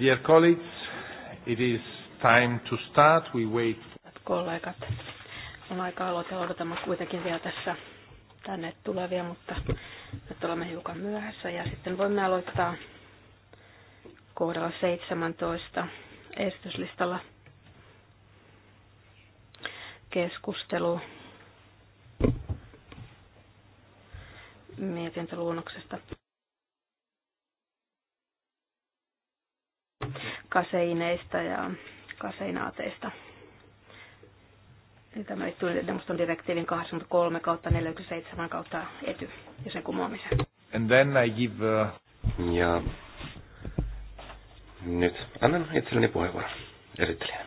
Dear colleagues, it is time to start. We wait. Kollegat, on aika aloitella. Odotamme kuitenkin vielä tässä tänne tulevia, mutta nyt olemme hiukan myöhässä. Ja sitten voimme aloittaa kohdalla 17 esityslistalla keskustelu mietintöluonnoksesta. kaseineista ja kaseinaateista. Tämä liittyy Demoston direktiivin 83 kautta 47 kautta ety ja sen kumoamiseen. And then I give, uh... Ja nyt annan itselleni puheenvuoron esittelijänä.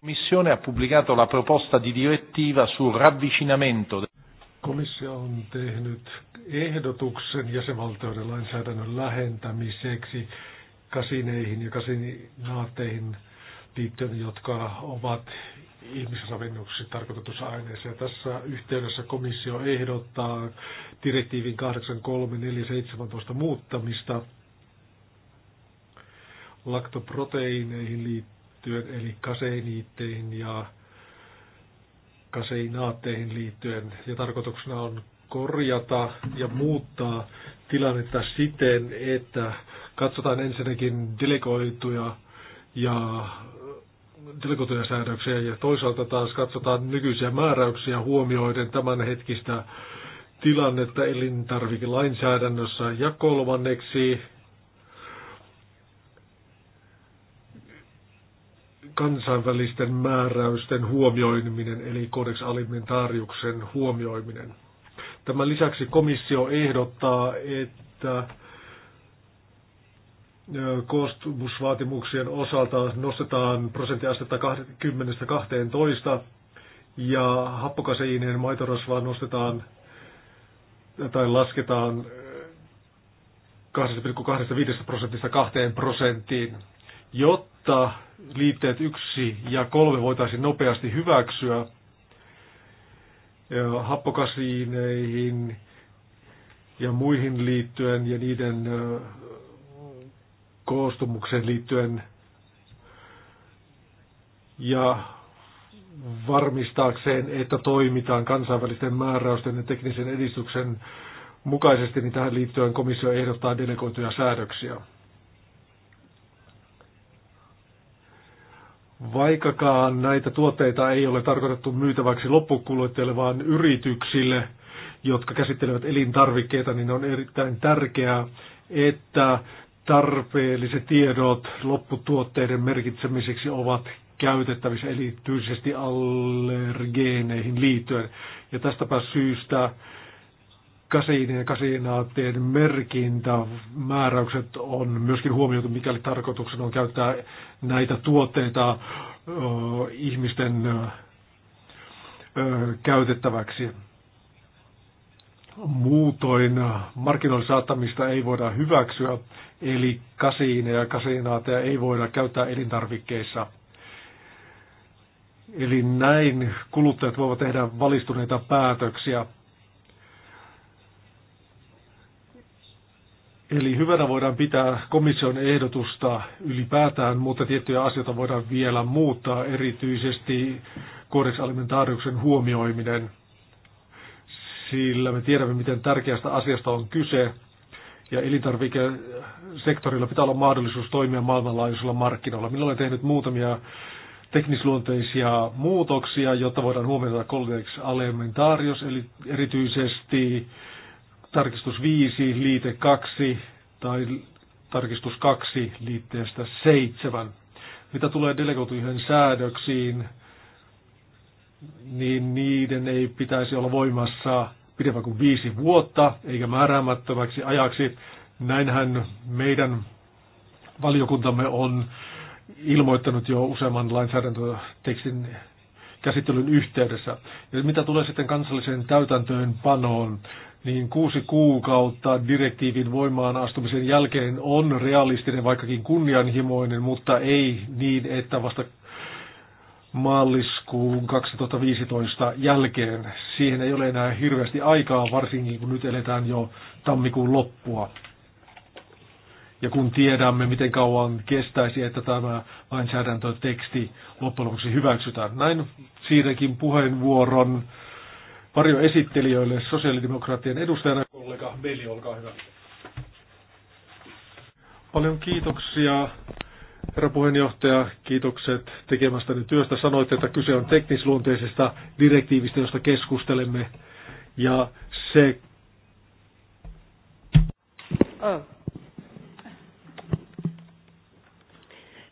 Commissione ha pubblicato la proposta di direttiva sul ravvicinamento Komissio on tehnyt ehdotuksen jäsenvaltioiden lainsäädännön lähentämiseksi kasineihin ja kasinaatteihin liittyen, jotka ovat ihmisravinnoksi tarkoitetussa aineessa. Ja tässä yhteydessä komissio ehdottaa direktiivin 83417 muuttamista laktoproteiineihin liittyen, eli kaseiniitteihin ja kaseinaatteihin liittyen ja tarkoituksena on korjata ja muuttaa tilannetta siten, että katsotaan ensinnäkin delegoituja ja delegoituja säädöksiä ja toisaalta taas katsotaan nykyisiä määräyksiä huomioiden tämänhetkistä tilannetta elintarvikelainsäädännössä ja kolmanneksi kansainvälisten määräysten huomioiminen, eli kodeks alimentaariuksen huomioiminen. Tämän lisäksi komissio ehdottaa, että koostumusvaatimuksien osalta nostetaan prosenttiastetta 10-12 ja happokaseinien maitorasvaa nostetaan tai lasketaan 2,25 prosentista 2 prosenttiin. Jotta liitteet 1 ja 3 voitaisiin nopeasti hyväksyä happokasiineihin ja muihin liittyen ja niiden koostumukseen liittyen ja varmistaakseen, että toimitaan kansainvälisten määräysten ja teknisen edistyksen mukaisesti, niin tähän liittyen komissio ehdottaa delegoituja säädöksiä. Vaikkakaan näitä tuotteita ei ole tarkoitettu myytäväksi loppukuluttajille, vaan yrityksille, jotka käsittelevät elintarvikkeita, niin on erittäin tärkeää, että tarpeelliset tiedot lopputuotteiden merkitsemiseksi ovat käytettävissä, eli erityisesti allergeeneihin liittyen. Ja tästäpä syystä kasiinien ja kasinaattien merkintämääräykset on myöskin huomioitu, mikäli tarkoituksena on käyttää näitä tuotteita ö, ihmisten ö, käytettäväksi. Muutoin markkinoille saattamista ei voida hyväksyä, eli kasiineja ja kasinaateja ei voida käyttää elintarvikkeissa. Eli näin kuluttajat voivat tehdä valistuneita päätöksiä Eli hyvänä voidaan pitää komission ehdotusta ylipäätään, mutta tiettyjä asioita voidaan vielä muuttaa, erityisesti Codex huomioiminen, sillä me tiedämme, miten tärkeästä asiasta on kyse, ja elintarvikesektorilla pitää olla mahdollisuus toimia maailmanlaajuisilla markkinoilla. Minä olen tehnyt muutamia teknisluonteisia muutoksia, jotta voidaan huomioida Codex eli erityisesti tarkistus 5, liite 2 tai tarkistus 2 liitteestä 7. Mitä tulee delegoituihin säädöksiin, niin niiden ei pitäisi olla voimassa pidempään kuin viisi vuotta, eikä määräämättömäksi ajaksi. Näinhän meidän valiokuntamme on ilmoittanut jo useamman lainsäädäntötekstin käsittelyn yhteydessä. Ja mitä tulee sitten kansalliseen täytäntöönpanoon, niin kuusi kuukautta direktiivin voimaan astumisen jälkeen on realistinen, vaikkakin kunnianhimoinen, mutta ei niin, että vasta maaliskuun 2015 jälkeen. Siihen ei ole enää hirveästi aikaa, varsinkin kun nyt eletään jo tammikuun loppua. Ja kun tiedämme, miten kauan kestäisi, että tämä lainsäädäntöteksti loppujen lopuksi hyväksytään. Näin siirrekin puheenvuoron Varjo esittelijöille sosiaalidemokraattien edustajana. Kollega Veli, olkaa hyvä. Paljon kiitoksia, herra puheenjohtaja. Kiitokset tekemästäni työstä. Sanoitte, että kyse on teknisluonteisesta direktiivistä, josta keskustelemme. Ja se... Oh.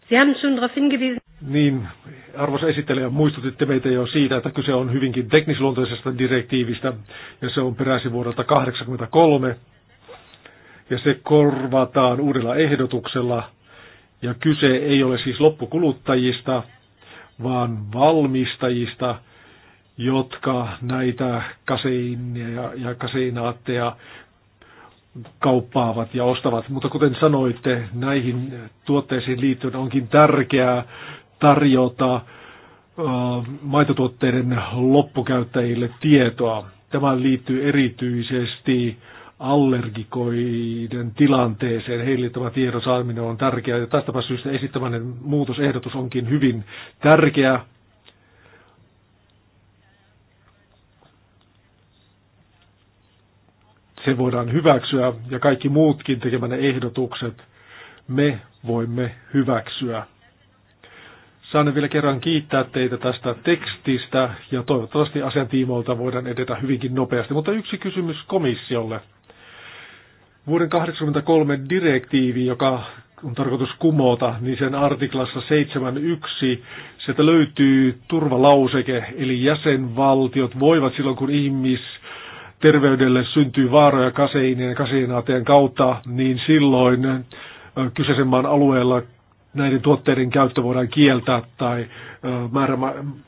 Sie haben schon darauf hingewiesen. Niin, Arvoisa esittelijä, muistutitte meitä jo siitä, että kyse on hyvinkin teknisluonteisesta direktiivistä, ja se on peräisin vuodelta 1983, ja se korvataan uudella ehdotuksella, ja kyse ei ole siis loppukuluttajista, vaan valmistajista, jotka näitä kaseineja ja kaseinaatteja kauppaavat ja ostavat. Mutta kuten sanoitte, näihin tuotteisiin liittyen onkin tärkeää tarjota maitotuotteiden loppukäyttäjille tietoa. Tämä liittyy erityisesti allergikoiden tilanteeseen. Heille tämä tiedon saaminen on tärkeää ja tästäpä syystä esittämäinen muutosehdotus onkin hyvin tärkeä. Se voidaan hyväksyä ja kaikki muutkin tekemänne ehdotukset me voimme hyväksyä. Saan vielä kerran kiittää teitä tästä tekstistä ja toivottavasti asian tiimoilta voidaan edetä hyvinkin nopeasti. Mutta yksi kysymys komissiolle. Vuoden 1983 direktiivi, joka on tarkoitus kumota, niin sen artiklassa 7.1 sieltä löytyy turvalauseke, eli jäsenvaltiot voivat silloin, kun ihmis terveydelle syntyy vaaroja kaseinien ja kaseinaateen kautta, niin silloin kyseisen maan alueella näiden tuotteiden käyttö voidaan kieltää tai määrä,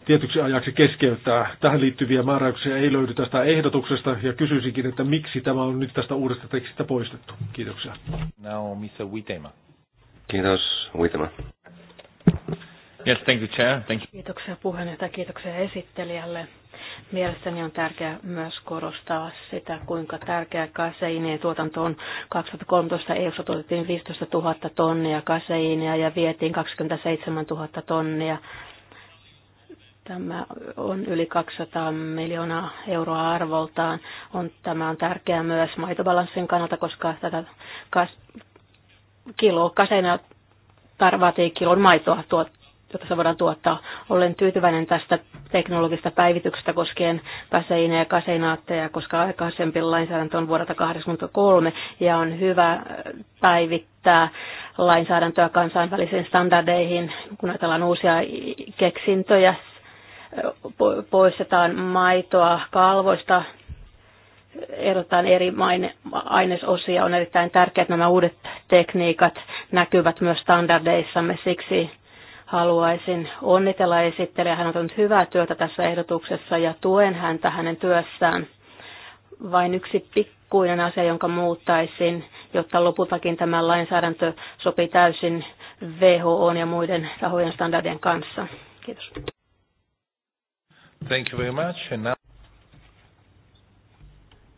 tietyksi ajaksi keskeyttää. Tähän liittyviä määräyksiä ei löydy tästä ehdotuksesta ja kysyisinkin, että miksi tämä on nyt tästä uudesta tekstistä poistettu. Kiitoksia. Now, Mr. Kiitos, Witema. Yes, thank you, Chair. Thank you. Kiitoksia puheenjohtaja, kiitoksia esittelijälle. Mielestäni on tärkeää myös korostaa sitä, kuinka tärkeä kaseiinien tuotanto on. 2013 EU tuotettiin 15 000 tonnia kaseiinia ja vietiin 27 000 tonnia. Tämä on yli 200 miljoonaa euroa arvoltaan. On, tämä on tärkeää myös maitobalanssin kannalta, koska tätä kas, kilo kaseina tarvitsee kilon maitoa tuot, jota se voidaan tuottaa. Olen tyytyväinen tästä teknologisesta päivityksestä koskien päseinä ja kaseinaatteja, koska aikaisempi lainsäädäntö on vuodelta 1983 ja on hyvä päivittää lainsäädäntöä kansainvälisiin standardeihin, kun ajatellaan uusia keksintöjä, poistetaan maitoa kalvoista, erotetaan eri ainesosia. On erittäin tärkeää, että nämä uudet tekniikat näkyvät myös standardeissamme. Siksi haluaisin onnitella esittelijä. Hän on tehnyt hyvää työtä tässä ehdotuksessa ja tuen häntä hänen työssään. Vain yksi pikkuinen asia, jonka muuttaisin, jotta lopultakin tämä lainsäädäntö sopii täysin WHO ja muiden tahojen standardien kanssa. Kiitos. Thank you very much. And now...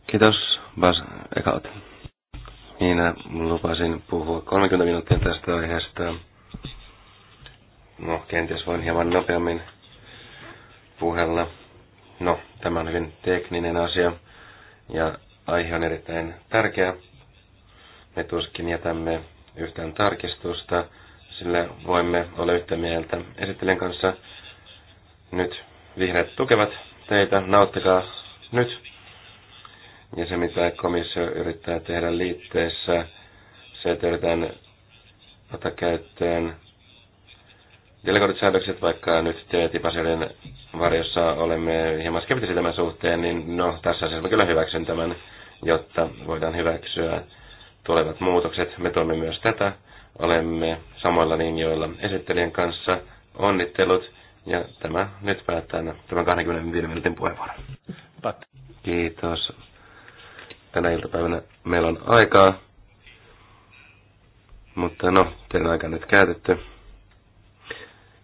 Kiitos, Bas Ekaut. Minä lupasin puhua 30 minuuttia tästä aiheesta. No, kenties voin hieman nopeammin puhella. No, tämä on hyvin tekninen asia ja aihe on erittäin tärkeä. Me tuskin jätämme yhtään tarkistusta, sillä voimme olla yhtä mieltä esittelen kanssa. Nyt vihreät tukevat teitä, nauttikaa nyt. Ja se, mitä komissio yrittää tehdä liitteessä, se, että yritetään ottaa käyttöön delegoidut säädökset, vaikka nyt ttip varjossa olemme hieman skeptisiä tämän suhteen, niin no, tässä asiassa mä kyllä hyväksyn tämän, jotta voidaan hyväksyä tulevat muutokset. Me tuemme myös tätä. Olemme samoilla linjoilla esittelijän kanssa. Onnittelut. Ja tämä nyt päättää tämän 25 minuutin puheenvuoron. Kiitos. Tänä iltapäivänä meillä on aikaa. Mutta no, teidän aika nyt käytetty.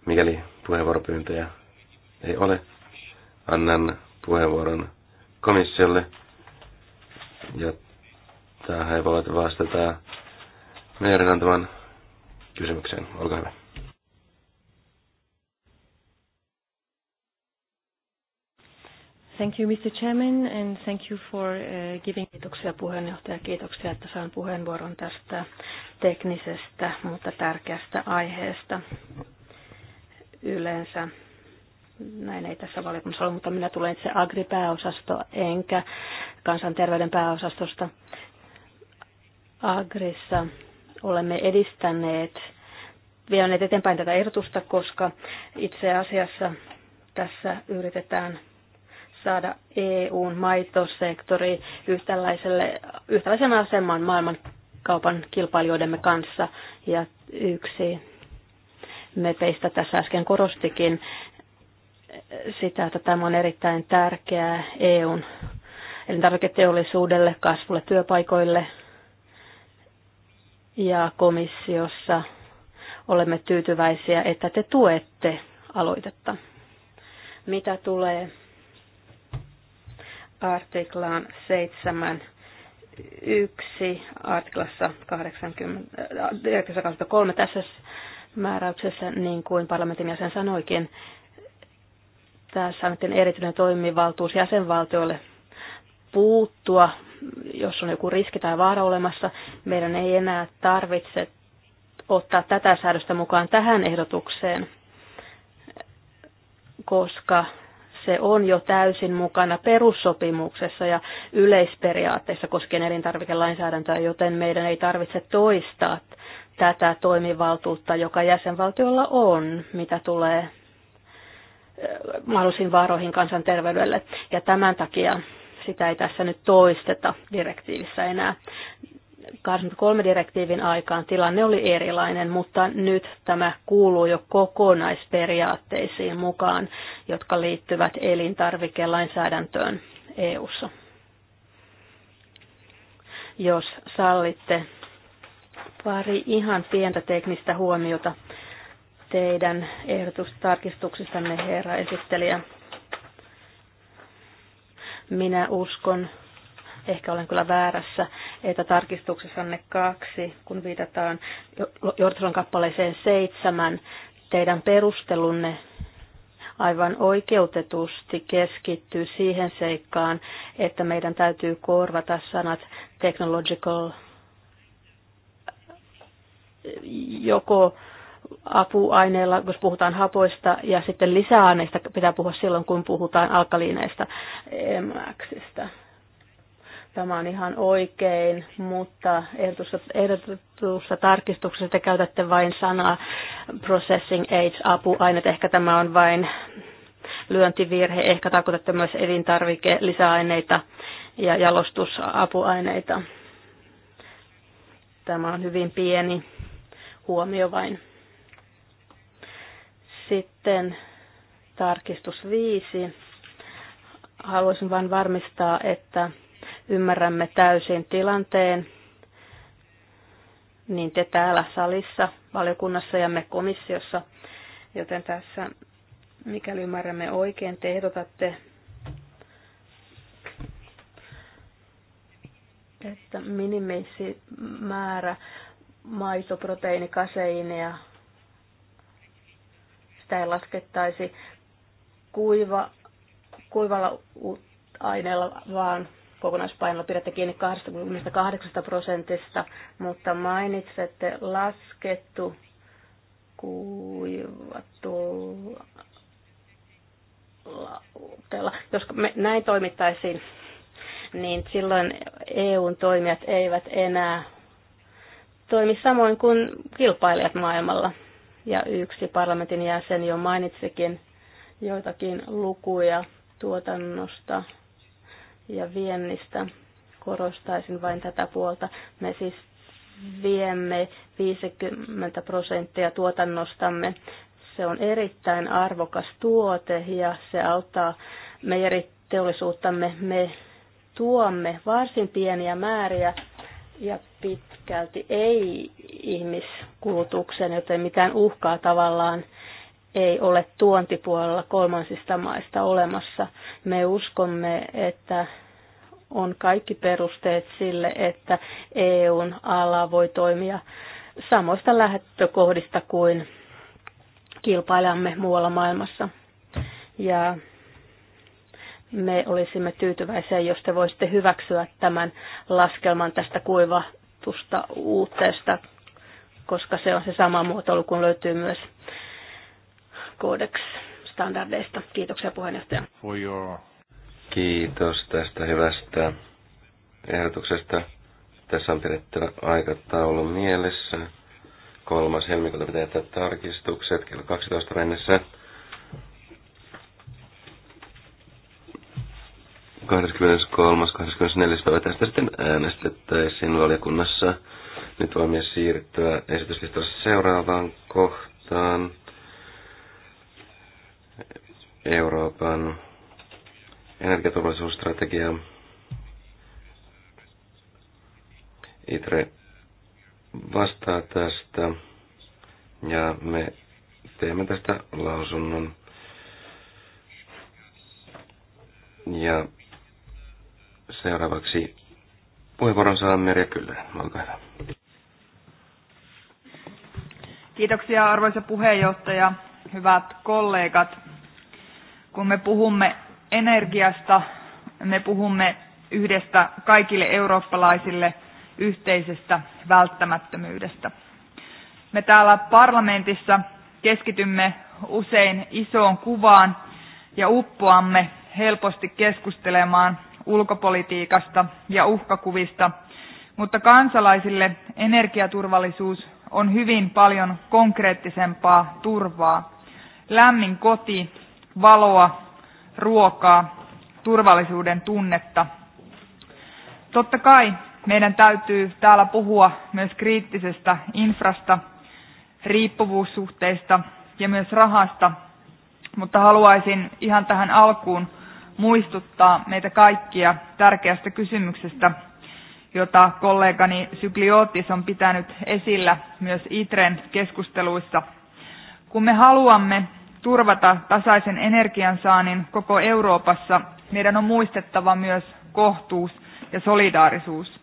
Mikäli puheenvuoropyyntöjä ei ole, annan puheenvuoron komissiolle, jotta he voivat vastata meidän antamaan kysymykseen. Olkaa hyvä. Thank you, Mr. Chairman, and thank you for uh, giving... Kiitoksia puheenjohtaja. Kiitoksia, että saan puheenvuoron tästä teknisestä, mutta tärkeästä aiheesta yleensä. Näin ei tässä valiokunnassa ole, mutta minä tulen itse Agri-pääosasto enkä kansanterveyden pääosastosta. Agrissa olemme edistäneet, vieneet eteenpäin tätä ehdotusta, koska itse asiassa tässä yritetään saada EUn maitosektori yhtäläiselle, yhtäläisen asemaan maailmankaupan kilpailijoidemme kanssa. Ja yksi me tässä äsken korostikin sitä, että tämä on erittäin tärkeää EUn elintarviketeollisuudelle, kasvulle, työpaikoille. Ja komissiossa olemme tyytyväisiä, että te tuette aloitetta. Mitä tulee artiklaan 7 yksi artiklassa 83. Äh, tässä määräyksessä, niin kuin parlamentin jäsen sanoikin. Tässä on erityinen toimivaltuus jäsenvaltioille puuttua, jos on joku riski tai vaara olemassa. Meidän ei enää tarvitse ottaa tätä säädöstä mukaan tähän ehdotukseen, koska se on jo täysin mukana perussopimuksessa ja yleisperiaatteessa koskien elintarvikelainsäädäntöä, joten meidän ei tarvitse toistaa tätä toimivaltuutta, joka jäsenvaltiolla on, mitä tulee mahdollisiin vaaroihin kansanterveydelle. Ja tämän takia sitä ei tässä nyt toisteta direktiivissä enää. 23 direktiivin aikaan tilanne oli erilainen, mutta nyt tämä kuuluu jo kokonaisperiaatteisiin mukaan, jotka liittyvät elintarvikelainsäädäntöön EU-ssa. Jos sallitte, Pari ihan pientä teknistä huomiota teidän ehdotustarkistuksistanne, herra esittelijä. Minä uskon, ehkä olen kyllä väärässä, että tarkistuksessanne kaksi, kun viitataan Jortron kappaleeseen seitsemän, teidän perustelunne aivan oikeutetusti keskittyy siihen seikkaan, että meidän täytyy korvata sanat technological joko apuaineilla, jos puhutaan hapoista, ja sitten lisäaineista pitää puhua silloin, kun puhutaan alkaliineista MXistä. Tämä on ihan oikein, mutta ehdotussa, ehdotussa tarkistuksessa te käytätte vain sanaa processing age apuaineet. Ehkä tämä on vain lyöntivirhe. Ehkä tarkoitatte myös elintarvike, lisäaineita ja jalostusapuaineita. Tämä on hyvin pieni huomio vain. Sitten tarkistus viisi. Haluaisin vain varmistaa, että ymmärrämme täysin tilanteen, niin te täällä salissa, valiokunnassa ja me komissiossa. Joten tässä, mikäli ymmärrämme oikein, te ehdotatte, että määrä maitoproteiinikaseiinia. Sitä ei laskettaisi kuiva, kuivalla aineella, vaan kokonaispainolla pidätte kiinni 28 prosentista, mutta mainitsette laskettu kuivatulla. Jos me näin toimittaisiin, niin silloin EUn toimijat eivät enää toimi samoin kuin kilpailijat maailmalla. Ja yksi parlamentin jäsen jo mainitsikin joitakin lukuja tuotannosta ja viennistä. Korostaisin vain tätä puolta. Me siis viemme 50 prosenttia tuotannostamme. Se on erittäin arvokas tuote ja se auttaa meidän teollisuuttamme. Me tuomme varsin pieniä määriä ja pitkälti ei ihmiskulutuksen, joten mitään uhkaa tavallaan ei ole tuontipuolella kolmansista maista olemassa. Me uskomme, että on kaikki perusteet sille, että EUn ala voi toimia samoista lähtökohdista kuin kilpailemme muualla maailmassa. Ja me olisimme tyytyväisiä, jos te voisitte hyväksyä tämän laskelman tästä kuivatusta uutteesta, koska se on se sama muotoilu kuin löytyy myös Codex standardeista. Kiitoksia puheenjohtaja. Kiitos tästä hyvästä ehdotuksesta. Tässä on pidettävä aikataulu mielessä. Kolmas helmikuuta pitää tarkistukset kello 12 mennessä. 23. 24. päivä tästä sitten äänestettäisiin valiokunnassa. Nyt voimme siirtyä esityslistalla seuraavaan kohtaan. Euroopan energiaturvallisuusstrategia. ITRE vastaa tästä ja me teemme tästä lausunnon. Ja Seuraavaksi puheenvuoron saa Merja Kyllönen. Olkaa hyvä. Kiitoksia arvoisa puheenjohtaja, hyvät kollegat. Kun me puhumme energiasta, me puhumme yhdestä kaikille eurooppalaisille yhteisestä välttämättömyydestä. Me täällä parlamentissa keskitymme usein isoon kuvaan ja uppoamme helposti keskustelemaan ulkopolitiikasta ja uhkakuvista, mutta kansalaisille energiaturvallisuus on hyvin paljon konkreettisempaa turvaa. Lämmin koti, valoa, ruokaa, turvallisuuden tunnetta. Totta kai meidän täytyy täällä puhua myös kriittisestä infrasta, riippuvuussuhteista ja myös rahasta, mutta haluaisin ihan tähän alkuun muistuttaa meitä kaikkia tärkeästä kysymyksestä, jota kollegani Sykliotis on pitänyt esillä myös ITREn keskusteluissa. Kun me haluamme turvata tasaisen energiansaannin koko Euroopassa, meidän on muistettava myös kohtuus ja solidaarisuus.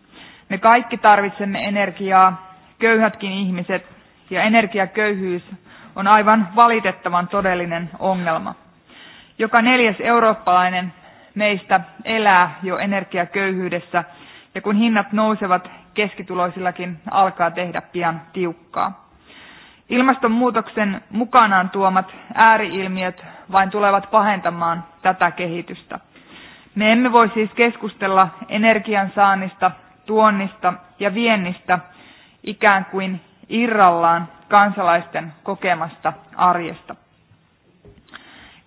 Me kaikki tarvitsemme energiaa, köyhätkin ihmiset, ja energiaköyhyys on aivan valitettavan todellinen ongelma. Joka neljäs eurooppalainen meistä elää jo energiaköyhyydessä ja kun hinnat nousevat, keskituloisillakin alkaa tehdä pian tiukkaa. Ilmastonmuutoksen mukanaan tuomat ääriilmiöt vain tulevat pahentamaan tätä kehitystä. Me emme voi siis keskustella energian saannista, tuonnista ja viennistä ikään kuin irrallaan kansalaisten kokemasta arjesta.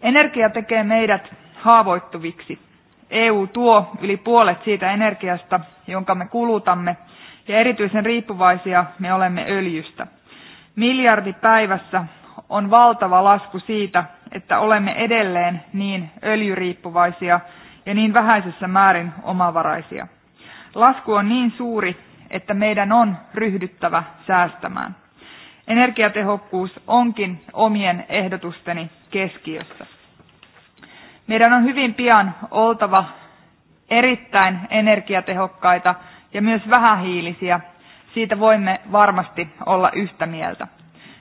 Energia tekee meidät haavoittuviksi. EU tuo yli puolet siitä energiasta, jonka me kulutamme, ja erityisen riippuvaisia me olemme öljystä. Miljardi päivässä on valtava lasku siitä, että olemme edelleen niin öljyriippuvaisia ja niin vähäisessä määrin omavaraisia. Lasku on niin suuri, että meidän on ryhdyttävä säästämään. Energiatehokkuus onkin omien ehdotusteni keskiössä. Meidän on hyvin pian oltava erittäin energiatehokkaita ja myös vähähiilisiä. Siitä voimme varmasti olla yhtä mieltä.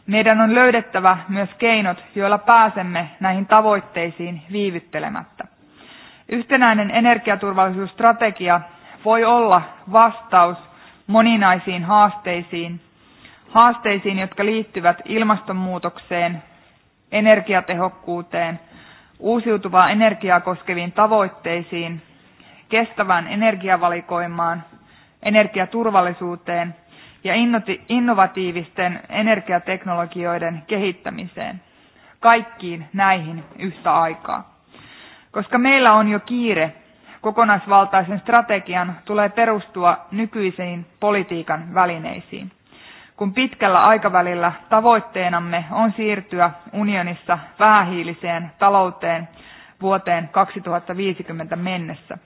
Meidän on löydettävä myös keinot, joilla pääsemme näihin tavoitteisiin viivyttelemättä. Yhtenäinen energiaturvallisuusstrategia voi olla vastaus moninaisiin haasteisiin, haasteisiin, jotka liittyvät ilmastonmuutokseen, energiatehokkuuteen – uusiutuvaa energiaa koskeviin tavoitteisiin, kestävään energiavalikoimaan, energiaturvallisuuteen ja innovatiivisten energiateknologioiden kehittämiseen. Kaikkiin näihin yhtä aikaa. Koska meillä on jo kiire, kokonaisvaltaisen strategian tulee perustua nykyisiin politiikan välineisiin kun pitkällä aikavälillä tavoitteenamme on siirtyä unionissa vähähiiliseen talouteen vuoteen 2050 mennessä.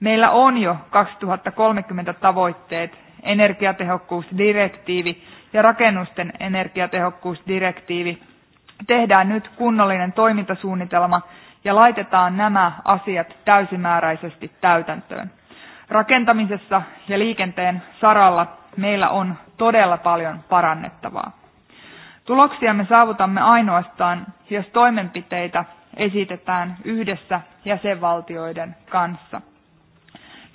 Meillä on jo 2030 tavoitteet, energiatehokkuusdirektiivi ja rakennusten energiatehokkuusdirektiivi. Tehdään nyt kunnollinen toimintasuunnitelma ja laitetaan nämä asiat täysimääräisesti täytäntöön. Rakentamisessa ja liikenteen saralla meillä on todella paljon parannettavaa. Tuloksia me saavutamme ainoastaan, jos toimenpiteitä esitetään yhdessä jäsenvaltioiden kanssa.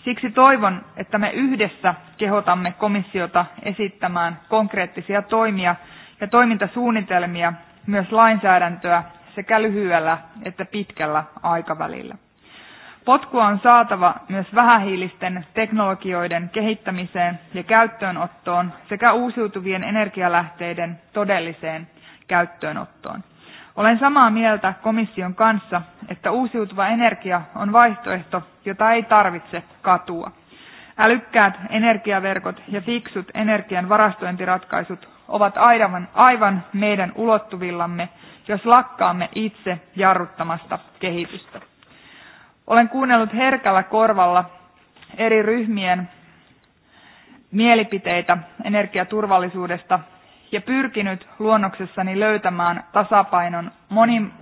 Siksi toivon, että me yhdessä kehotamme komissiota esittämään konkreettisia toimia ja toimintasuunnitelmia, myös lainsäädäntöä sekä lyhyellä että pitkällä aikavälillä. Potkua on saatava myös vähähiilisten teknologioiden kehittämiseen ja käyttöönottoon sekä uusiutuvien energialähteiden todelliseen käyttöönottoon. Olen samaa mieltä komission kanssa, että uusiutuva energia on vaihtoehto, jota ei tarvitse katua. Älykkäät energiaverkot ja fiksut energian varastointiratkaisut ovat aivan, aivan meidän ulottuvillamme, jos lakkaamme itse jarruttamasta kehitystä. Olen kuunnellut herkällä korvalla eri ryhmien mielipiteitä energiaturvallisuudesta ja pyrkinyt luonnoksessani löytämään tasapainon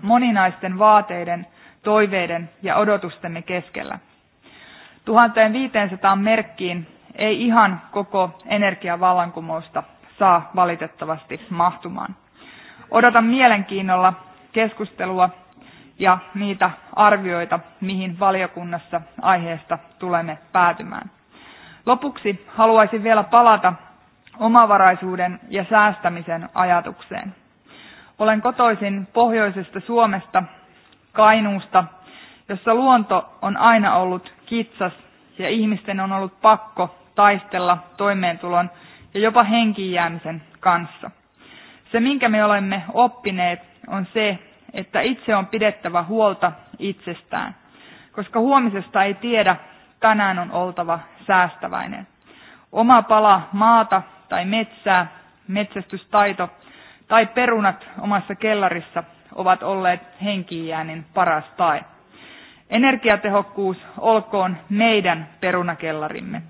moninaisten vaateiden, toiveiden ja odotustemme keskellä. 1500 merkkiin ei ihan koko energiavallankumousta saa valitettavasti mahtumaan. Odotan mielenkiinnolla keskustelua ja niitä arvioita, mihin valiokunnassa aiheesta tulemme päätymään. Lopuksi haluaisin vielä palata omavaraisuuden ja säästämisen ajatukseen. Olen kotoisin pohjoisesta Suomesta, Kainuusta, jossa luonto on aina ollut kitsas ja ihmisten on ollut pakko taistella toimeentulon ja jopa henkiin jäämisen kanssa. Se, minkä me olemme oppineet, on se, että itse on pidettävä huolta itsestään, koska huomisesta ei tiedä, tänään on oltava säästäväinen. Oma pala maata tai metsää, metsästystaito tai perunat omassa kellarissa ovat olleet henkiäänin paras tae. Energiatehokkuus olkoon meidän perunakellarimme.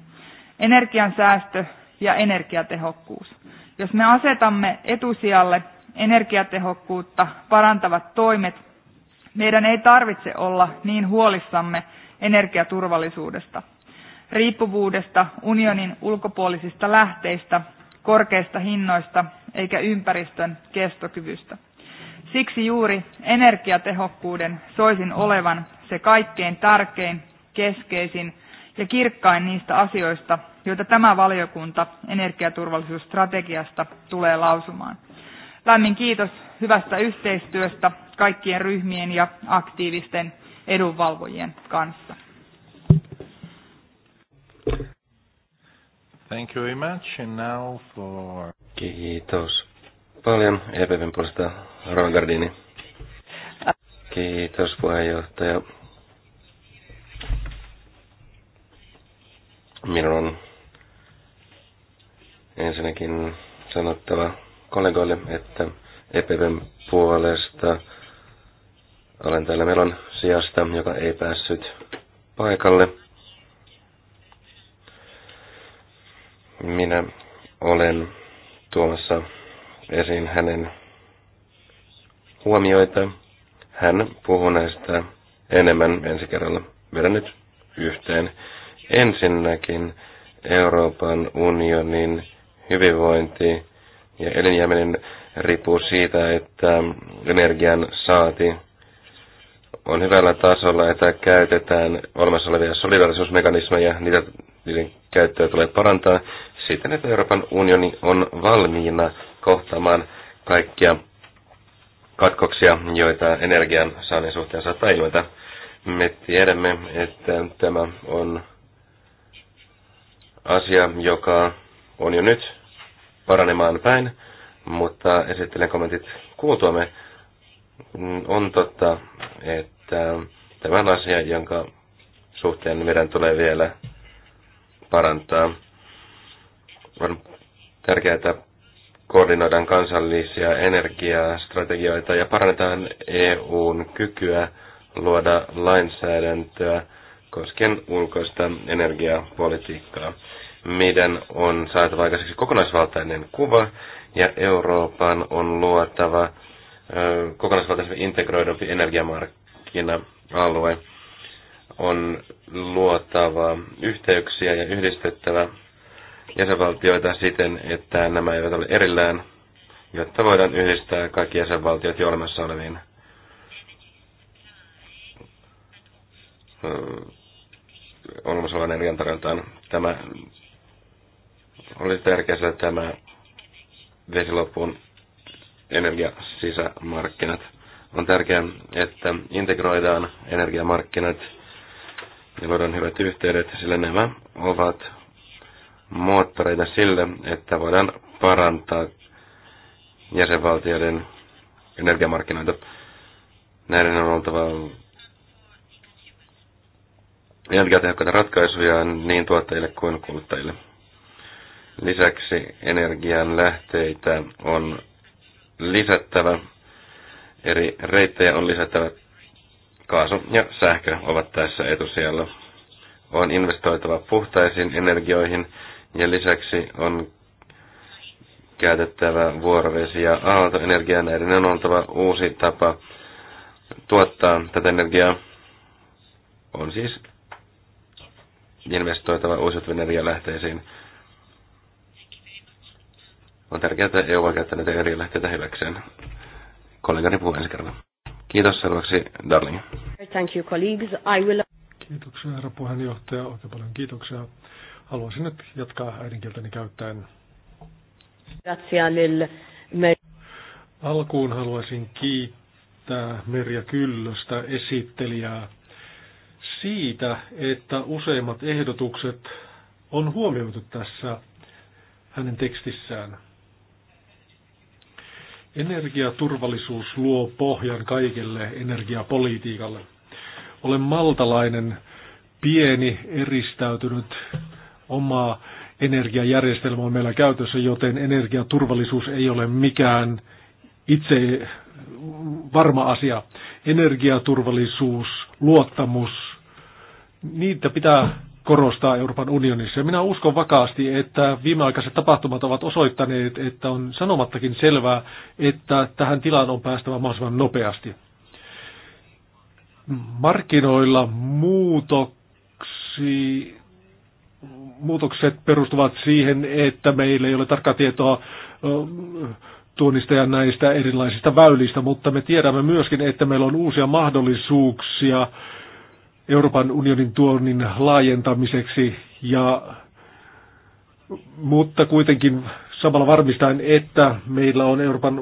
Energiansäästö ja energiatehokkuus. Jos me asetamme etusijalle energiatehokkuutta parantavat toimet, meidän ei tarvitse olla niin huolissamme energiaturvallisuudesta, riippuvuudesta unionin ulkopuolisista lähteistä, korkeista hinnoista eikä ympäristön kestokyvystä. Siksi juuri energiatehokkuuden soisin olevan se kaikkein tärkein, keskeisin ja kirkkain niistä asioista, joita tämä valiokunta energiaturvallisuusstrategiasta tulee lausumaan. Lämmin kiitos hyvästä yhteistyöstä kaikkien ryhmien ja aktiivisten edunvalvojien kanssa. Thank you very much and now for... Kiitos paljon EPVn puolesta Roman Gardini. Kiitos puheenjohtaja. Minun on ensinnäkin sanottava kollegoille, että EPVn puolesta olen täällä Melon sijasta, joka ei päässyt paikalle. Minä olen tuomassa esiin hänen huomioita. Hän puhuu näistä enemmän ensi kerralla. Vedän nyt yhteen. Ensinnäkin Euroopan unionin hyvinvointi ja elinjääminen riippuu siitä, että energian saati on hyvällä tasolla, että käytetään olemassa olevia solidarisuusmekanismeja, niitä, niiden käyttöä tulee parantaa siten, että Euroopan unioni on valmiina kohtaamaan kaikkia katkoksia, joita energian saannin suhteen saattaa ilmetä. Me tiedämme, että tämä on asia, joka on jo nyt paranemaan päin, mutta esittelen kommentit kuultuamme. On totta, että tämä on asia, jonka suhteen meidän tulee vielä parantaa. On tärkeää, että koordinoidaan kansallisia energiastrategioita ja parannetaan EUn kykyä luoda lainsäädäntöä koskien ulkoista energiapolitiikkaa. Meidän on saatava aikaiseksi kokonaisvaltainen kuva ja Euroopan on luotava kokonaisvaltaisempi integroidumpi energiamarkkina-alue on luotava yhteyksiä ja yhdistettävä jäsenvaltioita siten, että nämä eivät ole erillään, jotta voidaan yhdistää kaikki jäsenvaltiot jo olemassa oleviin olemassa olevan energiantarjontaan. Tämä olisi tärkeää saada tämä vesiloppuun energiasisämarkkinat. On tärkeää, että integroidaan energiamarkkinat ja luodaan hyvät yhteydet, sillä nämä ovat moottoreita sille, että voidaan parantaa jäsenvaltioiden energiamarkkinoita. Näiden on oltava energiatehokkaita ratkaisuja niin tuottajille kuin kuluttajille. Lisäksi energian lähteitä on lisättävä, eri reittejä on lisättävä. Kaasu ja sähkö ovat tässä etusijalla. On investoitava puhtaisiin energioihin ja lisäksi on käytettävä vuorovesi ja aaltoenergiaa. Näiden on oltava uusi tapa tuottaa tätä energiaa. On siis investoitava uusiutuvien energialähteisiin. On tärkeää, että EU voi käyttää näitä eri lähteitä hyväkseen. Kollegani puhuu ensi kerralla. Kiitos seuraavaksi, Darling. Thank you, colleagues. I will... Kiitoksia, herra puheenjohtaja. Oikein paljon kiitoksia. Haluaisin nyt jatkaa äidinkieltäni käyttäen. Alkuun haluaisin kiittää Merja Kyllöstä, esittelijää, siitä, että useimmat ehdotukset on huomioitu tässä hänen tekstissään. Energiaturvallisuus luo pohjan kaikelle energiapolitiikalle. Olen maltalainen, pieni, eristäytynyt, oma energiajärjestelmä on meillä käytössä, joten energiaturvallisuus ei ole mikään itse varma asia. Energiaturvallisuus, luottamus, niitä pitää korostaa Euroopan unionissa. Minä uskon vakaasti, että viimeaikaiset tapahtumat ovat osoittaneet, että on sanomattakin selvää, että tähän tilaan on päästävä mahdollisimman nopeasti. Markkinoilla muutoksi, muutokset perustuvat siihen, että meillä ei ole tarkkaa tietoa tuonnista ja näistä erilaisista väylistä, mutta me tiedämme myöskin, että meillä on uusia mahdollisuuksia Euroopan unionin tuonnin laajentamiseksi, ja, mutta kuitenkin samalla varmistaen, että meillä on Euroopan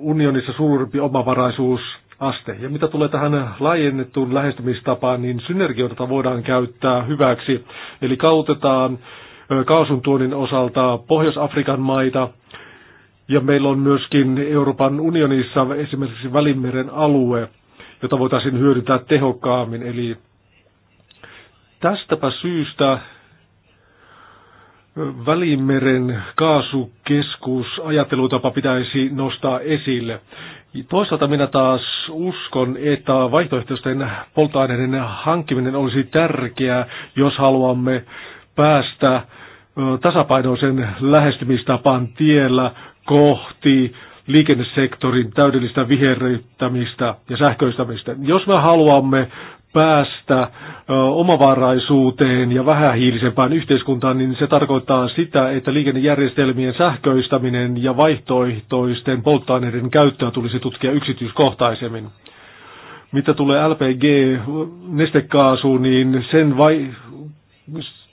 unionissa suurempi omavaraisuusaste. Ja mitä tulee tähän laajennettuun lähestymistapaan, niin synergioita voidaan käyttää hyväksi. Eli kautetaan kaasun tuonnin osalta Pohjois-Afrikan maita, ja meillä on myöskin Euroopan unionissa esimerkiksi Välimeren alue, jota voitaisiin hyödyntää tehokkaammin. Eli Tästäpä syystä Välimeren kaasukeskus ajattelutapa pitäisi nostaa esille. Toisaalta minä taas uskon, että vaihtoehtoisten polttoaineiden hankkiminen olisi tärkeää, jos haluamme päästä tasapainoisen lähestymistapan tiellä kohti liikennesektorin täydellistä viherryttämistä ja sähköistämistä. Jos me haluamme päästä omavaraisuuteen ja vähähiilisempään yhteiskuntaan, niin se tarkoittaa sitä, että liikennejärjestelmien sähköistäminen ja vaihtoehtoisten polttoaineiden käyttöä tulisi tutkia yksityiskohtaisemmin. Mitä tulee LPG-nestekaasuun, niin sen vai,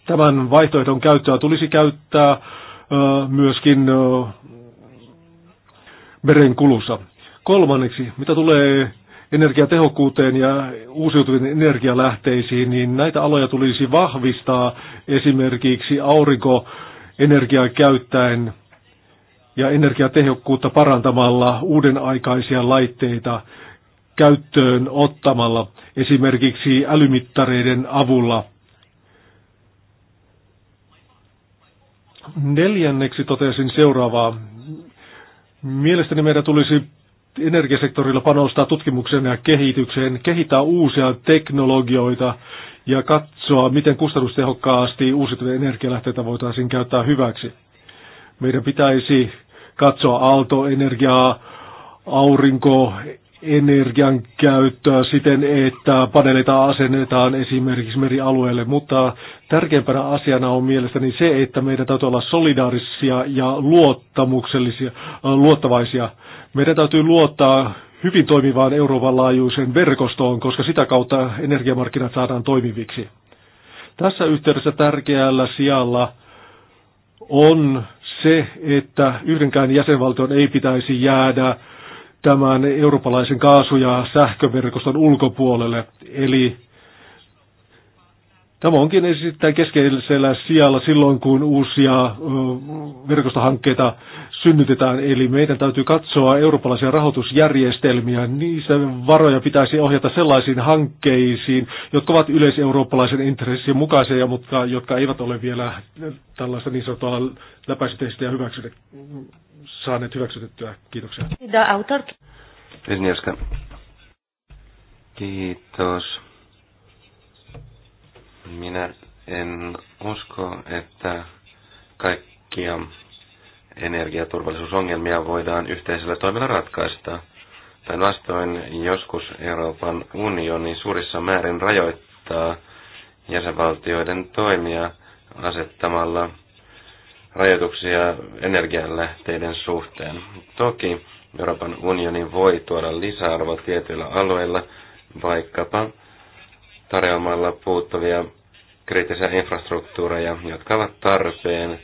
tämän vaihtoehdon käyttöä tulisi käyttää myöskin merenkulussa. Kolmanneksi, mitä tulee energiatehokkuuteen ja uusiutuviin energialähteisiin, niin näitä aloja tulisi vahvistaa esimerkiksi aurinkoenergiaa käyttäen ja energiatehokkuutta parantamalla uuden aikaisia laitteita käyttöön ottamalla, esimerkiksi älymittareiden avulla. Neljänneksi totesin seuraavaa. Mielestäni meidän tulisi energiasektorilla panostaa tutkimukseen ja kehitykseen, kehittää uusia teknologioita ja katsoa, miten kustannustehokkaasti uusiutuvia energialähteitä voitaisiin käyttää hyväksi. Meidän pitäisi katsoa aaltoenergiaa, aurinko, energian käyttöä siten, että paneelita asennetaan esimerkiksi merialueelle, mutta tärkeimpänä asiana on mielestäni se, että meidän täytyy olla solidaarisia ja luottamuksellisia, äh, luottavaisia. Meidän täytyy luottaa hyvin toimivaan Euroopan laajuiseen verkostoon, koska sitä kautta energiamarkkinat saadaan toimiviksi. Tässä yhteydessä tärkeällä sijalla on se, että yhdenkään jäsenvaltion ei pitäisi jäädä tämän eurooppalaisen kaasu- ja sähköverkoston ulkopuolelle. Eli tämä onkin esittäin keskeisellä sijalla silloin, kun uusia verkostohankkeita synnytetään. Eli meidän täytyy katsoa eurooppalaisia rahoitusjärjestelmiä. Niissä varoja pitäisi ohjata sellaisiin hankkeisiin, jotka ovat yleiseurooppalaisen intressin mukaisia, mutta jotka eivät ole vielä tällaista niin sanottua läpäisytestiä hyväksyneet saaneet hyväksytettyä. Kiitoksia. Kiitos. Minä en usko, että kaikkia energiaturvallisuusongelmia voidaan yhteisellä toimilla ratkaista. vastoin joskus Euroopan unioni suurissa määrin rajoittaa jäsenvaltioiden toimia asettamalla rajoituksia energianlähteiden suhteen. Toki Euroopan unioni voi tuoda lisäarvoa tietyillä alueilla, vaikkapa tarjoamalla puuttuvia kriittisiä infrastruktuureja, jotka ovat tarpeen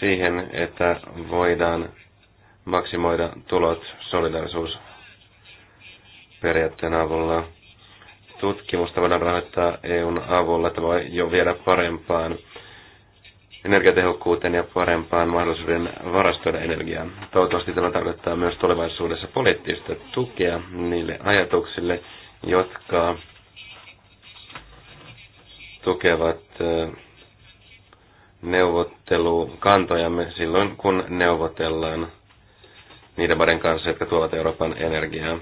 siihen, että voidaan maksimoida tulot solidarisuusperiaatteen avulla. Tutkimusta voidaan rahoittaa EUn avulla, että voi jo viedä parempaan energiatehokkuuteen ja parempaan mahdollisuuden varastoida energiaa. Toivottavasti tämä tarkoittaa myös tulevaisuudessa poliittista tukea niille ajatuksille, jotka tukevat eh, neuvottelukantojamme silloin, kun neuvotellaan niiden maiden kanssa, jotka tuovat Euroopan energiaa.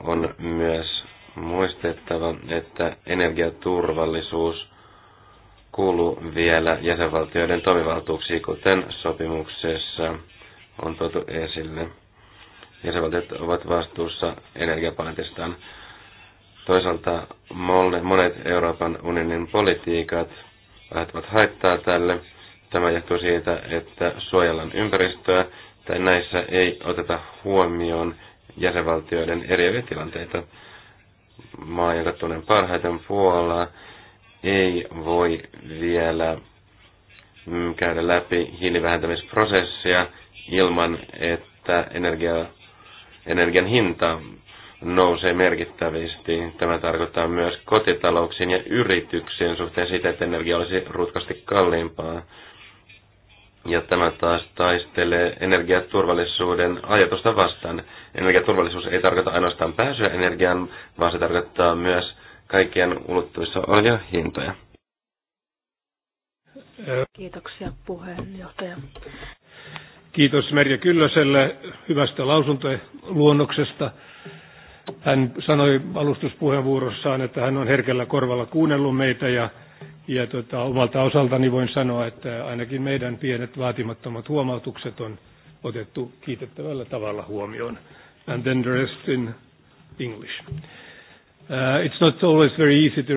On myös muistettava, että energiaturvallisuus – kuulu vielä jäsenvaltioiden toimivaltuuksiin, kuten sopimuksessa on tuotu esille. Jäsenvaltiot ovat vastuussa energiapaletistaan. Toisaalta monet Euroopan unionin politiikat lähtevät haittaa tälle. Tämä johtuu siitä, että suojellaan ympäristöä tai näissä ei oteta huomioon jäsenvaltioiden eriäviä tilanteita. Maa, tunnen parhaiten Puolaa, ei voi vielä mm, käydä läpi hiilivähentämisprosessia ilman, että energia, energian hinta nousee merkittävästi. Tämä tarkoittaa myös kotitalouksien ja yrityksien suhteen sitä, että energia olisi rutkasti kalliimpaa. Ja tämä taas taistelee energiaturvallisuuden ajatusta vastaan. Energiaturvallisuus ei tarkoita ainoastaan pääsyä energiaan, vaan se tarkoittaa myös kaikkien ulottuvissa olevia hintoja. Kiitoksia puheenjohtaja. Kiitos Merja Kyllöselle hyvästä lausuntoluonnoksesta. Hän sanoi alustuspuheenvuorossaan, että hän on herkällä korvalla kuunnellut meitä ja, ja tota, omalta osaltani voin sanoa, että ainakin meidän pienet vaatimattomat huomautukset on otettu kiitettävällä tavalla huomioon. And then the rest in English. Uh, it's not always very easy to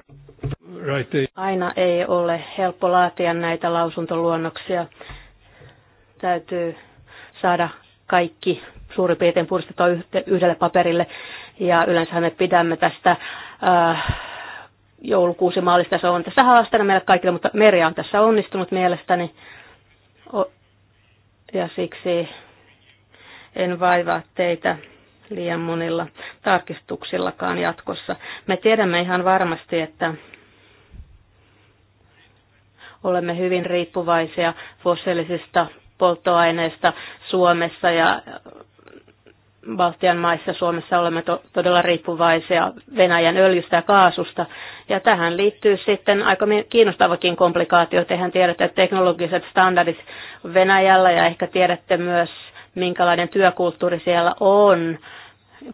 write. Aina ei ole helppo laatia näitä lausuntoluonnoksia. Täytyy saada kaikki suurin piirtein puristettua yhdelle paperille. Ja yleensä me pidämme tästä äh, joulukuusi maalista. Se on tässä haasteena meille kaikille, mutta Merja on tässä onnistunut mielestäni. ja siksi en vaivaa teitä liian monilla tarkistuksillakaan jatkossa. Me tiedämme ihan varmasti, että olemme hyvin riippuvaisia fossiilisista polttoaineista Suomessa ja Baltian maissa Suomessa olemme to- todella riippuvaisia Venäjän öljystä ja kaasusta. Ja tähän liittyy sitten aika kiinnostavakin komplikaatio. Tehän tiedätte että teknologiset standardit Venäjällä ja ehkä tiedätte myös, minkälainen työkulttuuri siellä on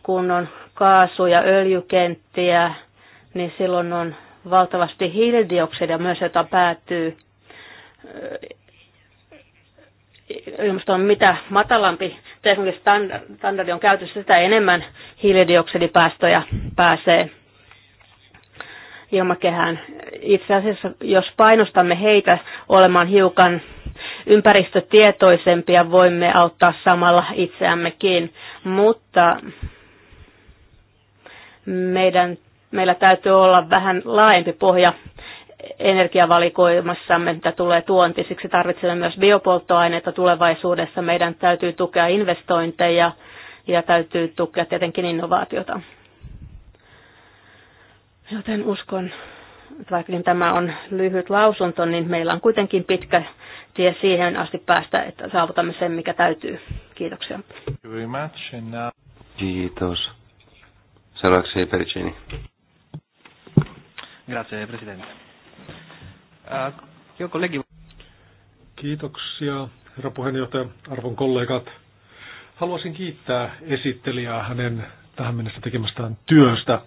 kun on kaasu- ja öljykenttiä, niin silloin on valtavasti hiilidioksidia myös, jota päätyy on mitä matalampi teknologinen standardi on käytössä, sitä enemmän hiilidioksidipäästöjä pääsee ilmakehään. Itse asiassa, jos painostamme heitä olemaan hiukan ympäristötietoisempia, voimme auttaa samalla itseämmekin, mutta meidän, meillä täytyy olla vähän laajempi pohja energiavalikoimassamme, mitä tulee tuonti. Siksi tarvitsemme myös biopolttoaineita tulevaisuudessa. Meidän täytyy tukea investointeja ja täytyy tukea tietenkin innovaatiota. Joten uskon, että vaikkakin tämä on lyhyt lausunto, niin meillä on kuitenkin pitkä tie siihen asti päästä, että saavutamme sen, mikä täytyy. Kiitoksia. Kiitos. Pericini. Grazie, presidente. Uh, eh, kollegi... Kiitoksia, herra puheenjohtaja, arvon kollegat. Haluaisin kiittää esittelijää hänen tähän mennessä tekemästään työstä.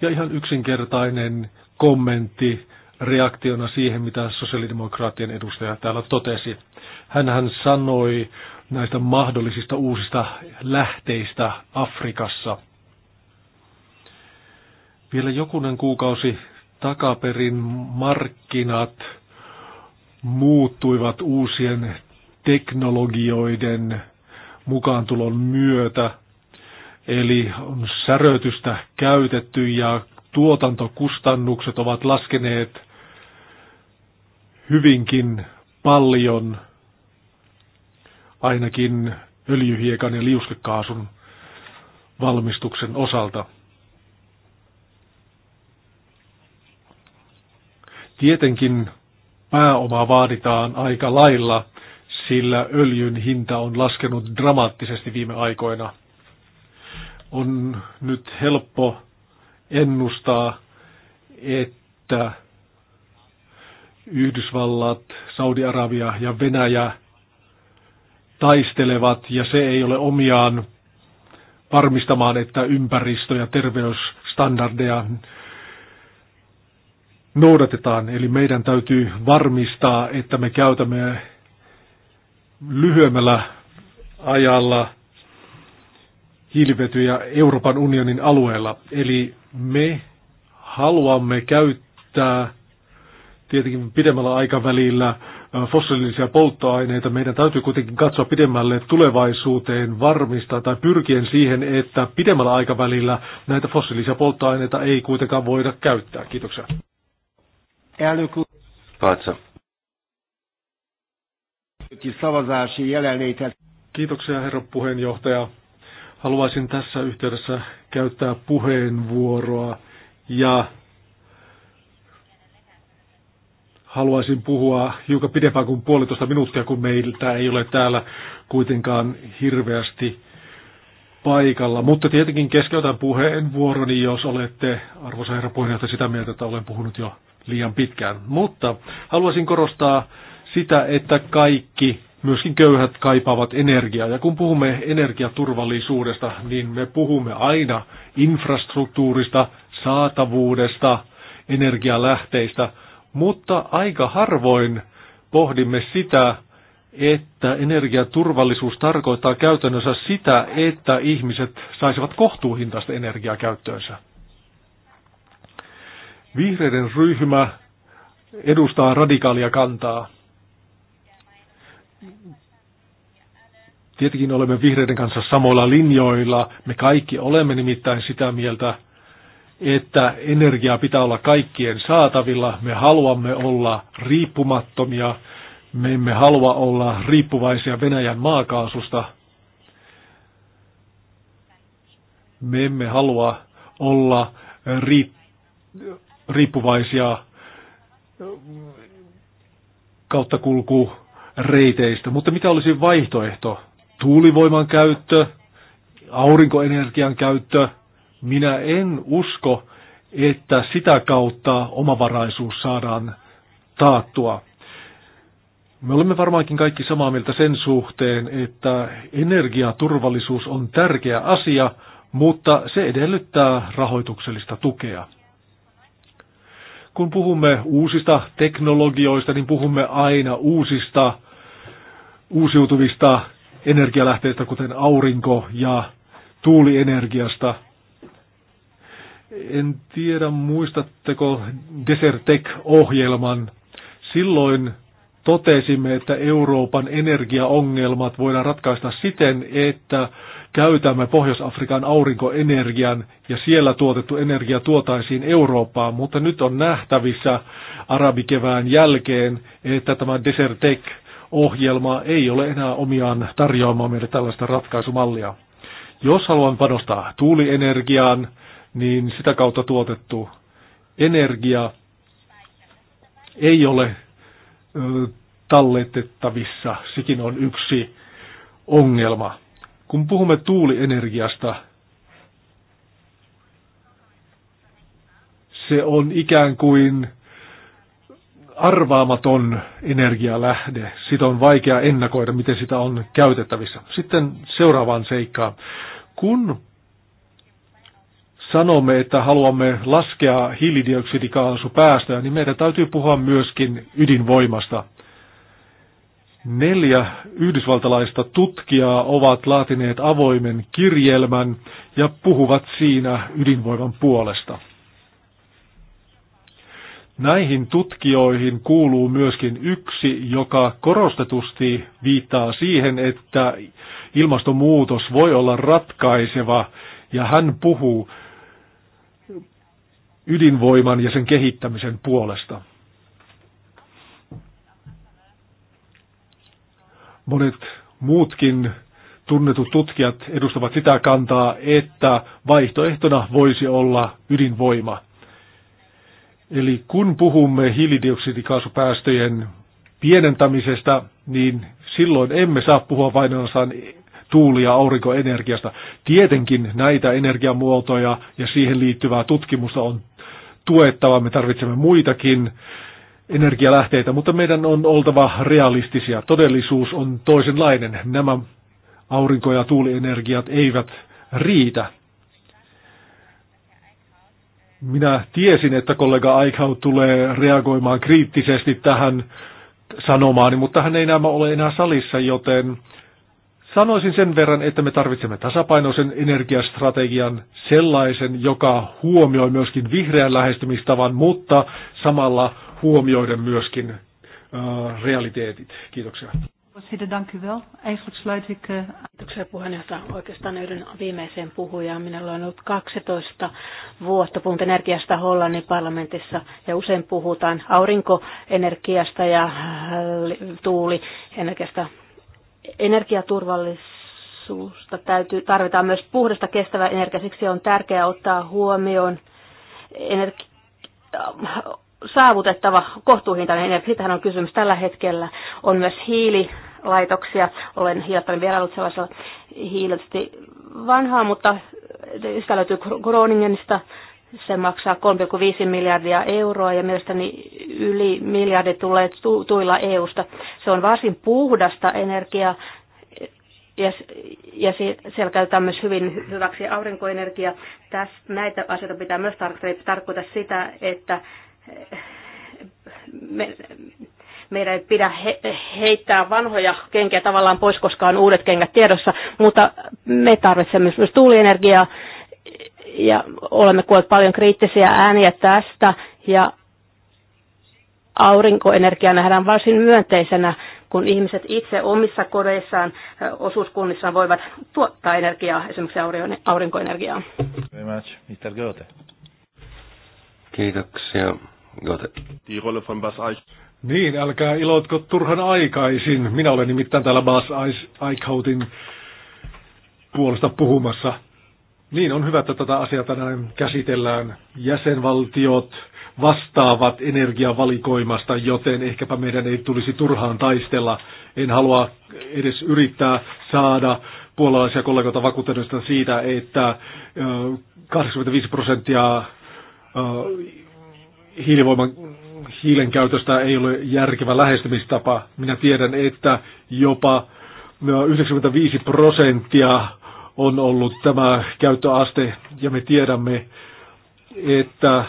Ja ihan yksinkertainen kommentti reaktiona siihen, mitä sosiaalidemokraattien edustaja täällä totesi. Hänhän sanoi näistä mahdollisista uusista lähteistä Afrikassa – vielä jokunen kuukausi takaperin markkinat muuttuivat uusien teknologioiden mukaantulon myötä. Eli on särötystä käytetty ja tuotantokustannukset ovat laskeneet hyvinkin paljon ainakin öljyhiekan ja liuskekaasun valmistuksen osalta. Tietenkin pääomaa vaaditaan aika lailla, sillä öljyn hinta on laskenut dramaattisesti viime aikoina. On nyt helppo ennustaa, että Yhdysvallat, Saudi-Arabia ja Venäjä taistelevat ja se ei ole omiaan varmistamaan, että ympäristö- ja terveysstandardeja noudatetaan. Eli meidän täytyy varmistaa, että me käytämme lyhyemmällä ajalla hiilivetyjä Euroopan unionin alueella. Eli me haluamme käyttää tietenkin pidemmällä aikavälillä äh, fossiilisia polttoaineita. Meidän täytyy kuitenkin katsoa pidemmälle tulevaisuuteen, varmistaa tai pyrkien siihen, että pidemmällä aikavälillä näitä fossiilisia polttoaineita ei kuitenkaan voida käyttää. Kiitoksia. Elnök úr. Pálca. Szavazási jelenlétet. Kiitoksia herra puheenjohtaja. Haluaisin tässä yhteydessä käyttää puheenvuoroa ja haluaisin puhua hiukan pidempään kuin puolitoista minuuttia, kun meiltä ei ole täällä kuitenkaan hirveästi paikalla. Mutta tietenkin keskeytän puheenvuoroni, jos olette, arvoisa herra puheenjohtaja, sitä mieltä, että olen puhunut jo liian pitkään. Mutta haluaisin korostaa sitä, että kaikki, myöskin köyhät, kaipaavat energiaa. Ja kun puhumme energiaturvallisuudesta, niin me puhumme aina infrastruktuurista, saatavuudesta, energialähteistä, mutta aika harvoin pohdimme sitä, että energiaturvallisuus tarkoittaa käytännössä sitä, että ihmiset saisivat kohtuuhintaista energiaa käyttöönsä. Vihreiden ryhmä edustaa radikaalia kantaa. Tietenkin olemme vihreiden kanssa samoilla linjoilla. Me kaikki olemme nimittäin sitä mieltä, että energiaa pitää olla kaikkien saatavilla. Me haluamme olla riippumattomia. Me emme halua olla riippuvaisia Venäjän maakaasusta. Me emme halua olla ri- riippuvaisia kauttakulkureiteistä. Mutta mitä olisi vaihtoehto? Tuulivoiman käyttö, aurinkoenergian käyttö. Minä en usko, että sitä kautta omavaraisuus saadaan taattua. Me olemme varmaankin kaikki samaa mieltä sen suhteen, että energiaturvallisuus on tärkeä asia, mutta se edellyttää rahoituksellista tukea. Kun puhumme uusista teknologioista, niin puhumme aina uusista uusiutuvista energialähteistä, kuten aurinko- ja tuulienergiasta. En tiedä, muistatteko Desertec-ohjelman. Silloin totesimme, että Euroopan energiaongelmat voidaan ratkaista siten, että käytämme Pohjois-Afrikan aurinkoenergian ja siellä tuotettu energia tuotaisiin Eurooppaan, mutta nyt on nähtävissä arabikevään jälkeen, että tämä Desertec ohjelma ei ole enää omiaan tarjoamaan meille tällaista ratkaisumallia. Jos haluan panostaa tuulienergiaan, niin sitä kautta tuotettu energia ei ole talletettavissa. Sekin on yksi ongelma. Kun puhumme tuulienergiasta, se on ikään kuin arvaamaton energialähde. Sitä on vaikea ennakoida, miten sitä on käytettävissä. Sitten seuraavaan seikkaan. Kun sanomme, että haluamme laskea hiilidioksidikaasupäästöjä, niin meidän täytyy puhua myöskin ydinvoimasta. Neljä yhdysvaltalaista tutkijaa ovat laatineet avoimen kirjelmän ja puhuvat siinä ydinvoiman puolesta. Näihin tutkijoihin kuuluu myöskin yksi, joka korostetusti viittaa siihen, että ilmastonmuutos voi olla ratkaiseva, ja hän puhuu ydinvoiman ja sen kehittämisen puolesta. Monet muutkin tunnetut tutkijat edustavat sitä kantaa, että vaihtoehtona voisi olla ydinvoima. Eli kun puhumme hiilidioksidikaasupäästöjen pienentämisestä, niin silloin emme saa puhua vain tuuli- ja aurinkoenergiasta. Tietenkin näitä energiamuotoja ja siihen liittyvää tutkimusta on tuettava, me tarvitsemme muitakin energialähteitä, mutta meidän on oltava realistisia. Todellisuus on toisenlainen. Nämä aurinko- ja tuulienergiat eivät riitä. Minä tiesin, että kollega Aikau tulee reagoimaan kriittisesti tähän sanomaani, mutta hän ei nämä ole enää salissa, joten Sanoisin sen verran, että me tarvitsemme tasapainoisen energiastrategian, sellaisen, joka huomioi myöskin vihreän lähestymistavan, mutta samalla huomioiden myöskin uh, realiteetit. Kiitoksia. Eh, Kiitoksia puheenjohtaja. Oikeastaan yhden viimeiseen puhujaan. Minä olen ollut 12 vuotta puhunut energiasta Hollannin parlamentissa ja usein puhutaan aurinkoenergiasta ja äh, tuulienergiasta energiaturvallisuusta täytyy, tarvitaan myös puhdasta kestävää energiaa. Siksi on tärkeää ottaa huomioon energi- saavutettava kohtuuhintainen energia. Sitähän on kysymys tällä hetkellä. On myös hiililaitoksia. Olen hiljattain vieraillut sellaisella hiilisesti vanhaa, mutta sitä löytyy Groningenista se maksaa 3,5 miljardia euroa ja mielestäni yli miljardi tulee tuilla EUsta. Se on varsin puhdasta energiaa ja, ja siellä käytetään myös hyvin hyväksi aurinkoenergia. Tässä, näitä asioita pitää myös tarkoittaa sitä, että eh, me, meidän ei pidä he, heittää vanhoja kenkiä tavallaan pois, koska on uudet kengät tiedossa, mutta me tarvitsemme myös tuulienergiaa ja olemme kuulleet paljon kriittisiä ääniä tästä ja aurinkoenergia nähdään varsin myönteisenä, kun ihmiset itse omissa kodeissaan, osuuskunnissaan voivat tuottaa energiaa, esimerkiksi aurinkoenergiaa. Kiitoksia, Goethe. Niin, älkää ilotko turhan aikaisin. Minä olen nimittäin täällä Bas aikautin puolesta puhumassa. Niin, on hyvä, että tätä asiaa tänään käsitellään. Jäsenvaltiot vastaavat energiavalikoimasta, joten ehkäpä meidän ei tulisi turhaan taistella. En halua edes yrittää saada puolalaisia kollegoita vakuutuneista siitä, että 85 prosenttia hiilivoiman hiilen käytöstä ei ole järkevä lähestymistapa. Minä tiedän, että jopa 95 prosenttia on ollut tämä käyttöaste ja me tiedämme, että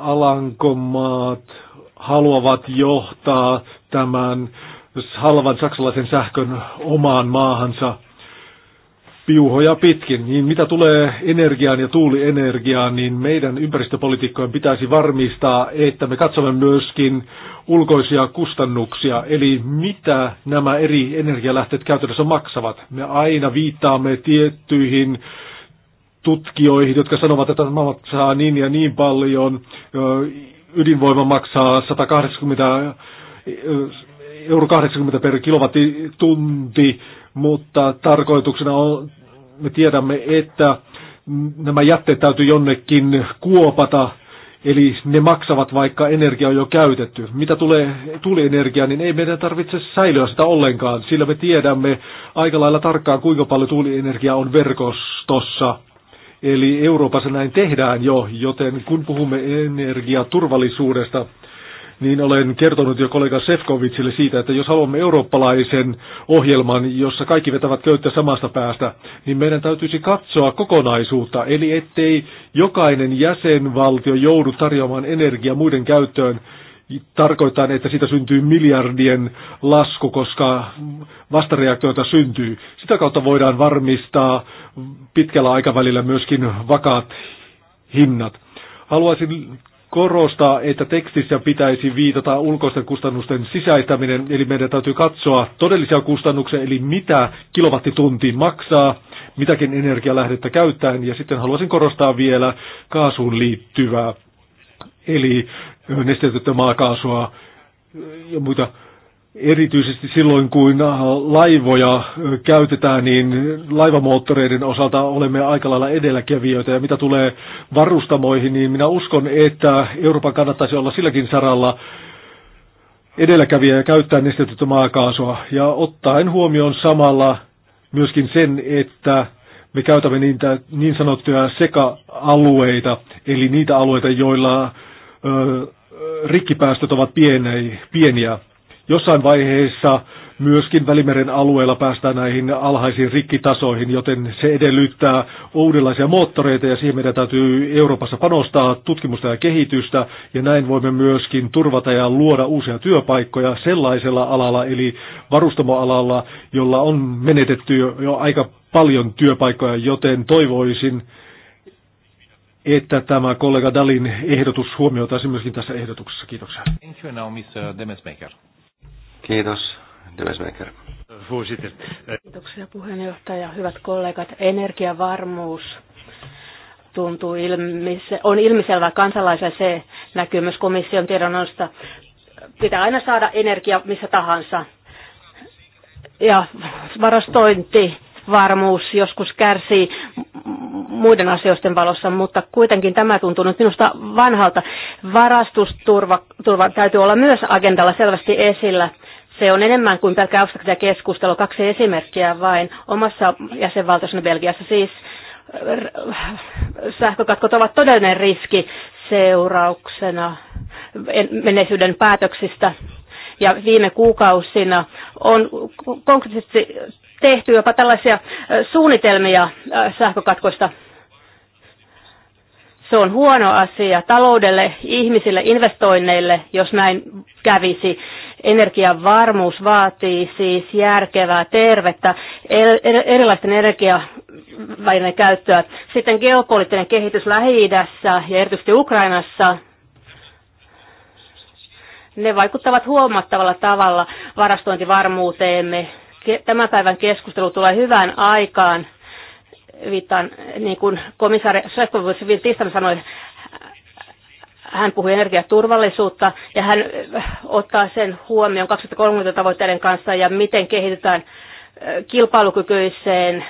Alankomaat haluavat johtaa tämän halvan saksalaisen sähkön omaan maahansa piuhoja pitkin. Niin mitä tulee energiaan ja tuulienergiaan, niin meidän ympäristöpolitiikkojen pitäisi varmistaa, että me katsomme myöskin ulkoisia kustannuksia, eli mitä nämä eri energialähteet käytännössä maksavat. Me aina viittaamme tiettyihin tutkijoihin, jotka sanovat, että tämä maksaa niin ja niin paljon, ydinvoima maksaa 180 euro 80 per kilowattitunti, mutta tarkoituksena on, me tiedämme, että nämä jätteet täytyy jonnekin kuopata, eli ne maksavat, vaikka energia on jo käytetty. Mitä tulee tuulienergiaan, niin ei meidän tarvitse säilyä sitä ollenkaan, sillä me tiedämme aika lailla tarkkaan, kuinka paljon tuulienergiaa on verkostossa. Eli Euroopassa näin tehdään jo, joten kun puhumme energiaturvallisuudesta, niin olen kertonut jo kollega Sefkovitsille siitä, että jos haluamme eurooppalaisen ohjelman, jossa kaikki vetävät köyttä samasta päästä, niin meidän täytyisi katsoa kokonaisuutta, eli ettei jokainen jäsenvaltio joudu tarjoamaan energiaa muiden käyttöön, tarkoittaa, että siitä syntyy miljardien lasku, koska vastareaktioita syntyy. Sitä kautta voidaan varmistaa pitkällä aikavälillä myöskin vakaat hinnat. Haluaisin korostaa, että tekstissä pitäisi viitata ulkoisten kustannusten sisäistäminen, eli meidän täytyy katsoa todellisia kustannuksia, eli mitä kilowattitunti maksaa, mitäkin energialähdettä käyttäen, ja sitten haluaisin korostaa vielä kaasuun liittyvää, eli nesteytettä maakaasua ja muita Erityisesti silloin, kun laivoja käytetään, niin laivamoottoreiden osalta olemme aika lailla edelläkävijöitä. Ja mitä tulee varustamoihin, niin minä uskon, että Euroopan kannattaisi olla silläkin saralla edelläkävijä ja käyttää nestetyttä maakaasua. Ja ottaen huomioon samalla myöskin sen, että me käytämme niitä niin sanottuja seka-alueita, eli niitä alueita, joilla ö, rikkipäästöt ovat pieniä. pieniä. Jossain vaiheessa myöskin Välimeren alueella päästään näihin alhaisiin rikkitasoihin, joten se edellyttää uudenlaisia moottoreita ja siihen meidän täytyy Euroopassa panostaa tutkimusta ja kehitystä ja näin voimme myöskin turvata ja luoda uusia työpaikkoja sellaisella alalla eli varustamoalalla, jolla on menetetty jo aika paljon työpaikkoja, joten toivoisin, että tämä kollega Dalin ehdotus huomioitaisiin myöskin tässä ehdotuksessa. Kiitoksia. Thank you now, Mr. Kiitos, Dylesmaker. Kiitoksia puheenjohtaja. Hyvät kollegat, energiavarmuus tuntuu ilmise, on ilmiselvä kansalaisen se näkyy myös komission tiedonannosta. Pitää aina saada energia missä tahansa. Ja varastointi, varmuus joskus kärsii muiden asioiden valossa, mutta kuitenkin tämä tuntuu nyt minusta vanhalta. Varastusturva turva, täytyy olla myös agendalla selvästi esillä. Se on enemmän kuin pelkkä abstraktia keskustelu. Kaksi esimerkkiä vain omassa jäsenvaltiossa Belgiassa siis äh, sähkökatkot ovat todellinen riski seurauksena menneisyyden päätöksistä. Ja viime kuukausina on konkreettisesti tehty jopa tällaisia äh, suunnitelmia äh, sähkökatkoista se on huono asia taloudelle, ihmisille, investoinneille, jos näin kävisi. Energian varmuus vaatii siis järkevää, tervettä, erilaisten energiavälineiden käyttöä. Sitten geopoliittinen kehitys Lähi-idässä ja erityisesti Ukrainassa ne vaikuttavat huomattavalla tavalla varastointivarmuuteemme. Tämän päivän keskustelu tulee hyvään aikaan viittaan, niin kuin komissaari Sefcovic tiistaina sanoi, hän puhui energiaturvallisuutta ja hän äh, ottaa sen huomioon 2030 tavoitteiden kanssa ja miten kehitetään äh, kilpailukykyiseen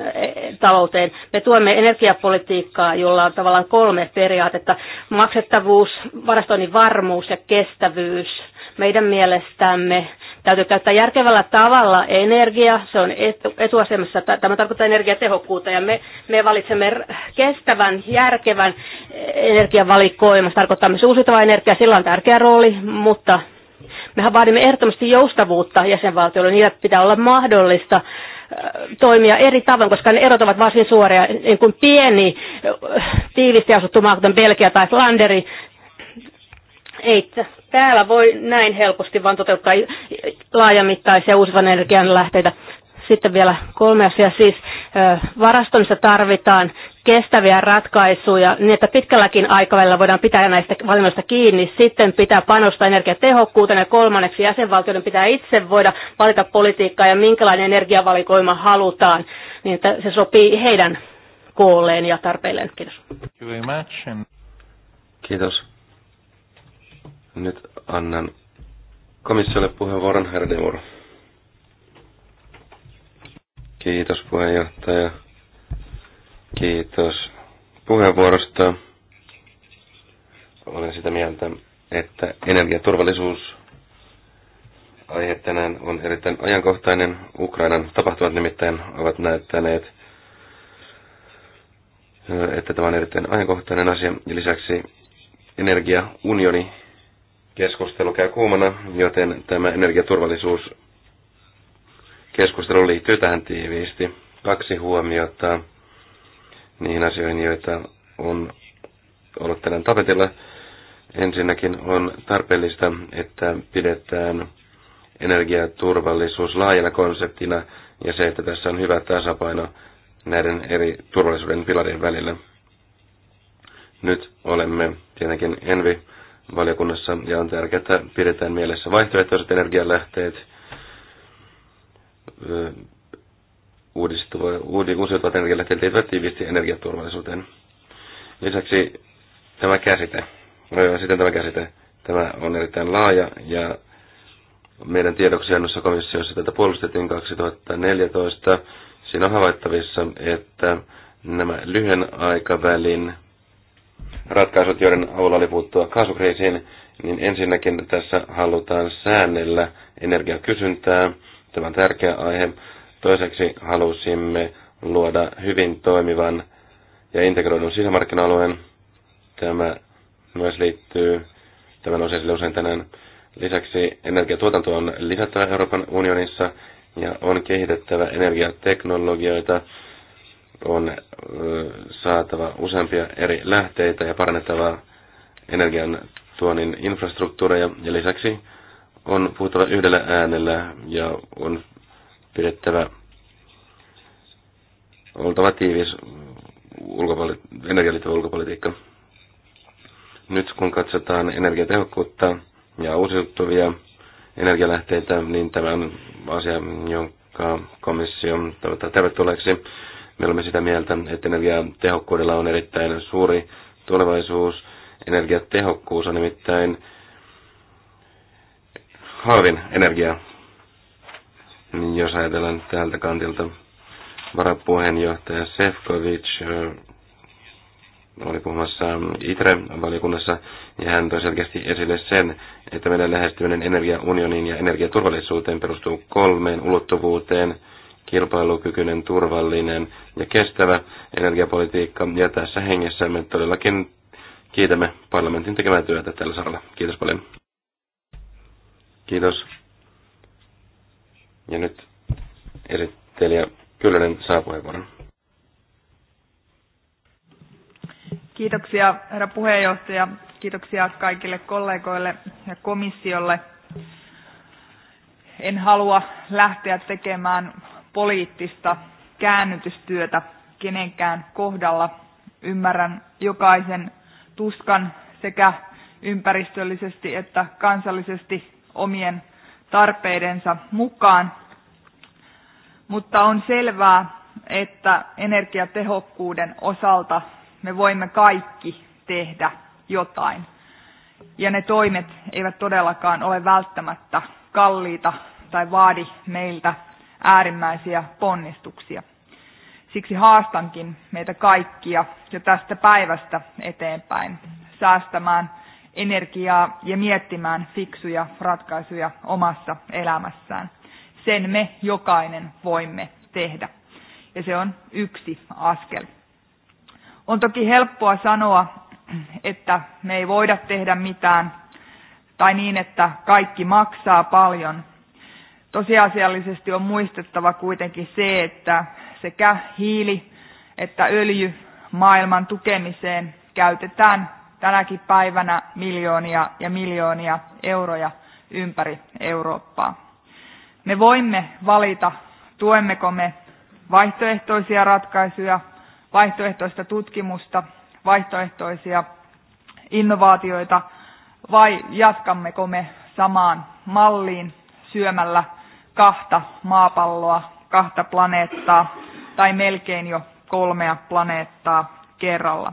äh, talouteen. Me tuemme energiapolitiikkaa, jolla on tavallaan kolme periaatetta. Maksettavuus, varastoinnin varmuus ja kestävyys. Meidän mielestämme Täytyy käyttää järkevällä tavalla energia, se on etuasemassa. Tämä tarkoittaa energiatehokkuutta ja me, me valitsemme kestävän, järkevän energiavalikoimassa, tarkoittaa myös uusiutuvaa energiaa, sillä on tärkeä rooli, mutta mehän vaadimme ehdottomasti joustavuutta jäsenvaltioille. Niillä pitää olla mahdollista toimia eri tavoin, koska ne erot ovat varsin suoria. Niin kuin pieni, tiivisti asuttu maa, kuten Belgia tai Flanderi, ei täällä voi näin helposti vaan toteuttaa laajamittaisia uusivan energian lähteitä. Sitten vielä kolme asiaa, siis varastoissa tarvitaan kestäviä ratkaisuja niin, että pitkälläkin aikavälillä voidaan pitää näistä valinnoista kiinni. Sitten pitää panostaa energiatehokkuuteen ja kolmanneksi jäsenvaltioiden pitää itse voida valita politiikkaa ja minkälainen energiavalikoima halutaan, niin että se sopii heidän koolleen ja tarpeilleen. Kiitos. Kiitos. Nyt annan komissiolle puheenvuoron, herra Kiitos puheenjohtaja. Kiitos puheenvuorosta. Olen sitä mieltä, että energiaturvallisuus aihe tänään on erittäin ajankohtainen. Ukrainan tapahtumat nimittäin ovat näyttäneet, että tämä on erittäin ajankohtainen asia. Lisäksi energiaunioni keskustelu käy kuumana, joten tämä energiaturvallisuus keskustelu liittyy tähän tiiviisti. Kaksi huomiota niihin asioihin, joita on ollut tänään tapetilla. Ensinnäkin on tarpeellista, että pidetään energiaturvallisuus laajana konseptina ja se, että tässä on hyvä tasapaino näiden eri turvallisuuden pilarien välillä. Nyt olemme tietenkin Envi valiokunnassa ja on tärkeää, että pidetään mielessä vaihtoehtoiset energialähteet, uusiutuvat energialähteet liittyvät tiiviisti energiaturvallisuuteen. Lisäksi tämä käsite, sitten tämä käsite, tämä on erittäin laaja ja meidän tiedoksiannossa komissiossa tätä puolustettiin 2014. Siinä on havaittavissa, että nämä lyhyen aikavälin ratkaisut, joiden avulla oli puuttua kaasukriisiin, niin ensinnäkin tässä halutaan säännellä energiakysyntää. Tämä on tärkeä aihe. Toiseksi halusimme luoda hyvin toimivan ja integroidun sisämarkkina-alueen. Tämä myös liittyy, tämän osin usein tänään, lisäksi energiatuotanto on lisättävä Euroopan unionissa ja on kehitettävä energiateknologioita, on saatava useampia eri lähteitä ja parannettava energian tuonin infrastruktuureja ja lisäksi on puhuttava yhdellä äänellä ja on pidettävä oltava tiivis ulkopoli- energialiittyvä ulkopolitiikka. Nyt kun katsotaan energiatehokkuutta ja uusiutuvia energialähteitä, niin tämä on asia, jonka komissio toivottaa tervetulleeksi. Me olemme sitä mieltä, että energiatehokkuudella on erittäin suuri tulevaisuus. Energiatehokkuus on nimittäin halvin energia, jos ajatellaan tältä kantilta. Varapuheenjohtaja Sefkovic äh, oli puhumassa ITRE-valiokunnassa, ja hän toi selkeästi esille sen, että meidän lähestyminen energiaunioniin ja energiaturvallisuuteen perustuu kolmeen ulottuvuuteen – kilpailukykyinen, turvallinen ja kestävä energiapolitiikka. Ja tässä hengessä me todellakin kiitämme parlamentin tekemää työtä tällä saralla. Kiitos paljon. Kiitos. Ja nyt esittelijä Kyllönen saa puheenvuoron. Kiitoksia herra puheenjohtaja. Kiitoksia kaikille kollegoille ja komissiolle. En halua lähteä tekemään poliittista käännytystyötä kenenkään kohdalla. Ymmärrän jokaisen tuskan sekä ympäristöllisesti että kansallisesti omien tarpeidensa mukaan. Mutta on selvää, että energiatehokkuuden osalta me voimme kaikki tehdä jotain. Ja ne toimet eivät todellakaan ole välttämättä kalliita tai vaadi meiltä äärimmäisiä ponnistuksia. Siksi haastankin meitä kaikkia jo tästä päivästä eteenpäin säästämään energiaa ja miettimään fiksuja ratkaisuja omassa elämässään. Sen me jokainen voimme tehdä. Ja se on yksi askel. On toki helppoa sanoa, että me ei voida tehdä mitään, tai niin, että kaikki maksaa paljon Tosiasiallisesti on muistettava kuitenkin se, että sekä hiili että öljy maailman tukemiseen käytetään tänäkin päivänä miljoonia ja miljoonia euroja ympäri Eurooppaa. Me voimme valita, tuemmeko me vaihtoehtoisia ratkaisuja, vaihtoehtoista tutkimusta, vaihtoehtoisia innovaatioita vai jatkammeko me samaan malliin syömällä kahta maapalloa, kahta planeettaa tai melkein jo kolmea planeettaa kerralla.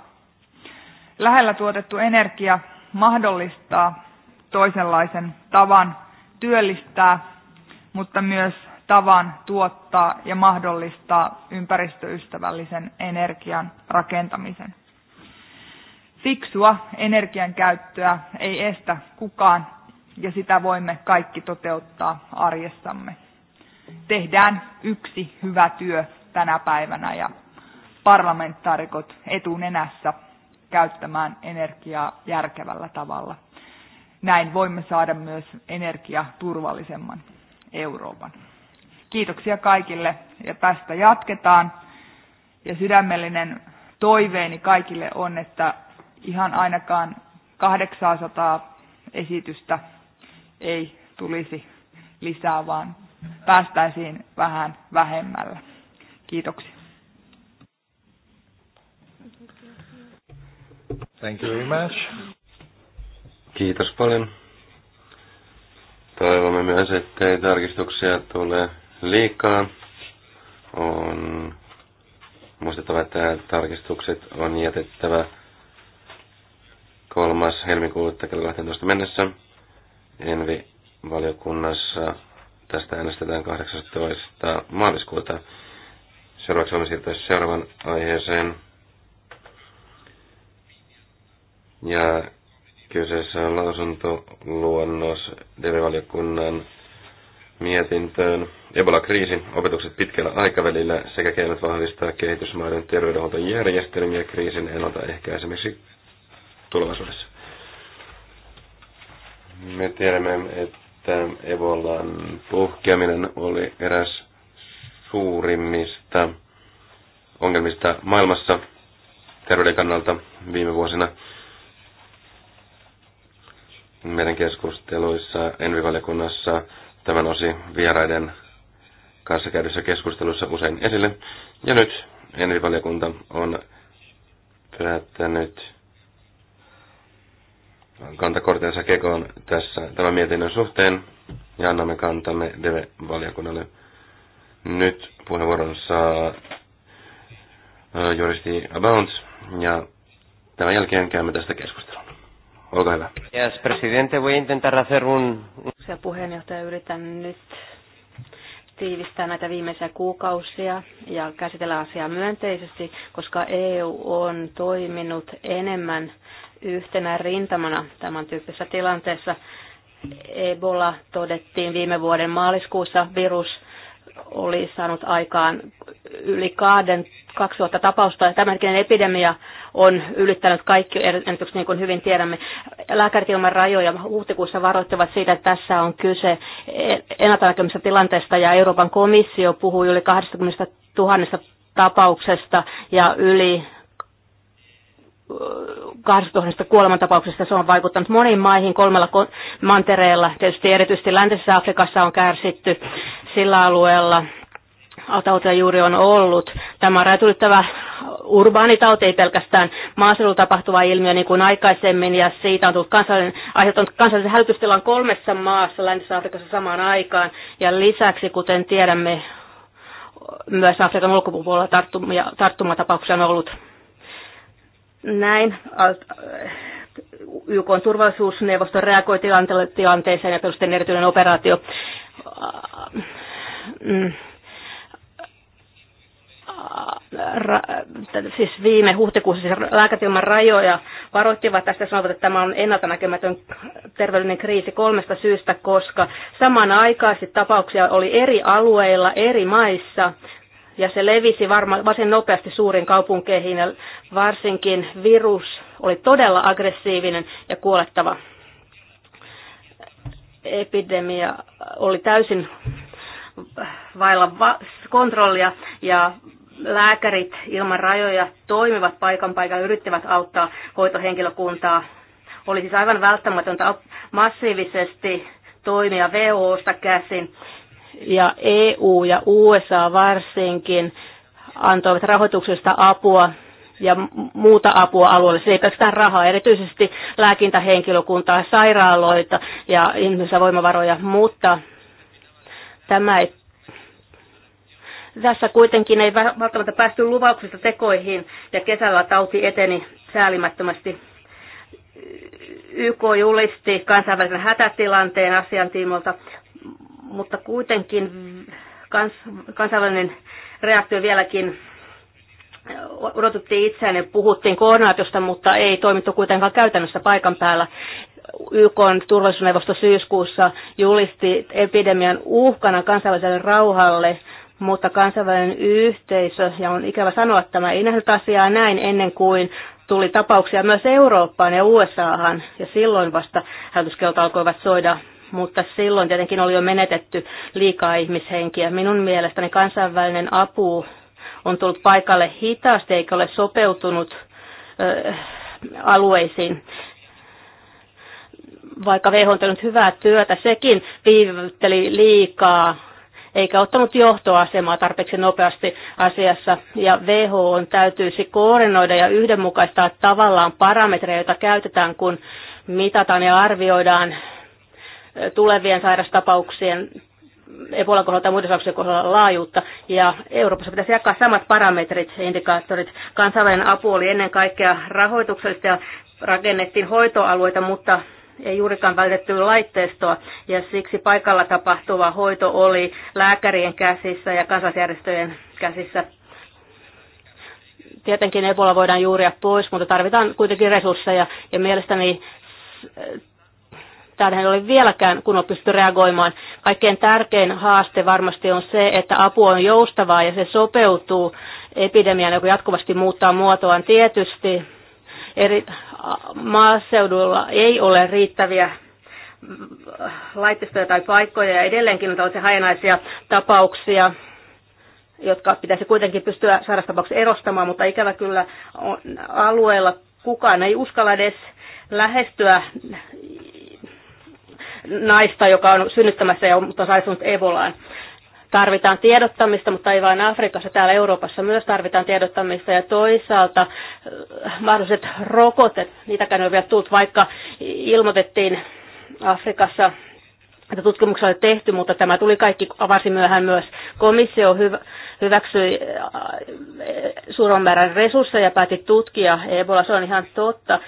Lähellä tuotettu energia mahdollistaa toisenlaisen tavan työllistää, mutta myös tavan tuottaa ja mahdollistaa ympäristöystävällisen energian rakentamisen. Fiksua energian käyttöä ei estä kukaan ja sitä voimme kaikki toteuttaa arjessamme. Tehdään yksi hyvä työ tänä päivänä ja parlamentaarikot etunenässä käyttämään energiaa järkevällä tavalla. Näin voimme saada myös energiaturvallisemman Euroopan. Kiitoksia kaikille ja tästä jatketaan. Ja sydämellinen toiveeni kaikille on, että ihan ainakaan 800 esitystä ei tulisi lisää, vaan päästäisiin vähän vähemmällä. Kiitoksia. Thank you very much. Kiitos paljon. Toivomme myös, ettei tarkistuksia tule liikaa. On muistettava, että tarkistukset on jätettävä 3. helmikuuta kello 12 mennessä. Envi-valiokunnassa. Tästä äänestetään 18. maaliskuuta. Seuraavaksi olemme siirtyä seuraavan aiheeseen. Ja kyseessä on lausuntoluonnos DV-valiokunnan mietintöön. ebola kriisin opetukset pitkällä aikavälillä sekä keinot vahvistaa kehitysmaiden terveydenhuoltojärjestelmiä kriisin ennaltaehkäisemiseksi tulevaisuudessa. Me tiedämme, että Ebolan puhkeaminen oli eräs suurimmista ongelmista maailmassa terveyden kannalta viime vuosina. Meidän keskusteluissa Envivaliokunnassa tämän osi vieraiden kanssa käydyssä keskustelussa usein esille. Ja nyt Envivaliokunta on päättänyt kantakortensa kekoon tässä tämän mietinnön suhteen ja annamme kantamme DEVE-valiokunnalle. Nyt puheenvuoron saa juristi Abounds ja tämän jälkeen käymme tästä keskustelua. Olkaa hyvä. Yes, presidente, voi intentar hacer un... Se puheenjohtaja yritän nyt tiivistää näitä viimeisiä kuukausia ja käsitellä asiaa myönteisesti, koska EU on toiminut enemmän yhtenä rintamana tämän tyyppisessä tilanteessa. Ebola todettiin viime vuoden maaliskuussa. Virus oli saanut aikaan yli 2000 tapausta. Tämänkin epidemia on ylittänyt kaikki, erityisesti niin kuin hyvin tiedämme. Lääkärit ilman rajoja huhtikuussa varoittavat siitä, että tässä on kyse ennaltanäkemässä tilanteesta ja Euroopan komissio puhuu yli 20 000 tapauksesta ja yli kahdesta kuolemantapauksesta se on vaikuttanut moniin maihin kolmella mantereella. Tietysti erityisesti Läntisessä Afrikassa on kärsitty sillä alueella tautia juuri on ollut. Tämä on räätylyttävä urbaanitauti, ei pelkästään maaseudulla tapahtuva ilmiö niin kuin aikaisemmin, ja siitä on tullut kansallinen, aiheuttanut kansallisen hälytystilan kolmessa maassa Läntisessä Afrikassa samaan aikaan, ja lisäksi, kuten tiedämme, myös Afrikan ulkopuolella tarttumia, tarttumatapauksia on ollut näin YK turvallisuusneuvosto reagoi tilanteeseen ja perusten erityinen operaatio. Ra, siis viime huhtikuussa siis lääketilman rajoja varoittivat tästä sanovat, että tämä on ennaltanäkemätön terveydellinen kriisi kolmesta syystä, koska samanaikaisesti tapauksia oli eri alueilla, eri maissa ja se levisi varma, varsin nopeasti suuriin kaupunkeihin ja varsinkin virus oli todella aggressiivinen ja kuolettava. Epidemia oli täysin vailla va- kontrollia ja lääkärit ilman rajoja toimivat paikan paikalla, yrittivät auttaa hoitohenkilökuntaa. Oli siis aivan välttämätöntä massiivisesti toimia voosta käsin ja EU ja USA varsinkin antoivat rahoituksesta apua ja muuta apua alueelle. Se ei pelkästään rahaa, erityisesti lääkintähenkilökuntaa, sairaaloita ja ihmisiä voimavaroja, mutta tämä ei tässä kuitenkin ei välttämättä päästy luvauksista tekoihin ja kesällä tauti eteni säälimättömästi. YK julisti kansainvälisen hätätilanteen asiantiimolta mutta kuitenkin kans, kansainvälinen reaktio vieläkin odotettiin itseään ja puhuttiin koordinaatiosta, mutta ei toimittu kuitenkaan käytännössä paikan päällä. YK turvallisuusneuvosto syyskuussa julisti epidemian uhkana kansainväliselle rauhalle, mutta kansainvälinen yhteisö, ja on ikävä sanoa tämä, ei nähnyt asiaa näin ennen kuin tuli tapauksia myös Eurooppaan ja USAhan, ja silloin vasta hälytyskelta alkoivat soida mutta silloin tietenkin oli jo menetetty liikaa ihmishenkiä. Minun mielestäni kansainvälinen apu on tullut paikalle hitaasti eikä ole sopeutunut ö, alueisiin. Vaikka WHO on tehnyt hyvää työtä, sekin viivytteli liikaa eikä ottanut johtoasemaa tarpeeksi nopeasti asiassa. Ja WHO on täytyisi koordinoida ja yhdenmukaistaa tavallaan parametreja, joita käytetään, kun mitataan ja arvioidaan tulevien sairastapauksien Ebolan kohdalla tai muiden sairauksien kohdalla laajuutta. Ja Euroopassa pitäisi jakaa samat parametrit ja indikaattorit. Kansainvälinen apu oli ennen kaikkea rahoituksellista ja rakennettiin hoitoalueita, mutta ei juurikaan välitetty laitteistoa, ja siksi paikalla tapahtuva hoito oli lääkärien käsissä ja kansalaisjärjestöjen käsissä. Tietenkin Ebola voidaan juuria pois, mutta tarvitaan kuitenkin resursseja, ja mielestäni tähän ei ole vieläkään kun on pysty reagoimaan. Kaikkein tärkein haaste varmasti on se, että apu on joustavaa ja se sopeutuu epidemiaan, joka jatkuvasti muuttaa muotoaan. Tietysti eri maaseudulla ei ole riittäviä mm, laitteistoja tai paikkoja ja edelleenkin on tällaisia hajanaisia tapauksia, jotka pitäisi kuitenkin pystyä sairastapauksessa erostamaan, mutta ikävä kyllä alueella kukaan ei uskalla edes lähestyä naista, joka on synnyttämässä ja mutta on saisunut Ebolaan. Tarvitaan tiedottamista, mutta ei vain Afrikassa, täällä Euroopassa myös tarvitaan tiedottamista ja toisaalta äh, mahdolliset rokotet, niitäkään ei ole vielä tullut, vaikka ilmoitettiin Afrikassa että tutkimuksia oli tehty, mutta tämä tuli kaikki avasi myöhään myös. Komissio hyvä, hyväksyi äh, suuron määrän resursseja ja päätti tutkia Ebola. Se on ihan totta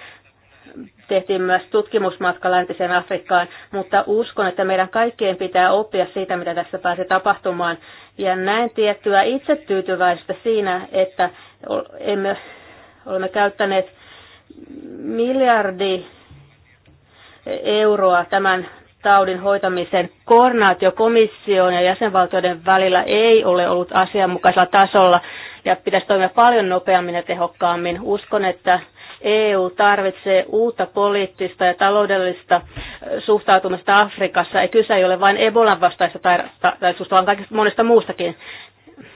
tehtiin myös tutkimusmatka läntiseen Afrikkaan, mutta uskon, että meidän kaikkien pitää oppia siitä, mitä tässä pääsee tapahtumaan. Ja näen tiettyä itsetyytyväistä siinä, että emme, olemme käyttäneet miljardi euroa tämän taudin hoitamisen koordinaatiokomission ja jäsenvaltioiden välillä ei ole ollut asianmukaisella tasolla ja pitäisi toimia paljon nopeammin ja tehokkaammin. Uskon, että EU tarvitsee uutta poliittista ja taloudellista suhtautumista Afrikassa. Ei kyse ei ole vain Ebolan vastaista taistelusta, vaan kaikista monesta muustakin.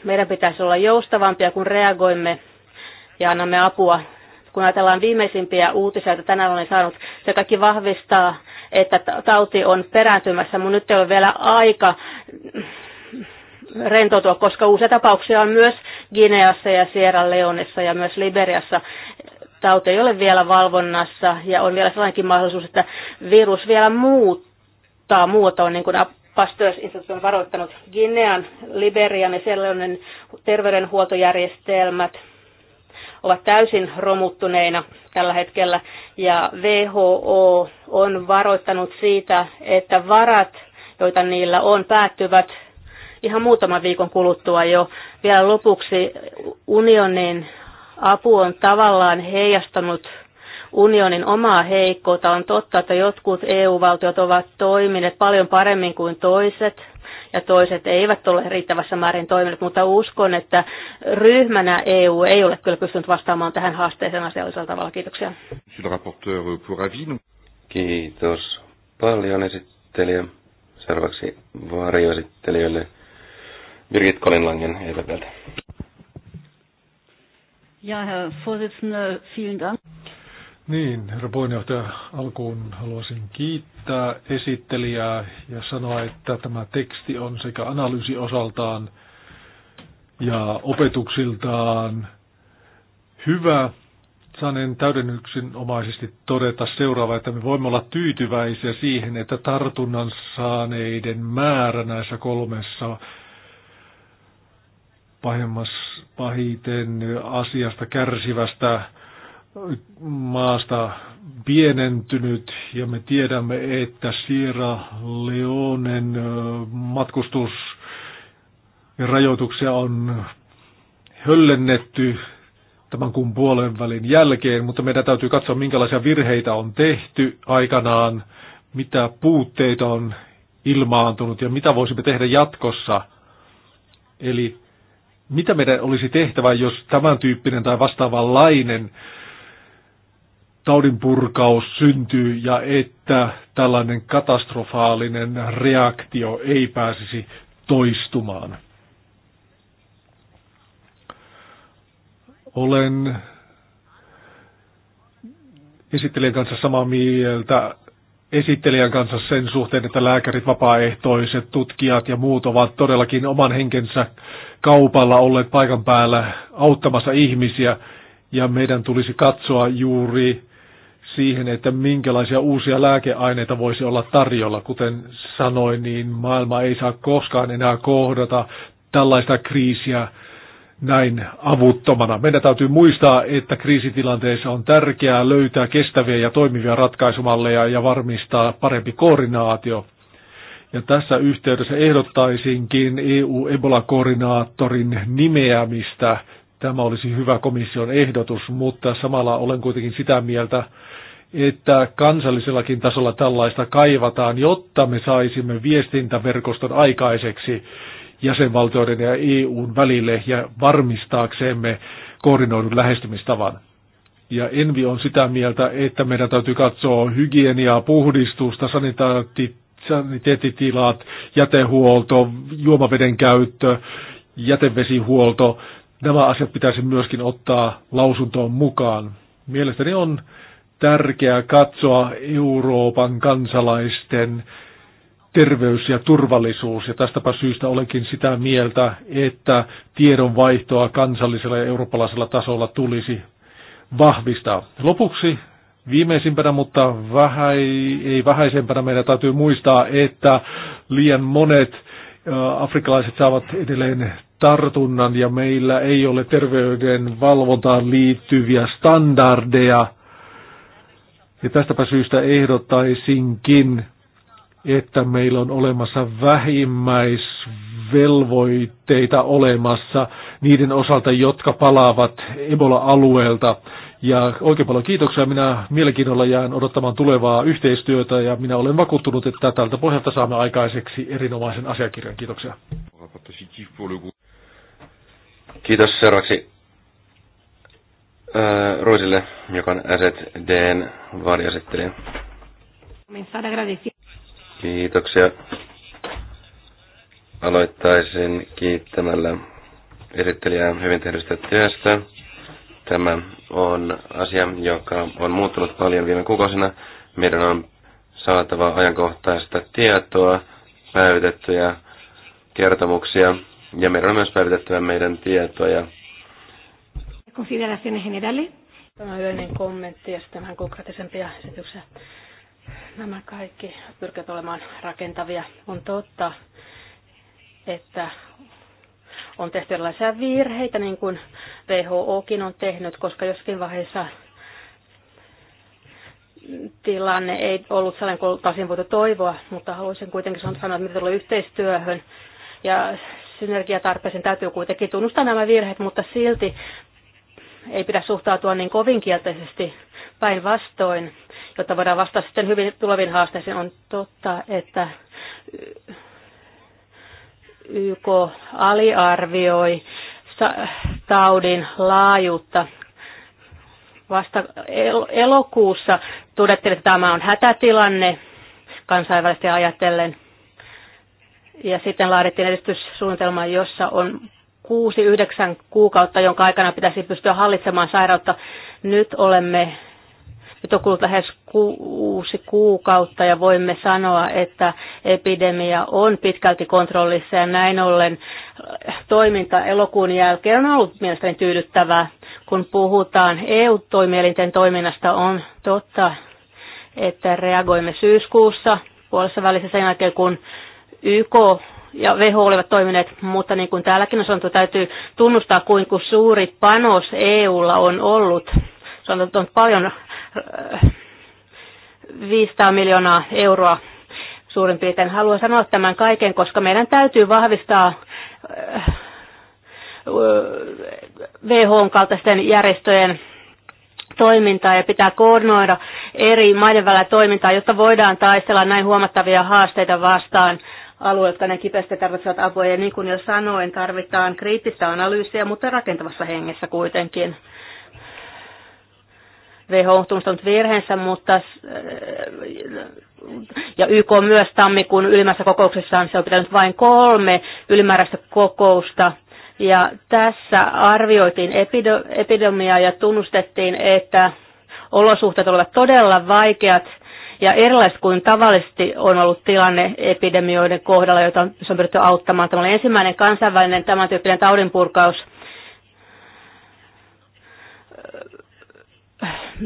Meidän pitäisi olla joustavampia, kun reagoimme ja annamme apua. Kun ajatellaan viimeisimpiä uutisia, joita tänään olen saanut, se kaikki vahvistaa, että tauti on perääntymässä, mutta nyt ei ole vielä aika rentoutua, koska uusia tapauksia on myös Gineassa ja Sierra Leonessa ja myös Liberiassa tauti ei ole vielä valvonnassa ja on vielä sellainenkin mahdollisuus, että virus vielä muuttaa muotoon, niin kuin pasteurs on varoittanut Ginean, Liberian ja sellainen terveydenhuoltojärjestelmät ovat täysin romuttuneina tällä hetkellä. Ja WHO on varoittanut siitä, että varat, joita niillä on, päättyvät ihan muutaman viikon kuluttua jo. Vielä lopuksi unionin apu on tavallaan heijastanut unionin omaa heikkoutta. On totta, että jotkut EU-valtiot ovat toimineet paljon paremmin kuin toiset, ja toiset eivät ole riittävässä määrin toimineet, mutta uskon, että ryhmänä EU ei ole kyllä pystynyt vastaamaan tähän haasteeseen asiallisella tavalla. Kiitoksia. Kiitos paljon esittelijä. Seuraavaksi varjoesittelijöille Birgit Kolinlangen EVPltä. Ja, Herr Vorsitzender, vielen Dank. Niin, herra puheenjohtaja, alkuun haluaisin kiittää esittelijää ja sanoa, että tämä teksti on sekä analyysi osaltaan ja opetuksiltaan hyvä. Sanen omaisesti todeta seuraava, että me voimme olla tyytyväisiä siihen, että tartunnan saaneiden määrä näissä kolmessa pahimmas, pahiten asiasta kärsivästä maasta pienentynyt ja me tiedämme, että Sierra Leonen matkustus ja rajoituksia on höllennetty tämän kuun puolen välin jälkeen, mutta meidän täytyy katsoa, minkälaisia virheitä on tehty aikanaan, mitä puutteita on ilmaantunut ja mitä voisimme tehdä jatkossa. Eli mitä meidän olisi tehtävä, jos tämän tyyppinen tai vastaavanlainen taudinpurkaus syntyy ja että tällainen katastrofaalinen reaktio ei pääsisi toistumaan. Olen esittelijän kanssa samaa mieltä esittelijän kanssa sen suhteen, että lääkärit, vapaaehtoiset, tutkijat ja muut ovat todellakin oman henkensä kaupalla olleet paikan päällä auttamassa ihmisiä. Ja meidän tulisi katsoa juuri siihen, että minkälaisia uusia lääkeaineita voisi olla tarjolla. Kuten sanoin, niin maailma ei saa koskaan enää kohdata tällaista kriisiä, näin avuttomana. Meidän täytyy muistaa, että kriisitilanteessa on tärkeää löytää kestäviä ja toimivia ratkaisumalleja ja varmistaa parempi koordinaatio. Ja tässä yhteydessä ehdottaisinkin EU-Ebola-koordinaattorin nimeämistä. Tämä olisi hyvä komission ehdotus, mutta samalla olen kuitenkin sitä mieltä, että kansallisellakin tasolla tällaista kaivataan, jotta me saisimme viestintäverkoston aikaiseksi jäsenvaltioiden ja EUn välille ja varmistaaksemme koordinoidun lähestymistavan. Ja Envi on sitä mieltä, että meidän täytyy katsoa hygieniaa, puhdistusta, sanitaatti, saniteettitilat, jätehuolto, juomaveden käyttö, jätevesihuolto. Nämä asiat pitäisi myöskin ottaa lausuntoon mukaan. Mielestäni on tärkeää katsoa Euroopan kansalaisten terveys ja turvallisuus. Ja tästäpä syystä olenkin sitä mieltä, että tiedonvaihtoa kansallisella ja eurooppalaisella tasolla tulisi vahvistaa. Lopuksi viimeisimpänä, mutta vähäi, ei vähäisempänä meidän täytyy muistaa, että liian monet afrikkalaiset saavat edelleen tartunnan ja meillä ei ole terveyden valvontaan liittyviä standardeja. Ja tästäpä syystä ehdottaisinkin että meillä on olemassa vähimmäisvelvoitteita olemassa niiden osalta, jotka palaavat Ebola-alueelta. Ja oikein paljon kiitoksia. Minä mielenkiinnolla jään odottamaan tulevaa yhteistyötä ja minä olen vakuuttunut, että tältä pohjalta saamme aikaiseksi erinomaisen asiakirjan. Kiitoksia. Kiitos seuraavaksi äh, Roisille, joka on SETDn varjoesittelijä. Kiitoksia. Aloittaisin kiittämällä esittelijää hyvin tehdystä työstä. Tämä on asia, joka on muuttunut paljon viime kuukausina. Meidän on saatava ajankohtaista tietoa, päivitettyjä kertomuksia ja meidän on myös päivitettyä meidän tietoja. Consideraciones generales. Tämä on yleinen kommentti ja sitten vähän konkreettisempia esityksiä. Nämä kaikki pyrkivät olemaan rakentavia. On totta, että on tehty erilaisia virheitä, niin kuin WHOkin on tehnyt, koska joskin vaiheessa tilanne ei ollut sellainen kuin tasin voitu toivoa, mutta haluaisin kuitenkin sanoa, että mitä tulee yhteistyöhön ja synergiatarpeeseen täytyy kuitenkin tunnustaa nämä virheet, mutta silti ei pidä suhtautua niin kovin kielteisesti päinvastoin, jotta voidaan vastata sitten hyvin tuleviin haasteisiin. On totta, että YK aliarvioi taudin laajuutta. Vasta elokuussa todettiin, että tämä on hätätilanne kansainvälisesti ajatellen. Ja sitten laadittiin edistyssuunnitelma, jossa on kuusi, yhdeksän kuukautta, jonka aikana pitäisi pystyä hallitsemaan sairautta. Nyt olemme nyt on kulunut lähes kuusi kuukautta ja voimme sanoa, että epidemia on pitkälti kontrollissa ja näin ollen äh, toiminta elokuun jälkeen on ollut mielestäni tyydyttävää. Kun puhutaan EU-toimielinten toiminnasta, on totta, että reagoimme syyskuussa puolessa välissä sen jälkeen, kun YK ja WHO olivat toimineet, mutta niin kuin täälläkin on sanottu, täytyy tunnustaa, kuinka suuri panos EUlla on ollut. Se on paljon 500 miljoonaa euroa suurin piirtein. Haluan sanoa tämän kaiken, koska meidän täytyy vahvistaa eh, who kaltaisten järjestöjen toimintaa ja pitää koordinoida eri maiden välillä toimintaa, jotta voidaan taistella näin huomattavia haasteita vastaan alueet, jotka ne kipeästi tarvitsevat apua. Ja niin kuin jo sanoin, tarvitaan kriittistä analyysiä, mutta rakentavassa hengessä kuitenkin. WHO on tunnustanut virheensä, mutta äh, ja YK myös tammikuun ylimmässä kokouksessaan se on pitänyt vain kolme ylimääräistä kokousta. Ja tässä arvioitiin epidemiaa ja tunnustettiin, että olosuhteet olivat todella vaikeat ja erilaiset kuin tavallisesti on ollut tilanne epidemioiden kohdalla, jota on pyritty auttamaan. Tämä oli ensimmäinen kansainvälinen tämän tyyppinen taudinpurkaus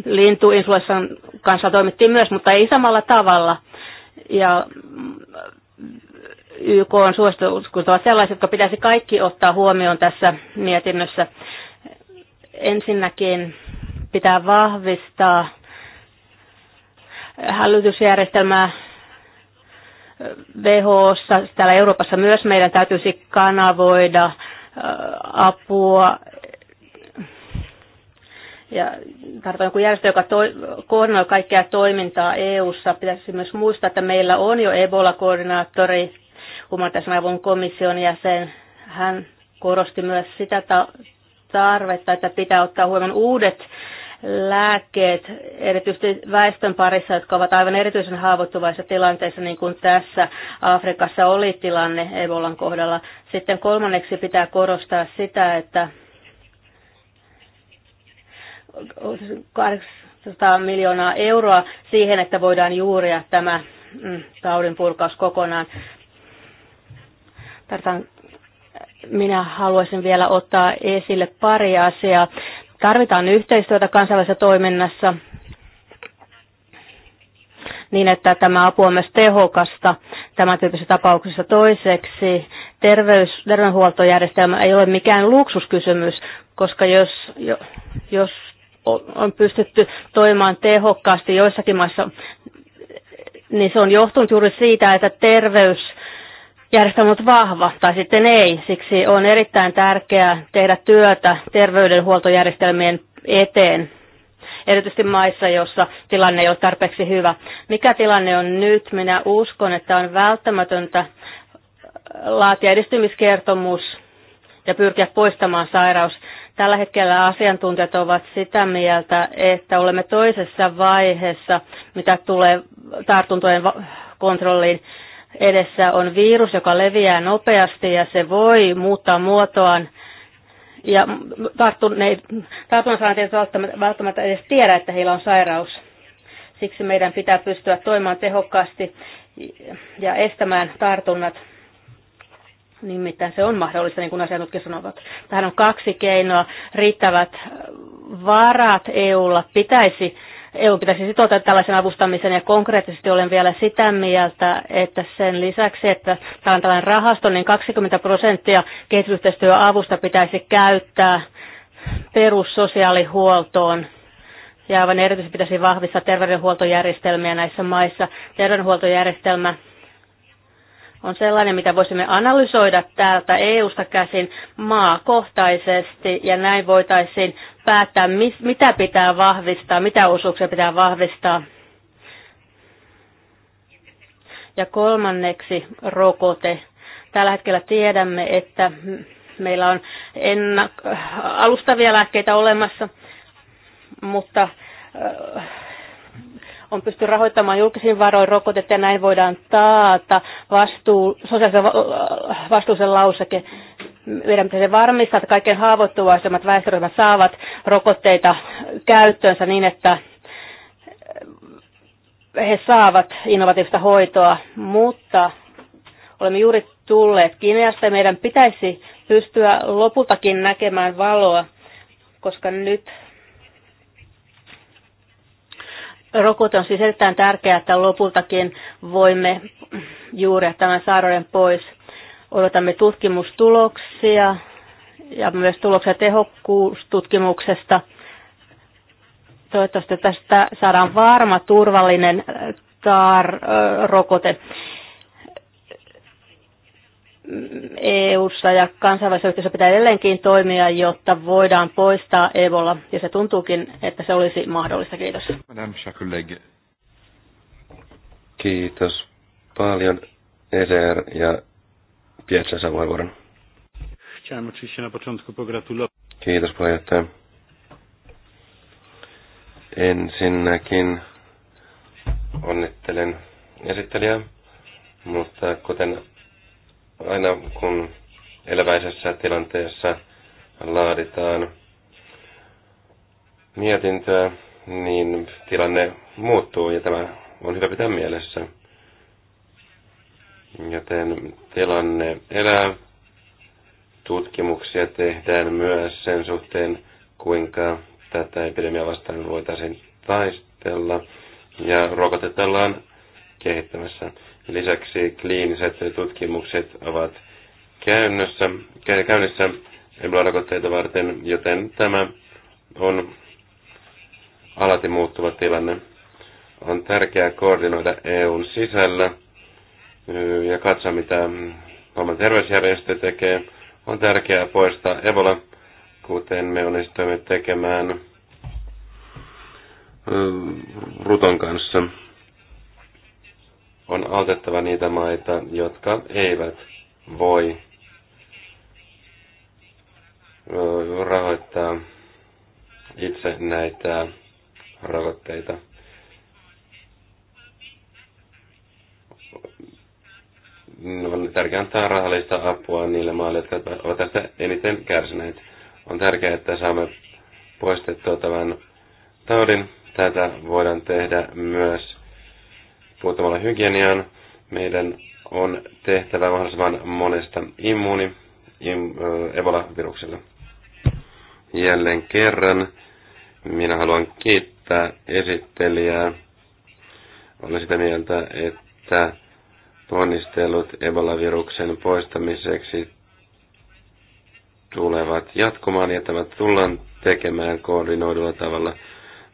lintuinfluenssan kanssa toimittiin myös, mutta ei samalla tavalla. Ja mm, YK on suositukset ovat sellaiset, jotka pitäisi kaikki ottaa huomioon tässä mietinnössä. Ensinnäkin pitää vahvistaa hälytysjärjestelmää WHOssa, täällä Euroopassa myös meidän täytyisi kanavoida apua ja tarkoitan kun järjestö, joka toi, koordinoi kaikkea toimintaa EU-ssa. Pitäisi myös muistaa, että meillä on jo Ebola-koordinaattori, humanitaarisen avun komission jäsen. Hän korosti myös sitä tarvetta, että pitää ottaa huomioon uudet lääkkeet, erityisesti väestön parissa, jotka ovat aivan erityisen haavoittuvaisessa tilanteessa, niin kuin tässä Afrikassa oli tilanne Ebolan kohdalla. Sitten kolmanneksi pitää korostaa sitä, että 800 miljoonaa euroa siihen, että voidaan juuria tämä mm, taudin purkaus kokonaan. Tartan, minä haluaisin vielä ottaa esille pari asiaa. Tarvitaan yhteistyötä kansainvälisessä toiminnassa niin, että tämä apu on myös tehokasta tämän tyyppisissä tapauksissa. Toiseksi terveys, terveydenhuoltojärjestelmä ei ole mikään luksuskysymys, koska jos, jos on pystytty toimimaan tehokkaasti joissakin maissa, niin se on johtunut juuri siitä, että terveys järjestelmä on vahva tai sitten ei. Siksi on erittäin tärkeää tehdä työtä terveydenhuoltojärjestelmien eteen, erityisesti maissa, joissa tilanne ei ole tarpeeksi hyvä. Mikä tilanne on nyt? Minä uskon, että on välttämätöntä laatia edistymiskertomus ja pyrkiä poistamaan sairaus Tällä hetkellä asiantuntijat ovat sitä mieltä, että olemme toisessa vaiheessa, mitä tulee tartuntojen kontrolliin. Edessä on virus, joka leviää nopeasti ja se voi muuttaa muotoaan ja tartunnan saaneet välttämättä, välttämättä edes tiedä, että heillä on sairaus. Siksi meidän pitää pystyä toimimaan tehokkaasti ja estämään tartunnat. Nimittäin se on mahdollista, niin kuin asiantutkijat sanovat. Tähän on kaksi keinoa. Riittävät varat EUlla pitäisi EU pitäisi sitoutua tällaisen avustamiseen ja konkreettisesti olen vielä sitä mieltä, että sen lisäksi, että tämä on tällainen rahasto, niin 20 prosenttia kehitysyhteistyöavusta pitäisi käyttää perussosiaalihuoltoon. Ja aivan erityisesti pitäisi vahvistaa terveydenhuoltojärjestelmiä näissä maissa. Terveydenhuoltojärjestelmä on sellainen, mitä voisimme analysoida täältä EU-sta käsin maakohtaisesti ja näin voitaisiin päättää, mitä pitää vahvistaa, mitä osuuksia pitää vahvistaa. Ja kolmanneksi rokote. Tällä hetkellä tiedämme, että meillä on ennak- alustavia lääkkeitä olemassa, mutta äh, on pysty rahoittamaan julkisin varoin rokotetta ja näin voidaan taata vastuu, sosiaalisen äh, vastuullisen lauseke. Meidän pitäisi varmistaa, että kaikkein haavoittuvaisemmat väestöryhmät saavat rokotteita käyttöönsä niin, että he saavat innovatiivista hoitoa, mutta olemme juuri tulleet Kiinasta ja meidän pitäisi pystyä lopultakin näkemään valoa, koska nyt Rokote on siis erittäin tärkeää, että lopultakin voimme juuri tämän sairauden pois. Odotamme tutkimustuloksia ja myös tuloksia tehokkuustutkimuksesta. Toivottavasti tästä saadaan varma, turvallinen äh, tar- äh, rokote EU-ssa ja kansainvälisessä yhteisössä pitää edelleenkin toimia, jotta voidaan poistaa Ebola, ja se tuntuukin, että se olisi mahdollista. Kiitos. Kiitos paljon ECR ja Pietsa Savoivuoron. Kiitos puheenjohtaja. Ensinnäkin onnittelen esittelijää, mutta kuten aina kun eläväisessä tilanteessa laaditaan mietintöä, niin tilanne muuttuu ja tämä on hyvä pitää mielessä. Joten tilanne elää. Tutkimuksia tehdään myös sen suhteen, kuinka tätä epidemiaa vastaan voitaisiin taistella. Ja rokotetellaan kehittämässä. Lisäksi kliiniset tutkimukset ovat käynnössä, käynnissä Ebola-rokotteita varten, joten tämä on alati muuttuva tilanne. On tärkeää koordinoida EUn sisällä ja katsoa, mitä maailman terveysjärjestö tekee. On tärkeää poistaa Ebola, kuten me onnistuimme tekemään Ruton kanssa on autettava niitä maita, jotka eivät voi rahoittaa itse näitä rokotteita. No, on tärkeää antaa rahallista apua niille maille, jotka ovat tästä eniten kärsineet. On tärkeää, että saamme poistettua tämän taudin. Tätä voidaan tehdä myös Puuttumalla hygieniaan meidän on tehtävä mahdollisimman monesta immuuni im, Ebola-virukselle. Jälleen kerran minä haluan kiittää esittelijää. Olen sitä mieltä, että ponnistelut Ebola-viruksen poistamiseksi tulevat jatkumaan ja tämä tullaan tekemään koordinoidulla tavalla.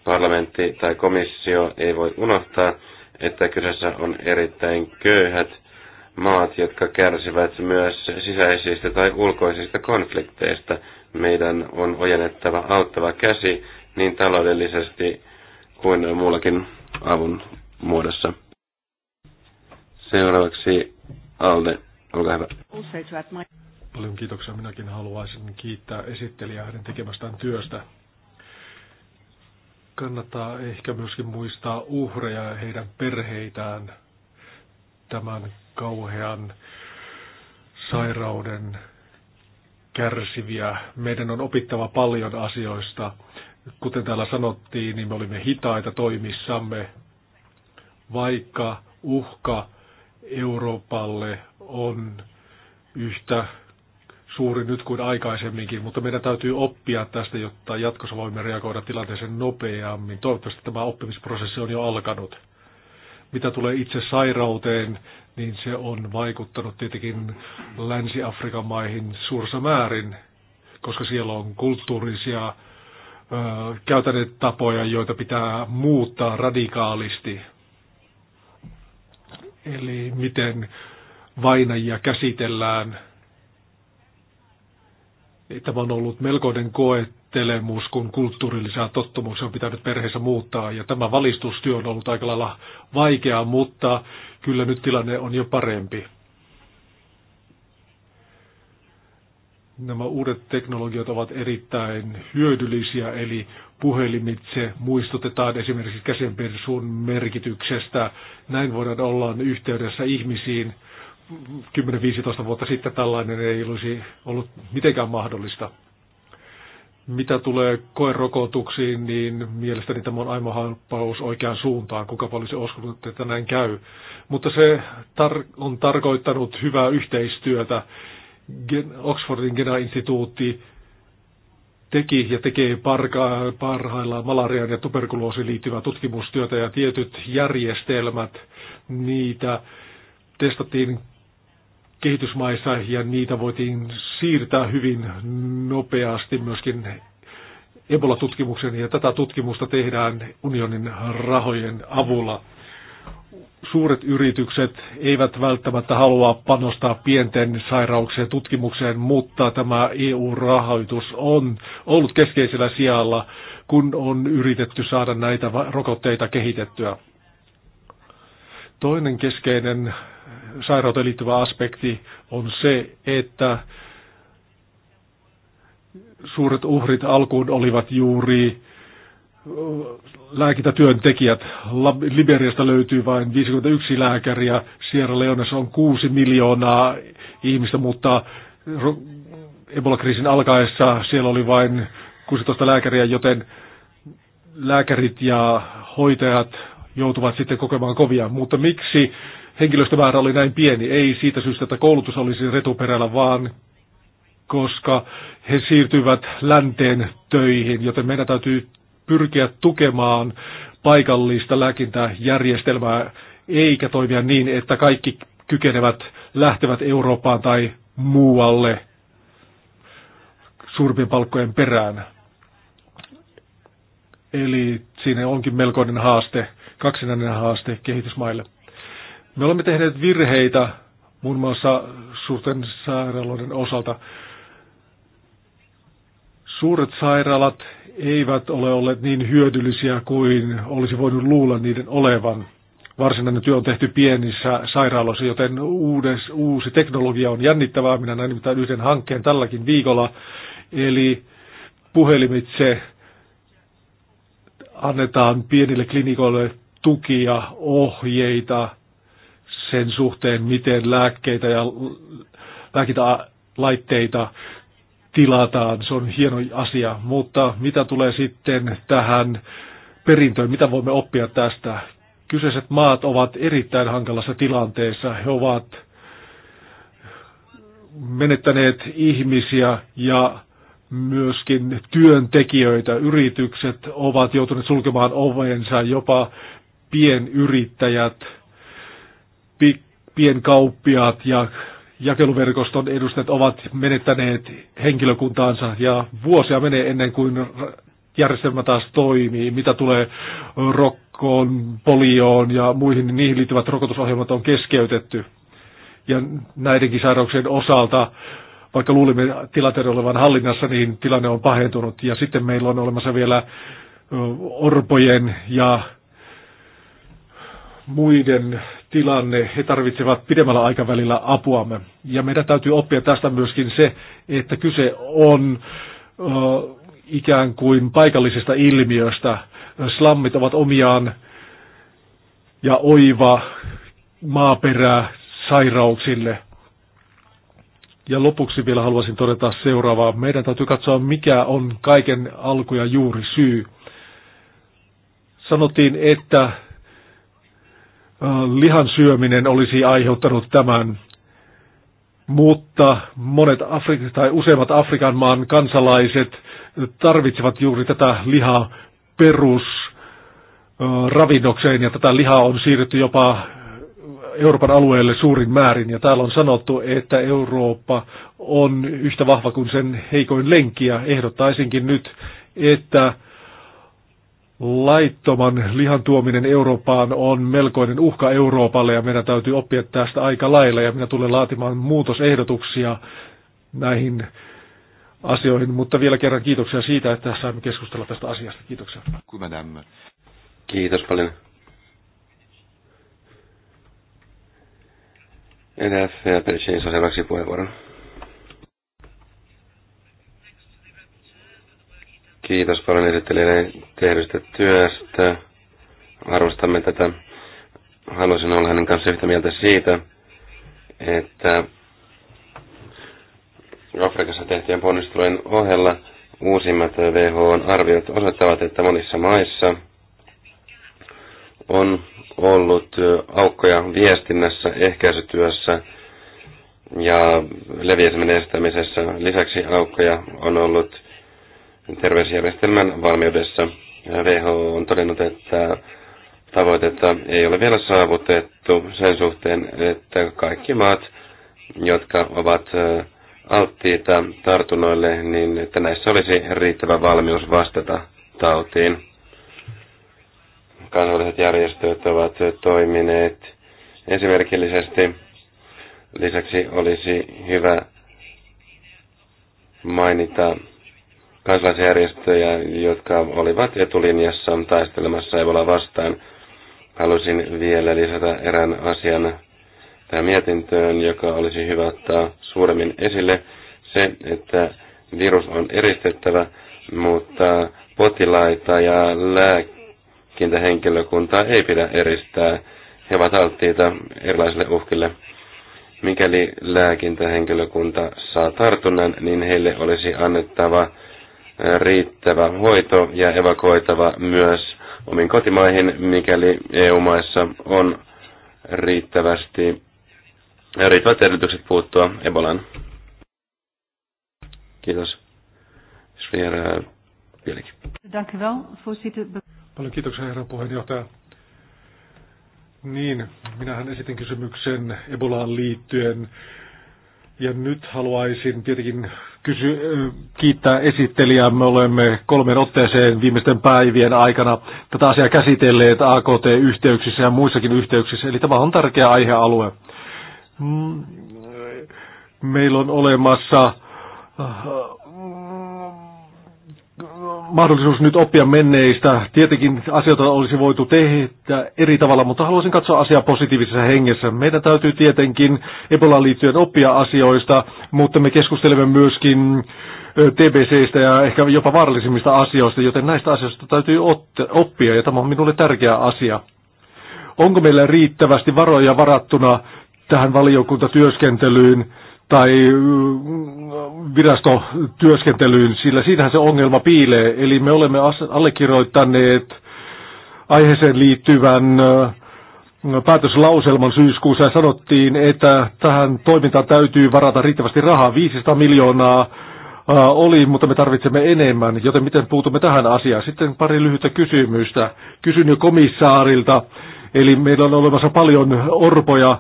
Parlamentti tai komissio ei voi unohtaa, että kyseessä on erittäin köyhät maat, jotka kärsivät myös sisäisistä tai ulkoisista konflikteista. Meidän on ojennettava auttava käsi niin taloudellisesti kuin muullakin avun muodossa. Seuraavaksi Alde, olkaa hyvä. Paljon kiitoksia. Minäkin haluaisin kiittää esittelijää hänen tekemästään työstä. Kannattaa ehkä myöskin muistaa uhreja ja heidän perheitään tämän kauhean sairauden kärsiviä. Meidän on opittava paljon asioista. Kuten täällä sanottiin, niin me olimme hitaita toimissamme, vaikka uhka Euroopalle on yhtä suuri nyt kuin aikaisemminkin, mutta meidän täytyy oppia tästä, jotta jatkossa voimme reagoida tilanteeseen nopeammin. Toivottavasti tämä oppimisprosessi on jo alkanut. Mitä tulee itse sairauteen, niin se on vaikuttanut tietenkin Länsi-Afrikan maihin suurissa määrin, koska siellä on kulttuurisia käytännön tapoja, joita pitää muuttaa radikaalisti. Eli miten vainajia käsitellään – Tämä on ollut melkoinen koettelemus, kun kulttuurillisia tottumuksia on pitänyt perheessä muuttaa. Ja tämä valistustyö on ollut aika lailla vaikeaa, mutta kyllä nyt tilanne on jo parempi. nämä uudet teknologiat ovat erittäin hyödyllisiä, eli puhelimitse muistutetaan esimerkiksi käsenpersuun merkityksestä. Näin voidaan olla yhteydessä ihmisiin 10-15 vuotta sitten tällainen ei olisi ollut mitenkään mahdollista. Mitä tulee koerokotuksiin, niin mielestäni tämä on aivan harppaus oikeaan suuntaan, kuka se uskonut, että näin käy. Mutta se tar- on tarkoittanut hyvää yhteistyötä. Gen- Oxfordin Gena-instituutti teki ja tekee parka- parhaillaan malariaan ja tuberkuloosiin liittyvää tutkimustyötä ja tietyt järjestelmät, niitä testattiin kehitysmaissa ja niitä voitiin siirtää hyvin nopeasti myöskin Ebola-tutkimuksen ja tätä tutkimusta tehdään unionin rahojen avulla. Suuret yritykset eivät välttämättä halua panostaa pienten sairauksien tutkimukseen, mutta tämä EU-rahoitus on ollut keskeisellä sijalla, kun on yritetty saada näitä rokotteita kehitettyä. Toinen keskeinen sairauteen liittyvä aspekti on se, että suuret uhrit alkuun olivat juuri lääkintätyöntekijät. Liberiasta löytyy vain 51 lääkäriä, Sierra Leonessa on 6 miljoonaa ihmistä, mutta Ebola-kriisin alkaessa siellä oli vain 16 lääkäriä, joten lääkärit ja hoitajat joutuvat sitten kokemaan kovia. Mutta miksi henkilöstömäärä oli näin pieni. Ei siitä syystä, että koulutus olisi retuperällä, vaan koska he siirtyvät länteen töihin, joten meidän täytyy pyrkiä tukemaan paikallista lääkintäjärjestelmää, eikä toimia niin, että kaikki kykenevät lähtevät Eurooppaan tai muualle suurimpien palkkojen perään. Eli siinä onkin melkoinen haaste, kaksinainen haaste kehitysmaille. Me olemme tehneet virheitä muun muassa suurten sairaaloiden osalta. Suuret sairaalat eivät ole olleet niin hyödyllisiä kuin olisi voinut luulla niiden olevan. Varsinainen työ on tehty pienissä sairaaloissa, joten uudes, uusi teknologia on jännittävää. Minä näin nimittäin yhden hankkeen tälläkin viikolla. Eli puhelimitse annetaan pienille klinikoille tukia, ohjeita, sen suhteen, miten lääkkeitä ja lääkintälaitteita tilataan. Se on hieno asia, mutta mitä tulee sitten tähän perintöön, mitä voimme oppia tästä? Kyseiset maat ovat erittäin hankalassa tilanteessa. He ovat menettäneet ihmisiä ja myöskin työntekijöitä. Yritykset ovat joutuneet sulkemaan ovensa, jopa pienyrittäjät – pienkauppiaat ja jakeluverkoston edustajat ovat menettäneet henkilökuntaansa ja vuosia menee ennen kuin järjestelmä taas toimii. Mitä tulee rokkoon, polioon ja muihin, niin niihin liittyvät rokotusohjelmat on keskeytetty. Ja näidenkin sairauksien osalta, vaikka luulimme tilanteen olevan hallinnassa, niin tilanne on pahentunut. Ja sitten meillä on olemassa vielä orpojen ja muiden tilanne. He tarvitsevat pidemmällä aikavälillä apuamme. Ja meidän täytyy oppia tästä myöskin se, että kyse on ö, ikään kuin paikallisesta ilmiöstä. Slammit ovat omiaan ja oiva maaperää sairauksille. Ja lopuksi vielä haluaisin todeta seuraavaa. Meidän täytyy katsoa, mikä on kaiken alku ja juuri syy. Sanottiin, että lihan syöminen olisi aiheuttanut tämän. Mutta monet Afrik- tai useimmat Afrikan maan kansalaiset tarvitsevat juuri tätä lihaa perusravinnokseen, ja tätä lihaa on siirretty jopa Euroopan alueelle suurin määrin. Ja täällä on sanottu, että Eurooppa on yhtä vahva kuin sen heikoin lenkki ja ehdottaisinkin nyt, että Laittoman lihan tuominen Eurooppaan on melkoinen uhka Euroopalle ja meidän täytyy oppia tästä aika lailla ja minä tulen laatimaan muutosehdotuksia näihin asioihin, mutta vielä kerran kiitoksia siitä, että saimme keskustella tästä asiasta. Kiitoksia. Kiitos paljon. Enää Felper Chains seuraavaksi puheenvuoron. Kiitos paljon esittelijälle tehdystä työstä. Arvostamme tätä. Haluaisin olla hänen kanssa yhtä mieltä siitä, että Afrikassa tehtyjen ponnistelujen ohella uusimmat who arviot osoittavat, että monissa maissa on ollut aukkoja viestinnässä, ehkäisytyössä ja leviäisemmin estämisessä. Lisäksi aukkoja on ollut terveysjärjestelmän valmiudessa. WHO on todennut, että tavoitetta ei ole vielä saavutettu sen suhteen, että kaikki maat, jotka ovat alttiita tartunnoille, niin että näissä olisi riittävä valmius vastata tautiin. Kansalliset järjestöt ovat toimineet esimerkillisesti. Lisäksi olisi hyvä mainita kansalaisjärjestöjä, jotka olivat etulinjassa taistelemassa Ebolaa vastaan. Halusin vielä lisätä erään asian tähän mietintöön, joka olisi hyvä ottaa suuremmin esille. Se, että virus on eristettävä, mutta potilaita ja lääkintähenkilökuntaa ei pidä eristää. He ovat alttiita erilaisille uhkille. Mikäli lääkintähenkilökunta saa tartunnan, niin heille olisi annettava riittävä hoito ja evakuoitava myös omiin kotimaihin, mikäli EU-maissa on riittävästi riittävät edellytykset puuttua Ebolaan. Kiitos. Paljon kiitoksia, herra puheenjohtaja. Niin, minähän esitin kysymyksen Ebolaan liittyen. Ja nyt haluaisin tietenkin kysy, kiittää esittelijää. Me olemme kolmen otteeseen viimeisten päivien aikana tätä asiaa käsitelleet AKT-yhteyksissä ja muissakin yhteyksissä, eli tämä on tärkeä aihealue. Mm, meillä on olemassa äh, mahdollisuus nyt oppia menneistä. Tietenkin asioita olisi voitu tehdä eri tavalla, mutta haluaisin katsoa asiaa positiivisessa hengessä. Meidän täytyy tietenkin Ebolaan liittyen oppia asioista, mutta me keskustelemme myöskin TBCistä ja ehkä jopa vaarallisimmista asioista, joten näistä asioista täytyy oppia ja tämä on minulle tärkeä asia. Onko meillä riittävästi varoja varattuna tähän valiokuntatyöskentelyyn? työskentelyyn? tai mm, virastotyöskentelyyn, sillä siinähän se ongelma piilee. Eli me olemme allekirjoittaneet aiheeseen liittyvän mm, päätöslauselman syyskuussa ja sanottiin, että tähän toimintaan täytyy varata riittävästi rahaa. 500 miljoonaa oli, mutta me tarvitsemme enemmän, joten miten puutumme tähän asiaan? Sitten pari lyhyttä kysymystä. Kysyn jo komissaarilta, eli meillä on olemassa paljon orpoja,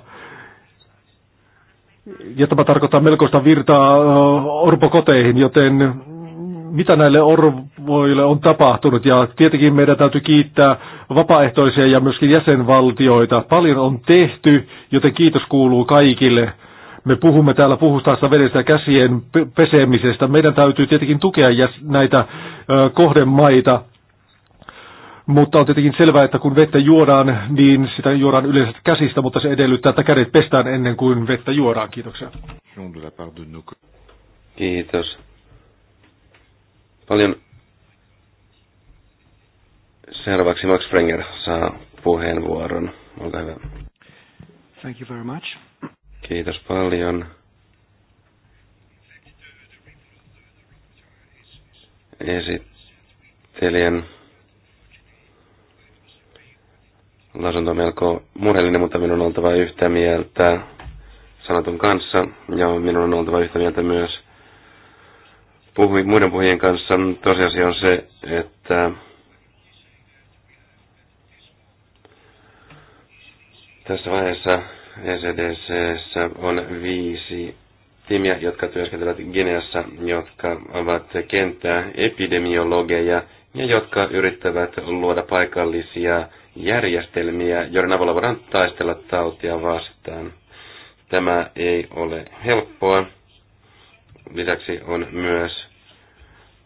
ja tämä tarkoittaa melkoista virtaa äh, orpokoteihin, joten mitä näille orvoille on tapahtunut. Ja tietenkin meidän täytyy kiittää vapaaehtoisia ja myöskin jäsenvaltioita. Paljon on tehty, joten kiitos kuuluu kaikille. Me puhumme täällä puhustaassa vedestä ja käsien pesemisestä. Meidän täytyy tietenkin tukea näitä äh, kohdemaita mutta on tietenkin selvää, että kun vettä juodaan, niin sitä juodaan yleensä käsistä, mutta se edellyttää, että kädet pestään ennen kuin vettä juodaan. Kiitoksia. Kiitos. Paljon seuraavaksi Max Frenger saa puheenvuoron. Olkaa hyvä. Thank you very much. Kiitos paljon. Esittelijän lausunto on melko murheellinen, mutta minun on oltava yhtä mieltä sanotun kanssa ja minun on oltava yhtä mieltä myös puhui, muiden puhujien kanssa. Tosiasia on se, että tässä vaiheessa ECDC on viisi tiimiä, jotka työskentelevät Geneassa, jotka ovat kenttää epidemiologeja ja jotka yrittävät luoda paikallisia järjestelmiä, joiden avulla voidaan taistella tautia vastaan. Tämä ei ole helppoa. Lisäksi on myös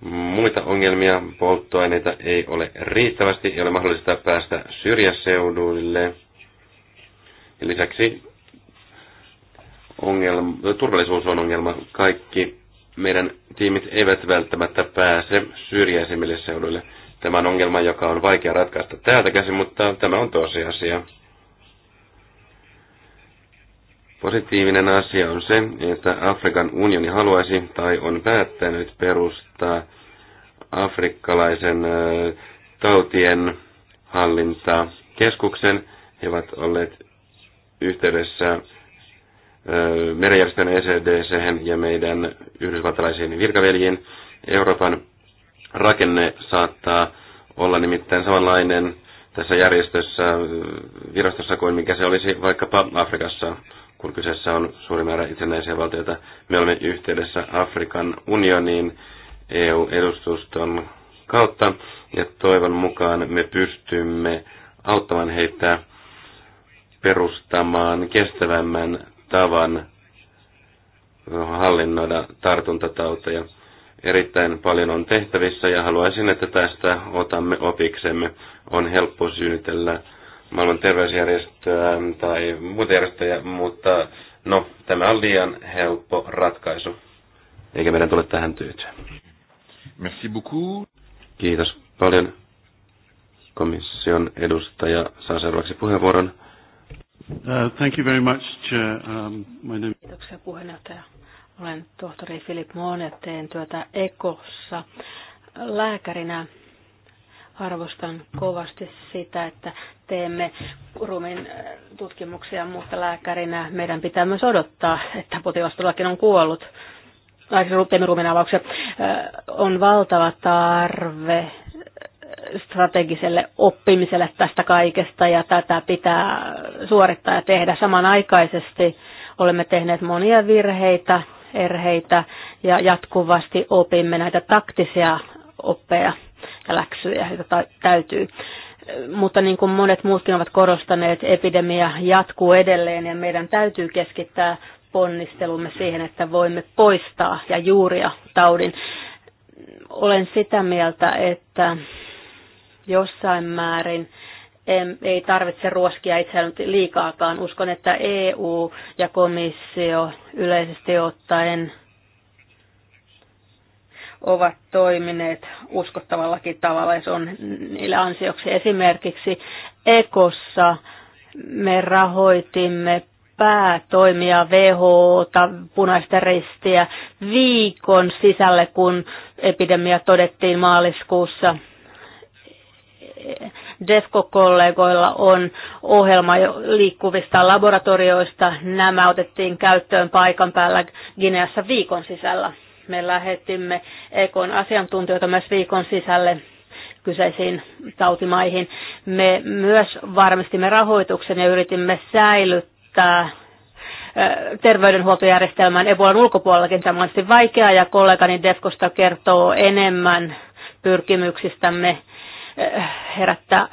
muita ongelmia. Polttoaineita ei ole riittävästi, ei ole mahdollista päästä syrjäseuduille. Lisäksi ongelma, turvallisuus on ongelma. Kaikki meidän tiimit eivät välttämättä pääse syrjäisimmille seuduille. Tämä on ongelma, joka on vaikea ratkaista täältä käsin, mutta tämä on tosiasia. Positiivinen asia on se, että Afrikan unioni haluaisi tai on päättänyt perustaa afrikkalaisen tautien hallintakeskuksen. He ovat olleet yhteydessä merejärjestön ECDC ja meidän yhdysvaltalaisiin virkaveljiin. Euroopan rakenne saattaa olla nimittäin samanlainen tässä järjestössä, virastossa kuin mikä se olisi vaikkapa Afrikassa, kun kyseessä on suuri määrä itsenäisiä valtioita. Me olemme yhteydessä Afrikan unioniin EU-edustuston kautta ja toivon mukaan me pystymme auttamaan heitä perustamaan kestävämmän tavan hallinnoida tartuntatauteja. Erittäin paljon on tehtävissä ja haluaisin, että tästä otamme opiksemme. On helppo syytellä maailman terveysjärjestöä tai muita järjestöjä, mutta no, tämä on liian helppo ratkaisu. Eikä meidän tule tähän tyytyä. Merci beaucoup. Kiitos paljon. Komission edustaja saa seuraavaksi puheenvuoron. Uh, thank you very much, Chair. Um, my name... Kiitoksia puheenjohtaja. Olen tohtori Philip ja teen työtä EKOssa lääkärinä. Arvostan kovasti sitä, että teemme rumin äh, tutkimuksia, mutta lääkärinä meidän pitää myös odottaa, että potilas todellakin on kuollut. Teemme Rumin avauksia. Äh, on valtava tarve strategiselle oppimiselle tästä kaikesta ja tätä pitää suorittaa ja tehdä samanaikaisesti. Olemme tehneet monia virheitä, erheitä ja jatkuvasti opimme näitä taktisia oppeja ja läksyjä, joita täytyy. Mutta niin kuin monet muutkin ovat korostaneet, epidemia jatkuu edelleen ja meidän täytyy keskittää ponnistelumme siihen, että voimme poistaa ja juuria taudin. Olen sitä mieltä, että jossain määrin ei tarvitse ruoskia itseään liikaakaan. Uskon, että EU ja komissio yleisesti ottaen ovat toimineet uskottavallakin tavalla ja se on niille ansioksi. Esimerkiksi Ekossa me rahoitimme päätoimia WHOta, punaista ristiä viikon sisälle, kun epidemia todettiin maaliskuussa DEFCO-kollegoilla on ohjelma jo liikkuvista laboratorioista. Nämä otettiin käyttöön paikan päällä Gineassa viikon sisällä. Me lähetimme EKn asiantuntijoita myös viikon sisälle kyseisiin tautimaihin. Me myös varmistimme rahoituksen ja yritimme säilyttää terveydenhuoltojärjestelmän Ebolan ulkopuolellakin. Tämä on vaikeaa ja kollegani Defkosta kertoo enemmän pyrkimyksistämme herättää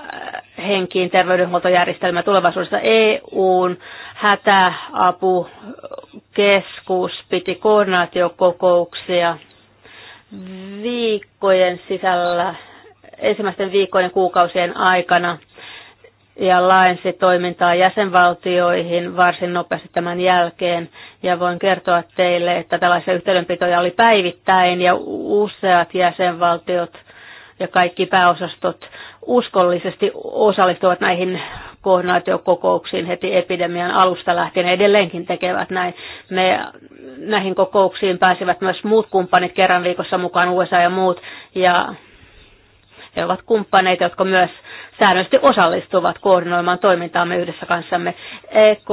henkiin terveydenhuoltojärjestelmä tulevaisuudessa EUn hätäapukeskus piti koordinaatiokokouksia viikkojen sisällä, ensimmäisten viikkojen kuukausien aikana ja laajensi toimintaa jäsenvaltioihin varsin nopeasti tämän jälkeen. Ja voin kertoa teille, että tällaisia yhteydenpitoja oli päivittäin ja useat jäsenvaltiot – ja kaikki pääosastot uskollisesti osallistuvat näihin koordinaatiokokouksiin heti epidemian alusta lähtien edelleenkin tekevät näin. Me, näihin kokouksiin pääsivät myös muut kumppanit kerran viikossa mukaan USA ja muut ja he ovat kumppaneita, jotka myös säännöllisesti osallistuvat koordinoimaan toimintaamme yhdessä kanssamme. EK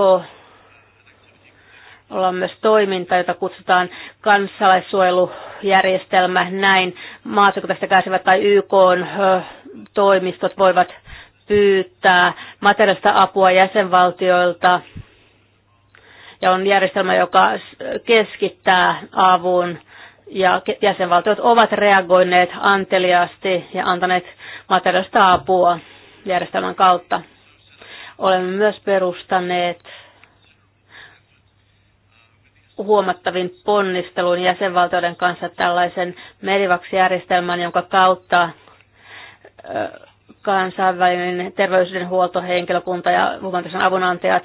ollaan myös toiminta, jota kutsutaan kansalaissuojelujärjestelmä. Näin maat, jotka tästä kärsivät, tai YK toimistot voivat pyytää materiaalista apua jäsenvaltioilta. Ja on järjestelmä, joka keskittää avun ja jäsenvaltiot ovat reagoineet anteliaasti ja antaneet materiaalista apua järjestelmän kautta. Olemme myös perustaneet huomattavin ponnistelun jäsenvaltioiden kanssa tällaisen merivaksijärjestelmän, jonka kautta kansainvälinen terveydenhuoltohenkilökunta ja humanitaarisen avunantajat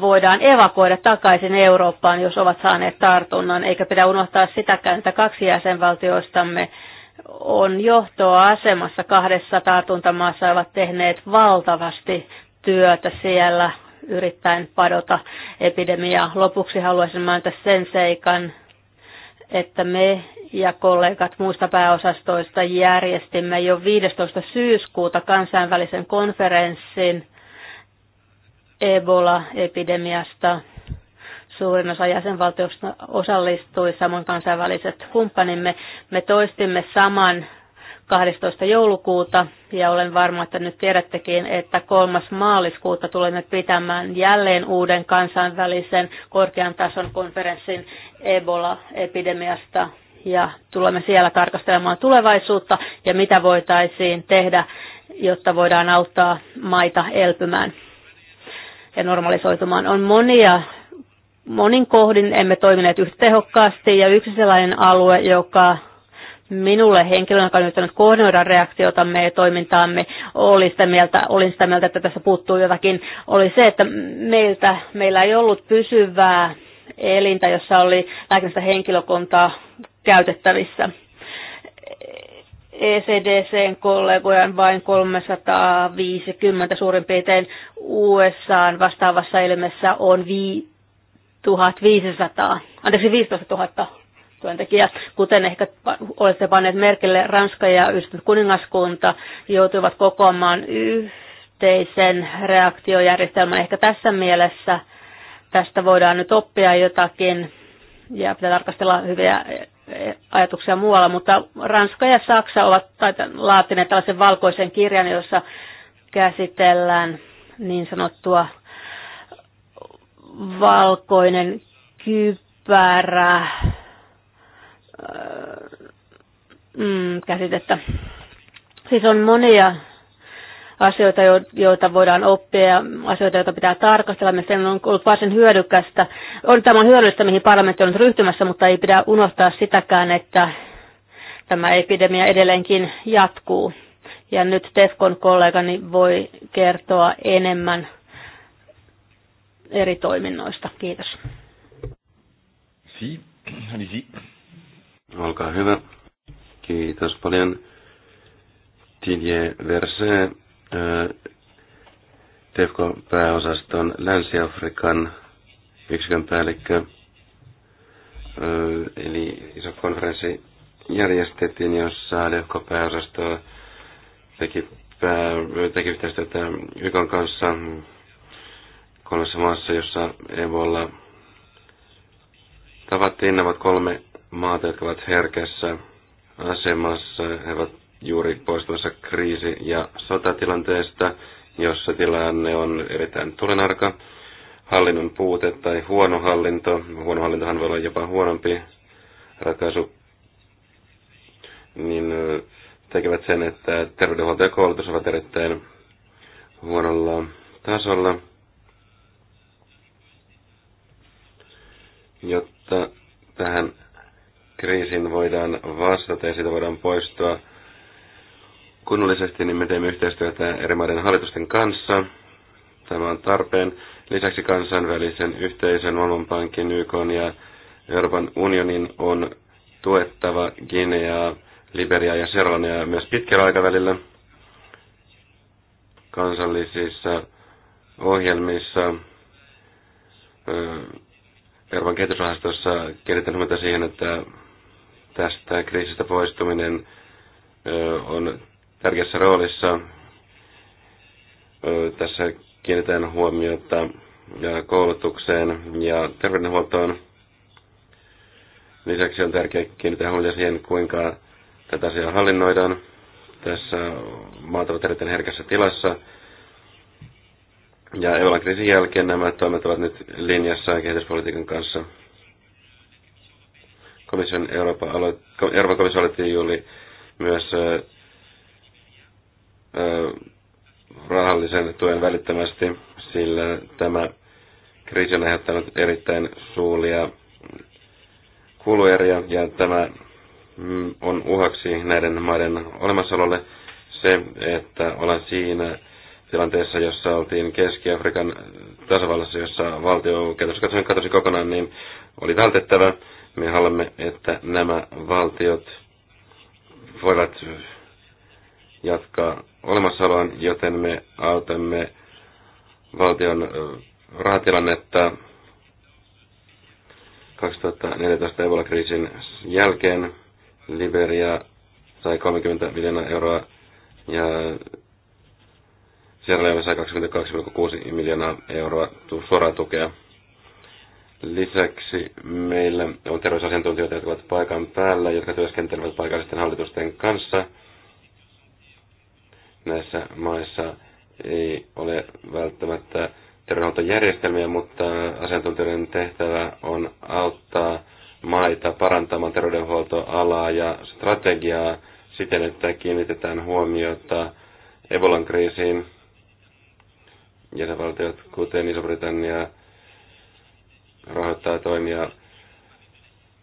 voidaan evakuoida takaisin Eurooppaan, jos ovat saaneet tartunnan, eikä pidä unohtaa sitäkään, että kaksi jäsenvaltioistamme on johtoa asemassa kahdessa tartuntamaassa ja ovat tehneet valtavasti työtä siellä yrittäen padota epidemiaa. Lopuksi haluaisin mainita sen seikan, että me ja kollegat muista pääosastoista järjestimme jo 15. syyskuuta kansainvälisen konferenssin Ebola-epidemiasta. Suurin osa jäsenvaltioista osallistui, samoin kansainväliset kumppanimme. Me toistimme saman 12. joulukuuta ja olen varma, että nyt tiedättekin, että 3. maaliskuuta tulemme pitämään jälleen uuden kansainvälisen korkean tason konferenssin Ebola-epidemiasta ja tulemme siellä tarkastelemaan tulevaisuutta ja mitä voitaisiin tehdä, jotta voidaan auttaa maita elpymään ja normalisoitumaan. On monia monin kohdin emme toimineet yhtä tehokkaasti ja yksi sellainen alue, joka Minulle henkilönä, joka on yrittänyt koordinoida reaktiotamme ja toimintaamme, oli sitä mieltä, olin sitä mieltä, että tässä puuttuu jotakin, oli se, että meiltä, meillä ei ollut pysyvää elintä, jossa oli lääkäristä henkilökuntaa käytettävissä. ECDCn kollegojan vain 350 suurin piirtein USA vastaavassa elimessä on 1500, anteeksi 15 000 työntekijä. Kuten ehkä olette panneet merkille, Ranska ja yhdistynyt kuningaskunta joutuivat kokoamaan yhteisen reaktiojärjestelmän. Ehkä tässä mielessä tästä voidaan nyt oppia jotakin ja pitää tarkastella hyviä e, e, ajatuksia muualla, mutta Ranska ja Saksa ovat laatineet tällaisen valkoisen kirjan, jossa käsitellään niin sanottua valkoinen kypärä mm, käsitettä. Siis on monia asioita, joita voidaan oppia ja asioita, joita pitää tarkastella. sen on ollut varsin hyödykästä. On tämä on hyödyllistä, mihin parlamentti on nyt ryhtymässä, mutta ei pidä unohtaa sitäkään, että tämä epidemia edelleenkin jatkuu. Ja nyt Tefkon kollegani voi kertoa enemmän eri toiminnoista. Kiitos. Si, allez-y. Olkaa hyvä. Kiitos paljon. Didier Verse, äh, TFK-pääosaston Länsi-Afrikan yksikön päällikkö. Äh, eli iso konferenssi järjestettiin, jossa DFK-pääosasto teki, pää, teki yhteistyötä YKn kanssa kolmessa maassa, jossa Evolla tavattiin. Nämä kolme maat, jotka ovat herkässä asemassa. He ovat juuri poistumassa kriisi- ja sotatilanteesta, jossa tilanne on erittäin tulenarka. Hallinnon puute tai huono hallinto. Huono hallintohan voi olla jopa huonompi ratkaisu. Niin tekevät sen, että terveydenhuolto ja koulutus ovat erittäin huonolla tasolla. Jotta tähän kriisin voidaan vastata ja siitä voidaan poistua kunnollisesti, niin me teemme yhteistyötä eri maiden hallitusten kanssa. Tämä on tarpeen. Lisäksi kansainvälisen yhteisön, Maailmanpankin, YK ja Euroopan unionin on tuettava Guineaa, Liberiaa ja Serrania myös pitkällä aikavälillä kansallisissa ohjelmissa. Euroopan kehitysrahastossa kehitetään huomiota siihen, että tästä kriisistä poistuminen on tärkeässä roolissa. Tässä kiinnitetään huomiota koulutukseen ja terveydenhuoltoon. Lisäksi on tärkeää kiinnittää huomiota siihen, kuinka tätä asiaa hallinnoidaan. Tässä maat erittäin herkässä tilassa. Ja Eulan kriisin jälkeen nämä toimet ovat nyt linjassa kehityspolitiikan kanssa komission Euroopan, alo- Euroopan komission aloitti juuri myös rahallisen tuen välittömästi, sillä tämä kriisi on aiheuttanut erittäin suulia kulueriä ja tämä mm, on uhaksi näiden maiden olemassaololle se, että ollaan siinä tilanteessa, jossa oltiin Keski-Afrikan tasavallassa, jossa valtio katosi kokonaan, niin oli vältettävä me haluamme, että nämä valtiot voivat jatkaa olemassaoloaan, joten me autamme valtion rahatilannetta 2014 Ebola-kriisin jälkeen. Liberia sai 30 miljoonaa euroa ja Sierra Leone sai 22,6 miljoonaa euroa suoraa tukea. Lisäksi meillä on terveysasiantuntijoita, jotka ovat paikan päällä, jotka työskentelevät paikallisten hallitusten kanssa. Näissä maissa ei ole välttämättä terveydenhuoltojärjestelmiä, mutta asiantuntijoiden tehtävä on auttaa maita parantamaan terveydenhuoltoalaa ja strategiaa siten, että kiinnitetään huomiota Ebolan kriisiin. Jäsenvaltiot, kuten Iso-Britannia, rahoittaa toimia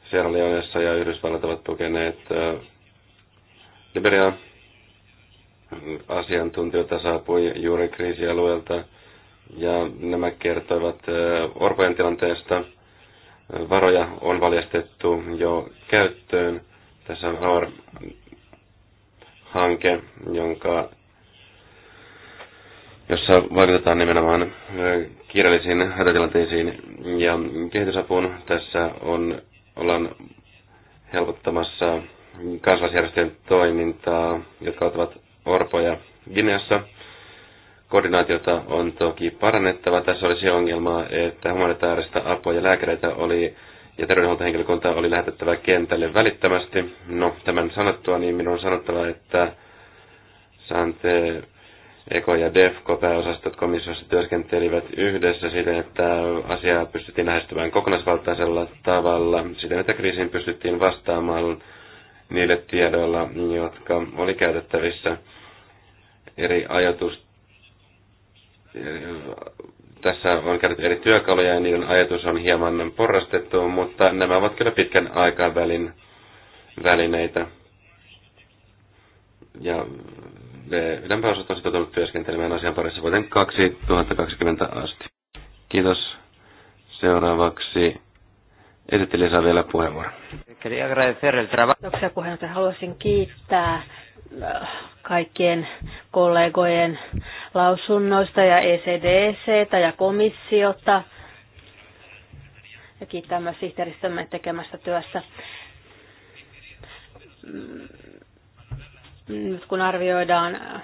Sierra Leoneessa ja Yhdysvallat ovat tukeneet Liberiaa. Asiantuntijoita saapui juuri kriisialueelta ja nämä kertoivat orpojen tilanteesta. Varoja on valjastettu jo käyttöön. Tässä on HAR-hanke, jonka, jossa vaikutetaan nimenomaan kiireellisiin hätätilanteisiin ja kehitysapuun. Tässä on, ollaan helpottamassa kansalaisjärjestöjen toimintaa, jotka ottavat orpoja Gineassa. Koordinaatiota on toki parannettava. Tässä oli se ongelma, että humanitaarista apua ja lääkäreitä oli ja terveydenhuoltohenkilökuntaa oli lähetettävä kentälle välittömästi. No, tämän sanottua, niin minun on sanottava, että Sante Eko ja Defko pääosastot komissiossa työskentelivät yhdessä siten, että asiaa pystyttiin lähestymään kokonaisvaltaisella tavalla, siten että kriisiin pystyttiin vastaamaan niille tiedoilla, jotka oli käytettävissä eri ajatus. Tässä on käytetty eri työkaluja ja niiden ajatus on hieman porrastettu, mutta nämä ovat kyllä pitkän aikavälin välineitä. Ja ylempää osalta sitoutunut työskentelemään asian parissa vuoden 2020 asti. Kiitos. Seuraavaksi esittelijä saa vielä puheenvuoron. Kiitoksia puheenjohtaja. Haluaisin kiittää äh, kaikkien kollegojen lausunnoista ja ECDCtä ja komissiota ja kiittää myös sihteeristömme tekemästä työstä. Mm, nyt kun arvioidaan äh,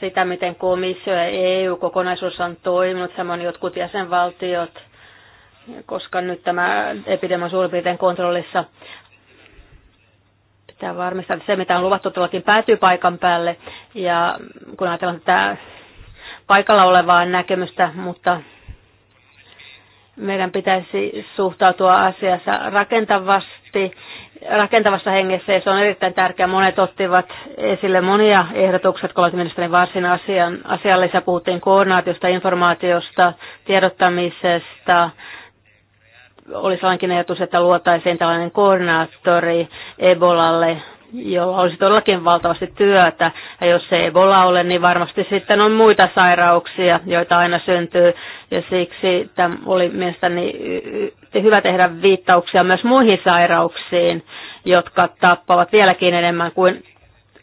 sitä, miten komissio ja EU-kokonaisuus on toiminut, samoin jotkut jäsenvaltiot, koska nyt tämä epidemia on suurin piirtein kontrollissa, pitää varmistaa, että se mitä on luvattu todellakin päätyy paikan päälle. Ja kun ajatellaan tätä paikalla olevaa näkemystä, mutta meidän pitäisi suhtautua asiassa rakentavasti rakentavassa hengessä ja se on erittäin tärkeää. Monet ottivat esille monia ehdotuksia, kun olette ministeri varsin asian, asiallisia. Puhuttiin koordinaatiosta, informaatiosta, tiedottamisesta. Olisi sellainenkin ehdotus, että luotaisiin tällainen koordinaattori Ebolalle jolla olisi todellakin valtavasti työtä. Ja jos se Ebola ole, niin varmasti sitten on muita sairauksia, joita aina syntyy. Ja siksi tämä oli mielestäni hyvä tehdä viittauksia myös muihin sairauksiin, jotka tappavat vieläkin enemmän kuin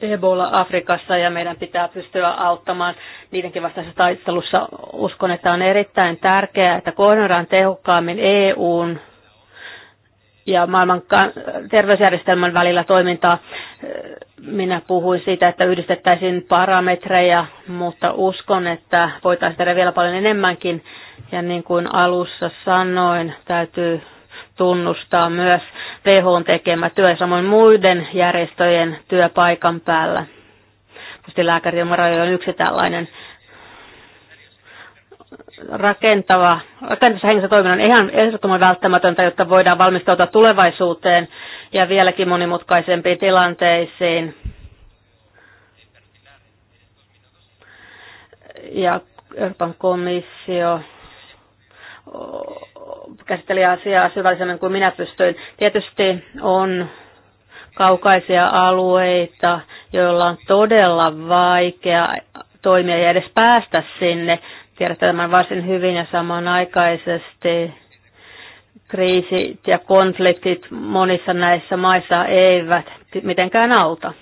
Ebola Afrikassa ja meidän pitää pystyä auttamaan niidenkin vastaisessa taistelussa. Uskon, että on erittäin tärkeää, että koordinoidaan tehokkaammin EUn ja maailman terveysjärjestelmän välillä toimintaa. Minä puhuin siitä, että yhdistettäisiin parametreja, mutta uskon, että voitaisiin tehdä vielä paljon enemmänkin. Ja niin kuin alussa sanoin, täytyy tunnustaa myös WHOn tekemä työ samoin muiden järjestöjen työpaikan päällä. Tietysti lääkäri on yksi tällainen rakentava, rakentavassa hengessä toiminnan ihan ehdottoman välttämätöntä, jotta voidaan valmistautua tulevaisuuteen ja vieläkin monimutkaisempiin tilanteisiin. Ja Euroopan komissio käsitteli asiaa syvällisemmin kuin minä pystyin. Tietysti on kaukaisia alueita, joilla on todella vaikea toimia ja edes päästä sinne. Tiedätte tämän varsin hyvin ja samanaikaisesti kriisit ja konfliktit monissa näissä maissa eivät mitenkään auta.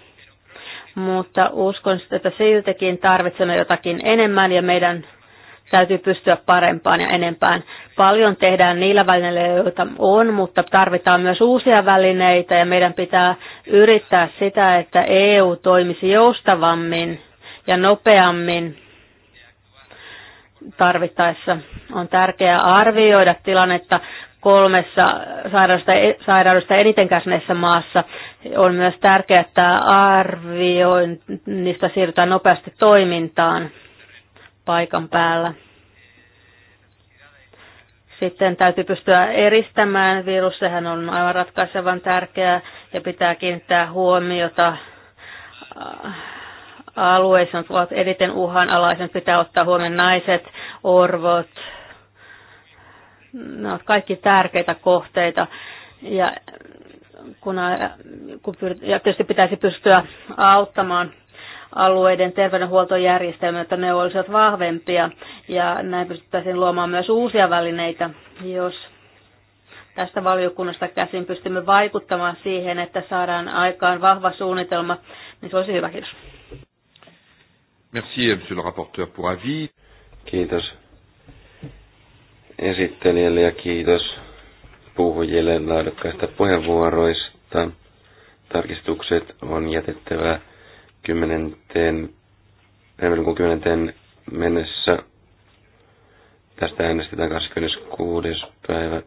Mutta uskon, että siltikin tarvitsemme jotakin enemmän ja meidän täytyy pystyä parempaan ja enempään. Paljon tehdään niillä välineillä, joita on, mutta tarvitaan myös uusia välineitä ja meidän pitää yrittää sitä, että EU toimisi joustavammin ja nopeammin tarvittaessa. On tärkeää arvioida tilannetta kolmessa sairaudesta, sairaudesta eniten kärsineessä maassa. On myös tärkeää, että arvioinnista siirrytään nopeasti toimintaan paikan päällä. Sitten täytyy pystyä eristämään virus, sehän on aivan ratkaisevan tärkeää ja pitää kiinnittää huomiota äh, alueissa ovat eriten uhanalaisen, pitää ottaa huomioon naiset, orvot, ne ovat kaikki tärkeitä kohteita. Ja, kun, kun ja tietysti pitäisi pystyä auttamaan alueiden terveydenhuoltojärjestelmät, että ne olisivat vahvempia ja näin pystyttäisiin luomaan myös uusia välineitä, jos tästä valiokunnasta käsin pystymme vaikuttamaan siihen, että saadaan aikaan vahva suunnitelma, niin se olisi hyvä. Kiitos. Merci, euh, monsieur le rapporteur, pour avis. Kiitos esittelijälle ja kiitos puhujille laadukkaista puheenvuoroista. Tarkistukset on jätettävä 10. 10. mennessä. Tästä äänestetään 26. päivä.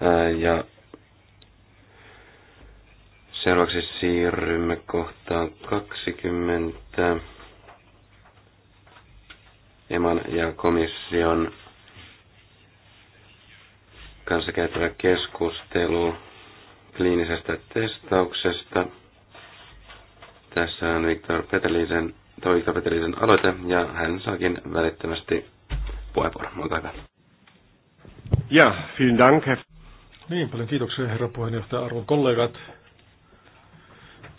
Ää, ja Seuraavaksi siirrymme kohtaan 20. Eman ja komission kanssa käytävä keskustelu kliinisestä testauksesta. Tässä on Viktor Petelisen, toi Viktor Petelisen aloite ja hän saakin välittömästi puheenvuoron. Olkaa hyvä. Ja, vielen dank. Niin, paljon kiitoksia herra puheenjohtaja, arvon kollegat.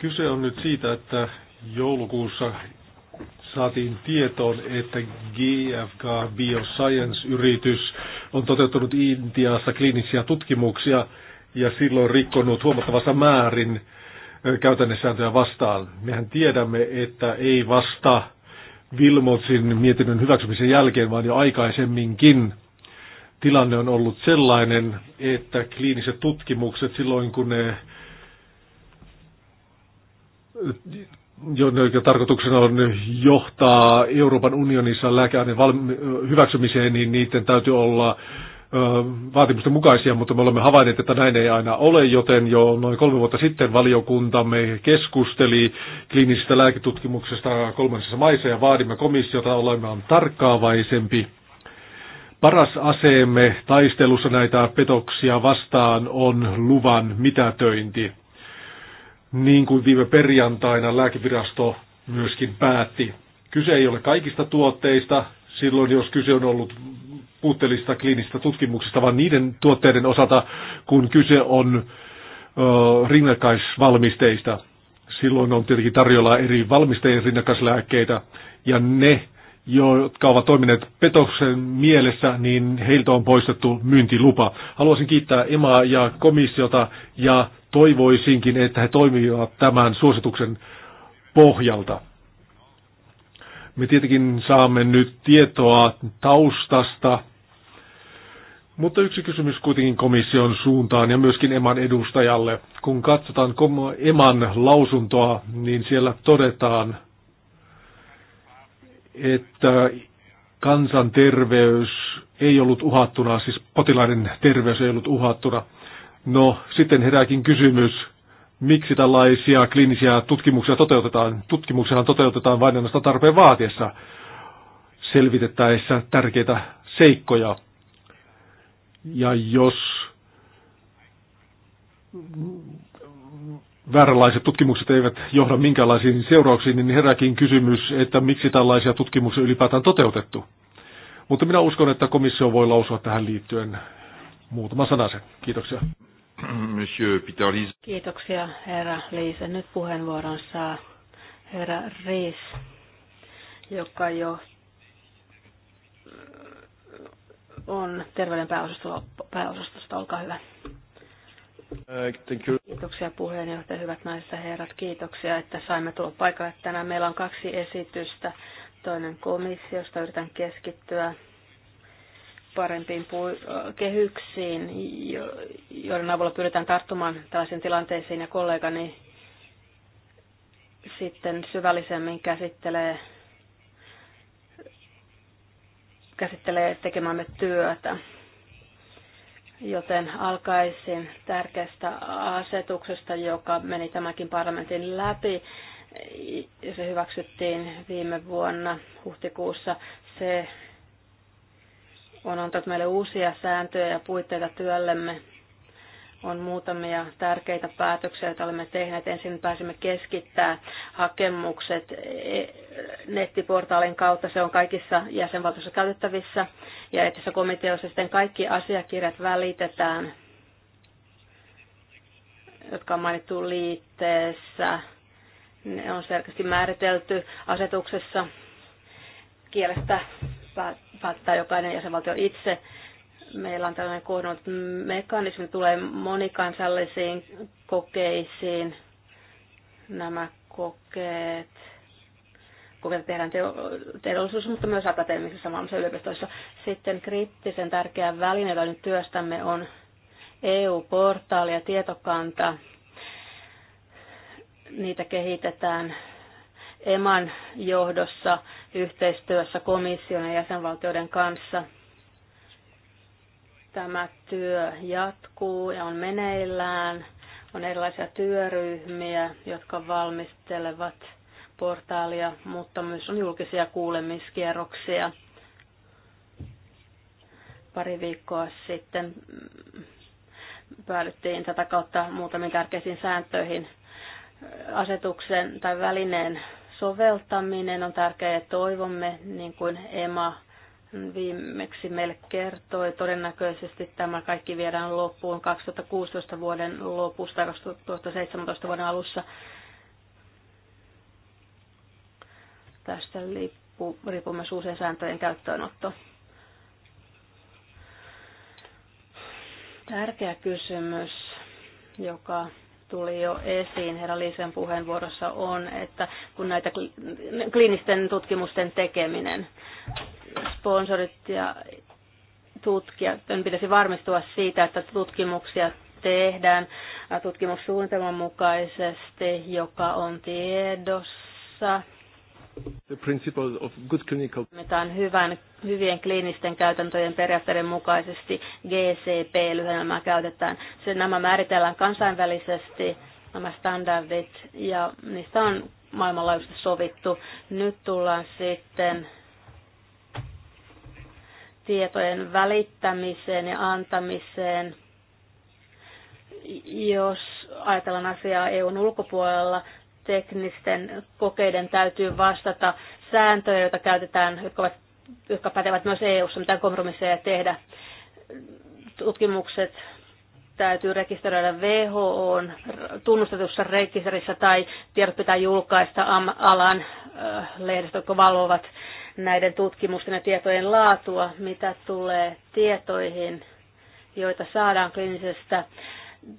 Kyse on nyt siitä, että joulukuussa saatiin tietoon, että GFK Bioscience-yritys on toteuttanut Intiassa kliinisiä tutkimuksia ja silloin rikkonut huomattavassa määrin käytännössääntöjä vastaan. Mehän tiedämme, että ei vasta Vilmotsin mietinnön hyväksymisen jälkeen, vaan jo aikaisemminkin tilanne on ollut sellainen, että kliiniset tutkimukset silloin kun ne jonka tarkoituksena on johtaa Euroopan unionissa lääkeaineen hyväksymiseen, niin niiden täytyy olla vaatimusten mukaisia, mutta me olemme havainneet, että näin ei aina ole, joten jo noin kolme vuotta sitten valiokuntamme keskusteli kliinisestä lääketutkimuksesta kolmansissa maissa ja vaadimme komissiota olemaan tarkkaavaisempi. Paras aseemme taistelussa näitä petoksia vastaan on luvan mitätöinti niin kuin viime perjantaina lääkevirasto myöskin päätti. Kyse ei ole kaikista tuotteista, silloin jos kyse on ollut puutteellista kliinistä tutkimuksista, vaan niiden tuotteiden osalta, kun kyse on rinnakkaisvalmisteista. Silloin on tietenkin tarjolla eri valmisteen rinnakkaislääkkeitä, ja ne jotka ovat toimineet petoksen mielessä, niin heiltä on poistettu myyntilupa. Haluaisin kiittää EMAa ja komissiota ja toivoisinkin, että he toimivat tämän suosituksen pohjalta. Me tietenkin saamme nyt tietoa taustasta, mutta yksi kysymys kuitenkin komission suuntaan ja myöskin EMAn edustajalle. Kun katsotaan EMAn lausuntoa, niin siellä todetaan, että kansanterveys ei ollut uhattuna, siis potilaiden terveys ei ollut uhattuna. No, sitten herääkin kysymys, miksi tällaisia kliinisiä tutkimuksia toteutetaan. Tutkimuksia toteutetaan vain ainoastaan tarpeen vaatiessa selvitettäessä tärkeitä seikkoja. Ja jos vääränlaiset tutkimukset eivät johda minkäänlaisiin seurauksiin, niin herääkin kysymys, että miksi tällaisia tutkimuksia ylipäätään toteutettu. Mutta minä uskon, että komissio voi lausua tähän liittyen muutama sanasen. Kiitoksia. Monsieur Peter Kiitoksia, herra Liise. Nyt puheenvuoron saa herra Riis, joka jo on terveyden pääosastosta. Olkaa hyvä. Uh, Kiitoksia puheenjohtaja, hyvät naiset ja herrat. Kiitoksia, että saimme tulla paikalle tänään. Meillä on kaksi esitystä. Toinen komissiosta yritän keskittyä parempiin äh, kehyksiin, joiden avulla pyritään tarttumaan tällaisiin tilanteisiin ja kollegani sitten syvällisemmin käsittelee, käsittelee tekemämme työtä. Joten alkaisin tärkeästä asetuksesta, joka meni tämänkin parlamentin läpi. Se hyväksyttiin viime vuonna huhtikuussa. Se on antanut meille uusia sääntöjä ja puitteita työllemme on muutamia tärkeitä päätöksiä, joita olemme tehneet. Ensin pääsimme keskittää hakemukset e, nettiportaalin kautta. Se on kaikissa jäsenvaltioissa käytettävissä. Ja etisessä komiteossa sitten kaikki asiakirjat välitetään, jotka on mainittu liitteessä. Ne on selkeästi määritelty asetuksessa kielestä päättää jokainen jäsenvaltio itse meillä on tällainen kohdannut mekanismi, tulee monikansallisiin kokeisiin. Nämä kokeet, kokeita tehdään teollisuus, mutta myös akateemisissa maailmassa yliopistoissa. Sitten kriittisen tärkeä väline, jota nyt työstämme, on EU-portaali ja tietokanta. Niitä kehitetään EMAN johdossa yhteistyössä komission ja jäsenvaltioiden kanssa – Tämä työ jatkuu ja on meneillään. On erilaisia työryhmiä, jotka valmistelevat portaalia, mutta myös on julkisia kuulemiskierroksia. Pari viikkoa sitten päädyttiin tätä kautta muutamiin tärkeisiin sääntöihin. Asetuksen tai välineen soveltaminen on tärkeää ja toivomme, niin kuin EMA viimeksi meille kertoi. Todennäköisesti tämä kaikki viedään loppuun 2016 vuoden lopusta 2017 vuoden alussa. Tästä riippuu myös uusien sääntöjen käyttöönotto. Tärkeä kysymys, joka tuli jo esiin herra Liisen puheenvuorossa, on, että kun näitä kliinisten tutkimusten tekeminen, sponsorit ja tutkijat, pitäisi varmistua siitä, että tutkimuksia tehdään tutkimussuunnitelman mukaisesti, joka on tiedossa The principle of good clinical... hyvän, hyvien kliinisten käytäntöjen periaatteiden mukaisesti GCP-lyhennelmää käytetään. Sen nämä määritellään kansainvälisesti, nämä standardit, ja niistä on maailmanlaajuisesti sovittu. Nyt tullaan sitten tietojen välittämiseen ja antamiseen. Jos ajatellaan asiaa EUn ulkopuolella, teknisten kokeiden täytyy vastata sääntöjä, joita käytetään, jotka, ovat, jotka pätevät myös EU-ssa, mitä kompromisseja tehdä. Tutkimukset täytyy rekisteröidä WHO tunnustetussa rekisterissä tai tiedot pitää julkaista alan lehdistö, jotka valvovat näiden tutkimusten ja tietojen laatua, mitä tulee tietoihin, joita saadaan klinisestä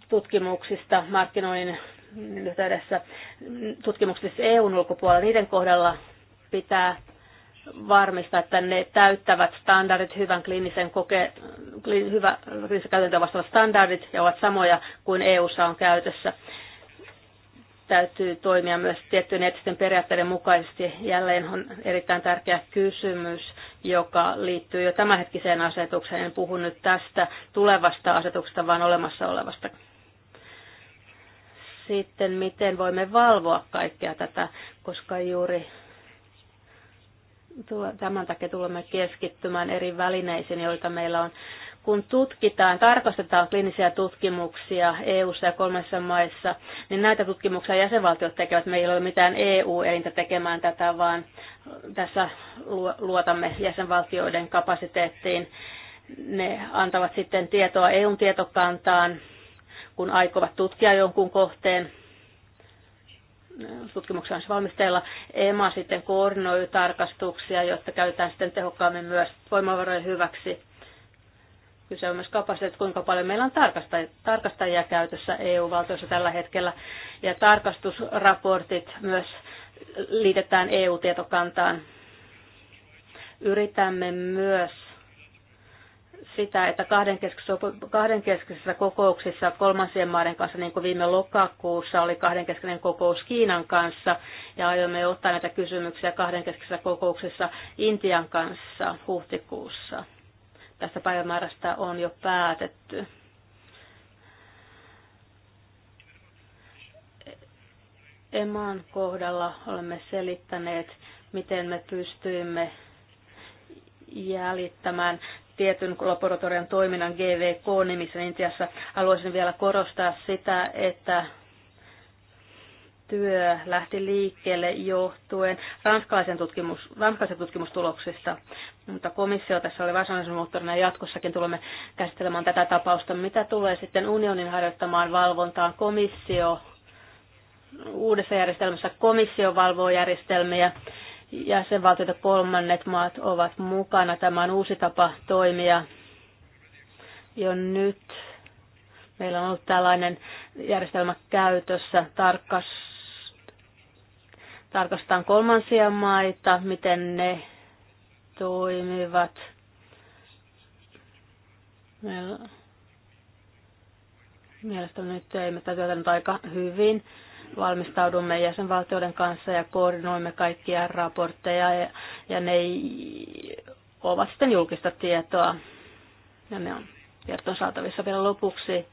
tutkimuksista markkinoinnin yhteydessä tutkimuksissa EUn ulkopuolella, niiden kohdalla pitää varmistaa, että ne täyttävät standardit, hyvän kliinisen koke, kliin, hyvä, kliinisen käytäntöä vastaavat standardit ja ovat samoja kuin EUssa on käytössä. Täytyy toimia myös tiettyjen eettisten periaatteiden mukaisesti. Jälleen on erittäin tärkeä kysymys, joka liittyy jo tämänhetkiseen asetukseen. En puhu nyt tästä tulevasta asetuksesta, vaan olemassa olevasta sitten, miten voimme valvoa kaikkea tätä, koska juuri tämän takia tulemme keskittymään eri välineisiin, joita meillä on. Kun tutkitaan, tarkastetaan kliinisiä tutkimuksia EU-ssa ja kolmessa maissa, niin näitä tutkimuksia jäsenvaltiot tekevät. Meillä ei ole mitään EU-elintä tekemään tätä, vaan tässä luotamme jäsenvaltioiden kapasiteettiin. Ne antavat sitten tietoa EUn tietokantaan kun aikovat tutkia jonkun kohteen, tutkimuksen on valmisteilla. EMA sitten koordinoi tarkastuksia, jotta käytetään sitten tehokkaammin myös voimavarojen hyväksi. Kyse on myös kapasiteetti, kuinka paljon meillä on tarkastajia, tarkastajia käytössä EU-valtioissa tällä hetkellä. Ja tarkastusraportit myös liitetään EU-tietokantaan. Yritämme myös sitä, että kahdenkeskisissä kokouksissa kolmansien maiden kanssa, niin kuin viime lokakuussa oli kahdenkeskinen kokous Kiinan kanssa, ja aiomme ottaa näitä kysymyksiä kahdenkeskisissä kokouksissa Intian kanssa huhtikuussa. Tästä päivämäärästä on jo päätetty. Eman kohdalla olemme selittäneet, miten me pystyimme jäljittämään tietyn laboratorian toiminnan GVK-nimissä Intiassa. Niin haluaisin vielä korostaa sitä, että työ lähti liikkeelle johtuen ranskalaisen tutkimus, ranskalaisen tutkimustuloksista, mutta komissio tässä oli varsinaisen moottorina ja jatkossakin tulemme käsittelemään tätä tapausta. Mitä tulee sitten unionin harjoittamaan valvontaan, komissio uudessa järjestelmässä komissio valvoo järjestelmiä jäsenvaltiot kolmannet maat ovat mukana. Tämä on uusi tapa toimia. Jo nyt meillä on ollut tällainen järjestelmä käytössä. tarkastetaan kolmansia maita, miten ne toimivat. Meillä, mielestäni nyt ei, me täytyy aika hyvin valmistaudumme jäsenvaltioiden kanssa ja koordinoimme kaikkia raportteja ja, ja ne ovat sitten julkista tietoa ja ne on tietoon saatavissa vielä lopuksi.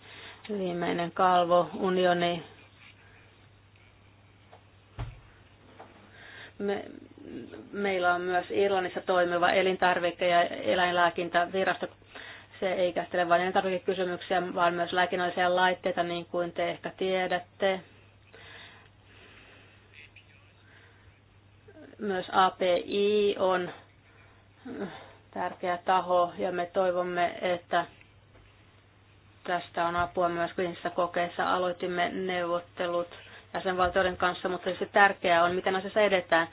Viimeinen kalvo, unioni. Me, meillä on myös Irlannissa toimiva elintarvike- ja eläinlääkintävirasto. Se ei käsittele vain elintarvikekysymyksiä, vaan myös lääkinnällisiä laitteita, niin kuin te ehkä tiedätte. Myös API on äh, tärkeä taho ja me toivomme, että tästä on apua myös kliinisissä kokeissa. Aloitimme neuvottelut jäsenvaltioiden kanssa, mutta se tärkeää on, miten asiassa edetään.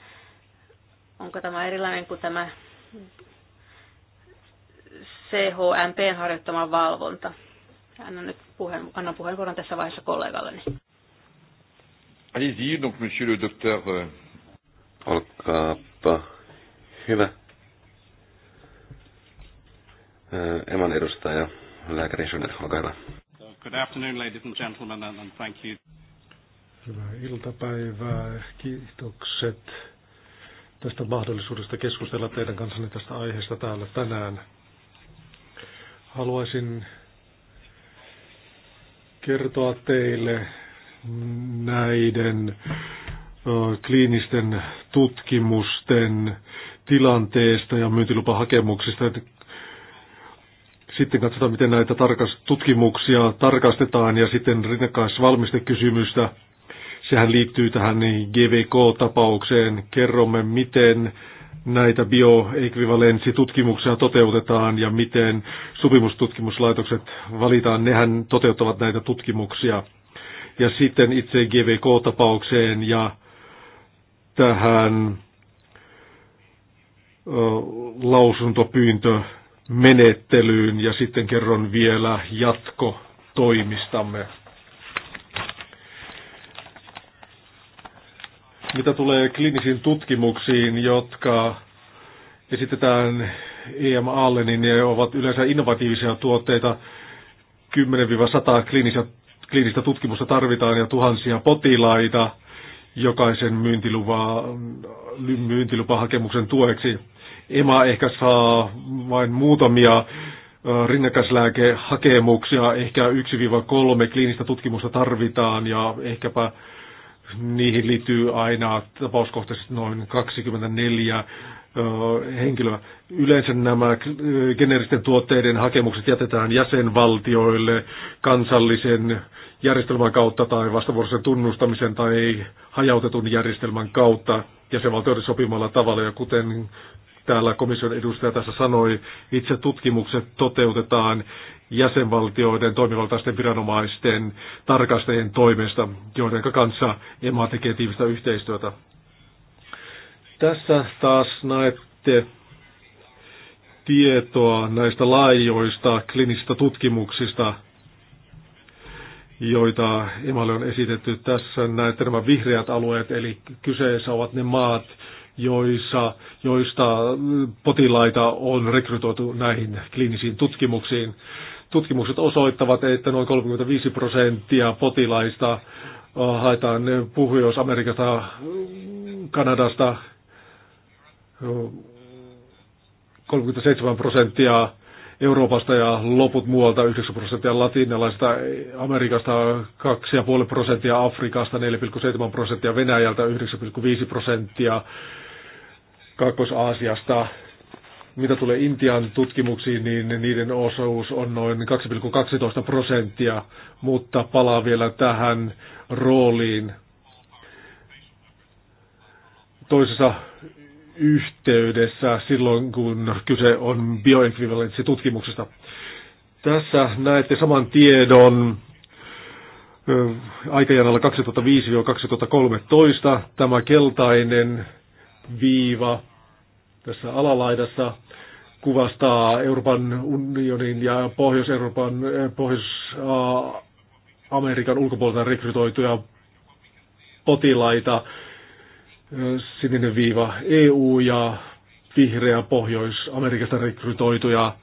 Onko tämä erilainen kuin tämä CHMP harjoittama valvonta? Annan nyt puheen, annan puheenvuoron tässä vaiheessa kollegalleni. Allez-y, donc monsieur le docteur euh, Olkaapa hyvä. Eman edustaja, lääkäri Schöner, olkaa hyvä. Good afternoon, ladies and gentlemen, and thank you. Hyvää iltapäivää. Kiitokset tästä mahdollisuudesta keskustella teidän kanssanne tästä aiheesta täällä tänään. Haluaisin kertoa teille näiden kliinisten tutkimusten tilanteesta ja myyntilupahakemuksista. Sitten katsotaan, miten näitä tutkimuksia tarkastetaan ja sitten rinnakkaisvalmistekysymystä. Sehän liittyy tähän niin GVK-tapaukseen. Kerromme, miten näitä bioekvivalenssitutkimuksia toteutetaan ja miten sopimustutkimuslaitokset valitaan. Nehän toteuttavat näitä tutkimuksia. Ja sitten itse GVK-tapaukseen ja tähän lausuntopyyntömenettelyyn ja sitten kerron vielä jatkotoimistamme. Mitä tulee kliinisiin tutkimuksiin, jotka esitetään EMAlle, niin ne ovat yleensä innovatiivisia tuotteita. 10-100 kliinistä, tutkimusta tarvitaan ja tuhansia potilaita – jokaisen myyntiluvaa, myyntilupahakemuksen tueksi. EMA ehkä saa vain muutamia rinnakkaislääkehakemuksia, ehkä 1-3 kliinistä tutkimusta tarvitaan ja ehkäpä niihin liittyy aina tapauskohtaisesti noin 24 henkilöä. Yleensä nämä geneeristen tuotteiden hakemukset jätetään jäsenvaltioille kansallisen järjestelmän kautta tai vastavuoroisen tunnustamisen tai hajautetun järjestelmän kautta jäsenvaltioiden sopimalla tavalla. Ja kuten täällä komission edustaja tässä sanoi, itse tutkimukset toteutetaan jäsenvaltioiden toimivaltaisten viranomaisten tarkastajien toimesta, joiden kanssa EMA tekee tiivistä yhteistyötä. Tässä taas näette tietoa näistä laajoista klinisistä tutkimuksista – joita Imalle on esitetty. Tässä näette nämä vihreät alueet, eli kyseessä ovat ne maat, joissa, joista potilaita on rekrytoitu näihin kliinisiin tutkimuksiin. Tutkimukset osoittavat, että noin 35 prosenttia potilaista äh, haetaan Pohjois-Amerikasta, Kanadasta, 37 prosenttia Euroopasta ja loput muualta 9 prosenttia latinalaisesta, Amerikasta 2,5 prosenttia, Afrikasta 4,7 prosenttia, Venäjältä 9,5 prosenttia, Kaakkois-Aasiasta. Mitä tulee Intian tutkimuksiin, niin niiden osuus on noin 2,12 prosenttia, mutta palaa vielä tähän rooliin toisessa yhteydessä silloin, kun kyse on bioekvivalenssitutkimuksesta. Tässä näette saman tiedon aikajanalla 2005-2013. Tämä keltainen viiva tässä alalaidassa kuvastaa Euroopan unionin ja Pohjois-Euroopan, Pohjois-Amerikan ulkopuolelta rekrytoituja potilaita sininen viiva EU ja vihreä Pohjois-Amerikasta rekrytoituja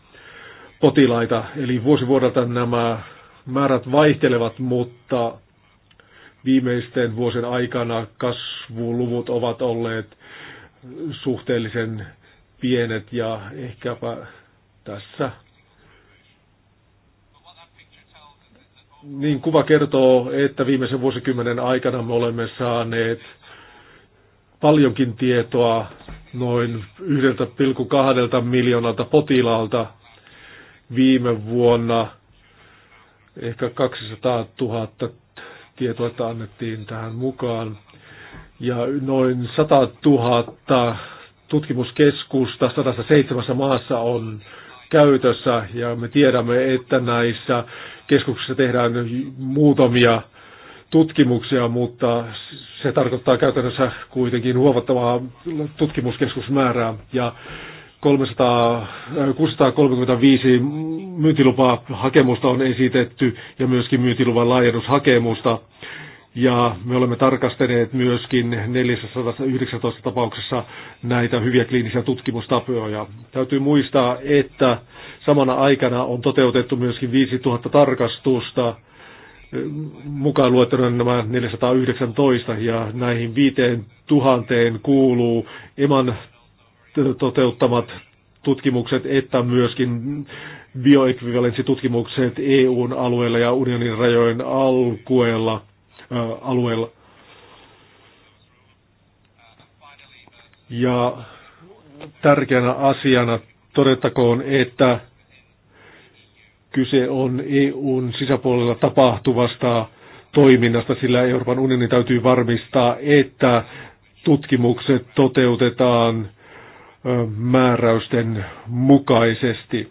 potilaita. Eli vuosi vuodelta nämä määrät vaihtelevat, mutta viimeisten vuosien aikana kasvuluvut ovat olleet suhteellisen pienet ja ehkäpä tässä niin kuva kertoo, että viimeisen vuosikymmenen aikana me olemme saaneet paljonkin tietoa noin 1,2 miljoonalta potilaalta viime vuonna. Ehkä 200 000 tietoa annettiin tähän mukaan. Ja noin 100 000 tutkimuskeskusta 107 maassa on käytössä ja me tiedämme, että näissä keskuksissa tehdään muutamia tutkimuksia, mutta se tarkoittaa käytännössä kuitenkin huomattavaa tutkimuskeskusmäärää ja 300, 635 äh, myyntilupahakemusta hakemusta on esitetty ja myöskin myyntiluvan laajennushakemusta. Ja me olemme tarkastaneet myöskin 419 tapauksessa näitä hyviä kliinisiä tutkimustapoja. Täytyy muistaa, että samana aikana on toteutettu myöskin 5000 tarkastusta mukaan luettuna nämä 419 ja näihin viiteen tuhanteen kuuluu eman toteuttamat tutkimukset että myöskin bioekvivalenssitutkimukset EUn alueella ja unionin rajojen alkueella, äh, alueella. Ja tärkeänä asiana todettakoon, että kyse on EUn sisäpuolella tapahtuvasta toiminnasta, sillä Euroopan unionin täytyy varmistaa, että tutkimukset toteutetaan määräysten mukaisesti.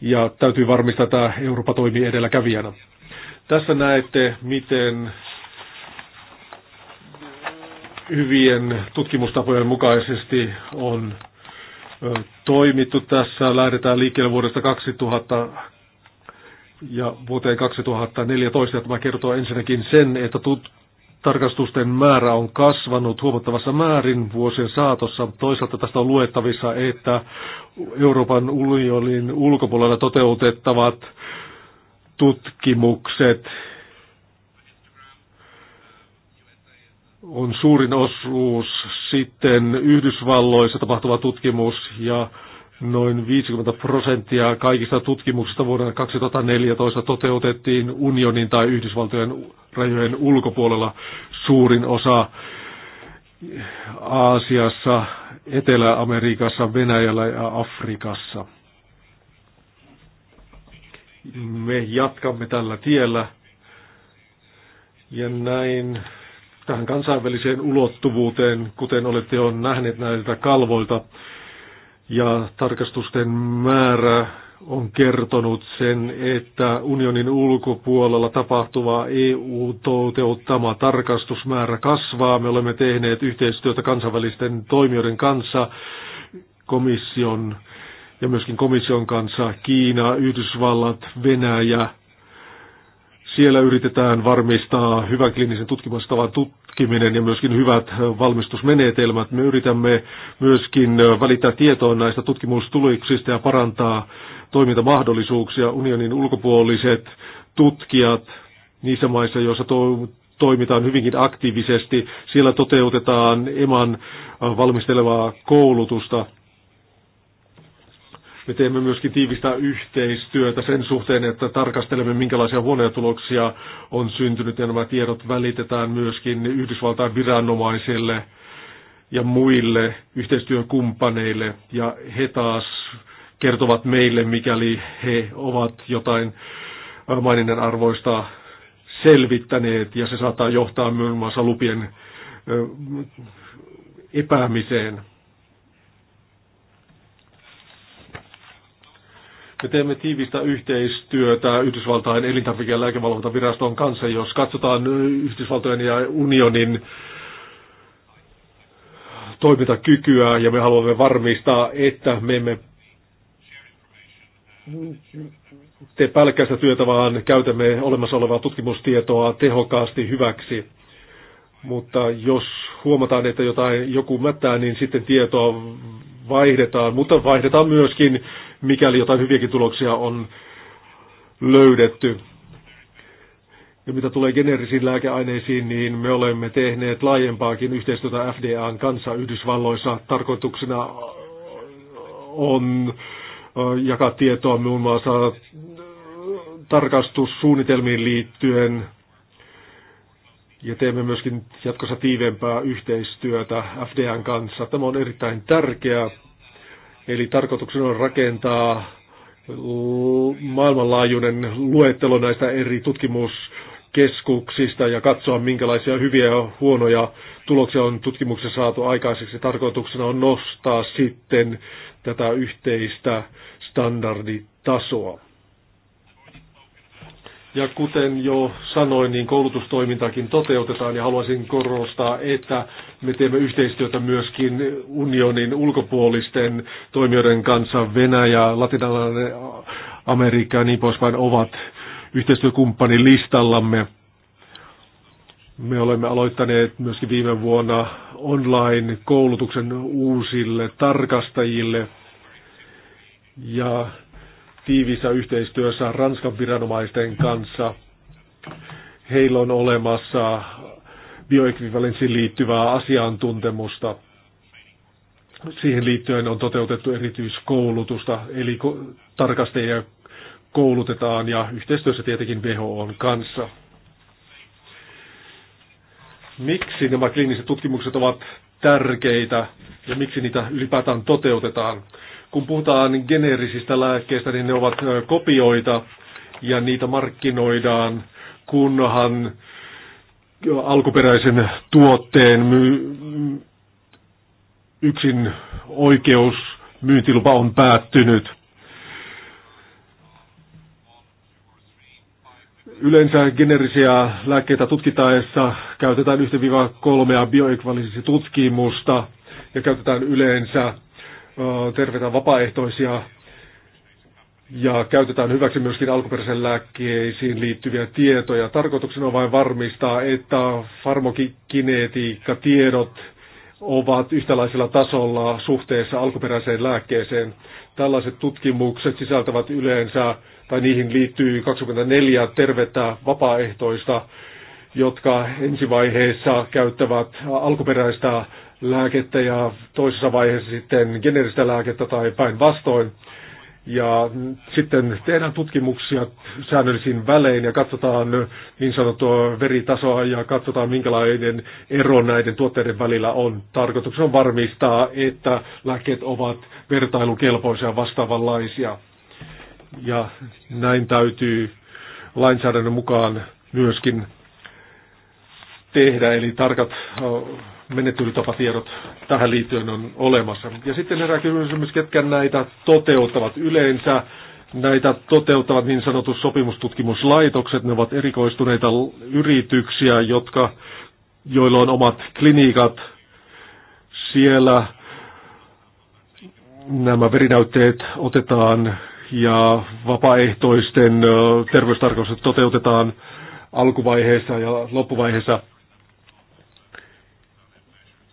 Ja täytyy varmistaa, että Eurooppa toimii edelläkävijänä. Tässä näette, miten hyvien tutkimustapojen mukaisesti on toimittu tässä. Lähdetään liikkeelle vuodesta 2000 ja vuoteen 2014. tämä kertoo ensinnäkin sen, että tut- tarkastusten määrä on kasvanut huomattavassa määrin vuosien saatossa. Toisaalta tästä on luettavissa, että Euroopan unionin ulkopuolella toteutettavat tutkimukset on suurin osuus sitten Yhdysvalloissa tapahtuva tutkimus ja noin 50 prosenttia kaikista tutkimuksista vuonna 2014 toteutettiin unionin tai Yhdysvaltojen rajojen ulkopuolella suurin osa Aasiassa, Etelä-Amerikassa, Venäjällä ja Afrikassa. Me jatkamme tällä tiellä ja näin tähän kansainväliseen ulottuvuuteen, kuten olette jo nähneet näiltä kalvoilta. Ja tarkastusten määrä on kertonut sen, että unionin ulkopuolella tapahtuva EU-toteuttama tarkastusmäärä kasvaa. Me olemme tehneet yhteistyötä kansainvälisten toimijoiden kanssa, komission ja myöskin komission kanssa, Kiina, Yhdysvallat, Venäjä, siellä yritetään varmistaa hyvän kliinisen tutkimustavan tutkiminen ja myöskin hyvät valmistusmenetelmät. Me yritämme myöskin välittää tietoa näistä tutkimustuloksista ja parantaa toimintamahdollisuuksia. Unionin ulkopuoliset tutkijat niissä maissa, joissa to- toimitaan hyvinkin aktiivisesti, siellä toteutetaan EMAN valmistelevaa koulutusta me teemme myöskin tiivistä yhteistyötä sen suhteen, että tarkastelemme, minkälaisia huonoja tuloksia on syntynyt, ja nämä tiedot välitetään myöskin Yhdysvaltain viranomaisille ja muille yhteistyökumppaneille, ja he taas kertovat meille, mikäli he ovat jotain äh, maininnan arvoista selvittäneet, ja se saattaa johtaa muun muassa lupien äh, epäämiseen. Me teemme tiivistä yhteistyötä Yhdysvaltain elintarvike- ja lääkevalvontaviraston kanssa. Jos katsotaan Yhdysvaltojen ja unionin toimintakykyä ja me haluamme varmistaa, että me emme tee pälkäistä työtä, vaan käytämme olemassa olevaa tutkimustietoa tehokkaasti hyväksi. Mutta jos huomataan, että jotain, joku mättää, niin sitten tietoa vaihdetaan, mutta vaihdetaan myöskin mikäli jotain hyviäkin tuloksia on löydetty. Ja mitä tulee generisiin lääkeaineisiin, niin me olemme tehneet laajempaakin yhteistyötä FDAn kanssa Yhdysvalloissa. Tarkoituksena on äh, jakaa tietoa muun muassa äh, tarkastussuunnitelmiin liittyen ja teemme myöskin jatkossa tiiveempää yhteistyötä FDAn kanssa. Tämä on erittäin tärkeää Eli tarkoituksena on rakentaa maailmanlaajuinen luettelo näistä eri tutkimuskeskuksista ja katsoa, minkälaisia hyviä ja huonoja tuloksia on tutkimuksessa saatu aikaiseksi. Tarkoituksena on nostaa sitten tätä yhteistä standarditasoa. Ja kuten jo sanoin, niin koulutustoimintakin toteutetaan ja haluaisin korostaa, että me teemme yhteistyötä myöskin unionin ulkopuolisten toimijoiden kanssa. Venäjä, Latinalainen Amerikka ja niin poispäin ovat yhteistyökumppanin listallamme. Me olemme aloittaneet myöskin viime vuonna online-koulutuksen uusille tarkastajille ja tiivissä yhteistyössä Ranskan viranomaisten kanssa. Heillä on olemassa bioekvivalenssiin liittyvää asiantuntemusta. Siihen liittyen on toteutettu erityiskoulutusta, eli tarkastajia koulutetaan ja yhteistyössä tietenkin WHOn kanssa. Miksi nämä kliiniset tutkimukset ovat tärkeitä ja miksi niitä ylipäätään toteutetaan? Kun puhutaan geneerisistä lääkkeistä, niin ne ovat kopioita ja niitä markkinoidaan, kunhan alkuperäisen tuotteen my- mm, yksin oikeus myyntilupa on päättynyt. Yleensä generisiä lääkkeitä tutkitaessa käytetään 1-3 bioekvalistista tutkimusta ja käytetään yleensä tervetään vapaaehtoisia ja käytetään hyväksi myöskin alkuperäisen lääkkeisiin liittyviä tietoja. Tarkoituksena on vain varmistaa, että farmokineetiikkatiedot ovat yhtälaisella tasolla suhteessa alkuperäiseen lääkkeeseen. Tällaiset tutkimukset sisältävät yleensä, tai niihin liittyy 24 tervettä vapaaehtoista, jotka ensivaiheessa käyttävät alkuperäistä lääkettä ja toisessa vaiheessa sitten geneeristä lääkettä tai päinvastoin. Ja sitten tehdään tutkimuksia säännöllisin välein ja katsotaan niin sanottua veritasoa ja katsotaan minkälainen ero näiden tuotteiden välillä on. Tarkoituksena on varmistaa, että lääkkeet ovat vertailukelpoisia vastaavanlaisia. Ja näin täytyy lainsäädännön mukaan myöskin tehdä, eli tarkat menettelytapatiedot tähän liittyen on olemassa. Ja sitten herää kysymys, ketkä näitä toteuttavat yleensä. Näitä toteuttavat niin sanotut sopimustutkimuslaitokset, ne ovat erikoistuneita yrityksiä, jotka, joilla on omat klinikat siellä. Nämä verinäytteet otetaan ja vapaaehtoisten terveystarkoitukset toteutetaan alkuvaiheessa ja loppuvaiheessa –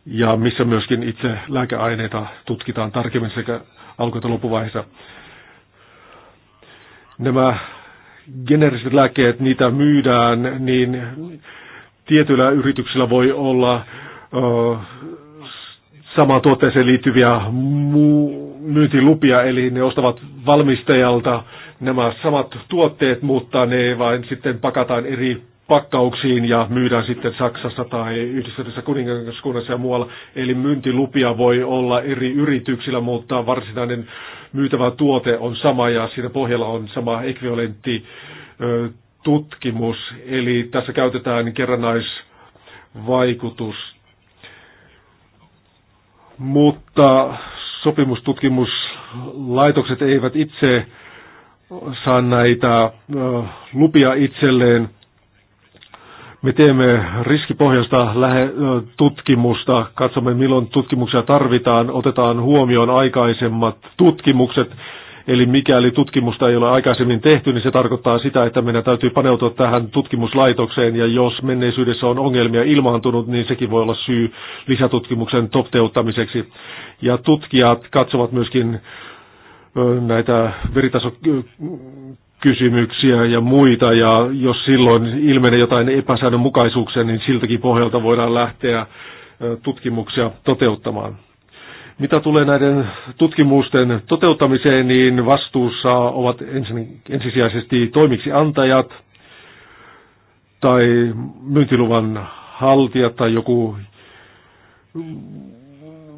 ja missä myöskin itse lääkeaineita tutkitaan tarkemmin sekä alku- ja loppuvaiheessa. Nämä geneeriset lääkkeet, niitä myydään, niin tietyillä yrityksillä voi olla ö, samaan tuotteeseen liittyviä muu, myyntilupia, eli ne ostavat valmistajalta nämä samat tuotteet, mutta ne vain sitten pakataan eri pakkauksiin ja myydään sitten Saksassa tai Yhdistyneessä kuningaskunnassa ja muualla. Eli myyntilupia voi olla eri yrityksillä, mutta varsinainen myytävä tuote on sama ja siinä pohjalla on sama ekvivalentti tutkimus. Eli tässä käytetään kerrannaisvaikutus. Mutta sopimustutkimuslaitokset eivät itse saa näitä lupia itselleen – me teemme riskipohjasta tutkimusta, katsomme milloin tutkimuksia tarvitaan, otetaan huomioon aikaisemmat tutkimukset, Eli mikäli tutkimusta ei ole aikaisemmin tehty, niin se tarkoittaa sitä, että meidän täytyy paneutua tähän tutkimuslaitokseen, ja jos menneisyydessä on ongelmia ilmaantunut, niin sekin voi olla syy lisätutkimuksen toteuttamiseksi. Ja tutkijat katsovat myöskin näitä veritaso kysymyksiä ja muita, ja jos silloin ilmenee jotain epäsäännönmukaisuuksia, niin siltäkin pohjalta voidaan lähteä tutkimuksia toteuttamaan. Mitä tulee näiden tutkimusten toteuttamiseen, niin vastuussa ovat ensisijaisesti toimiksiantajat tai myyntiluvan haltijat tai joku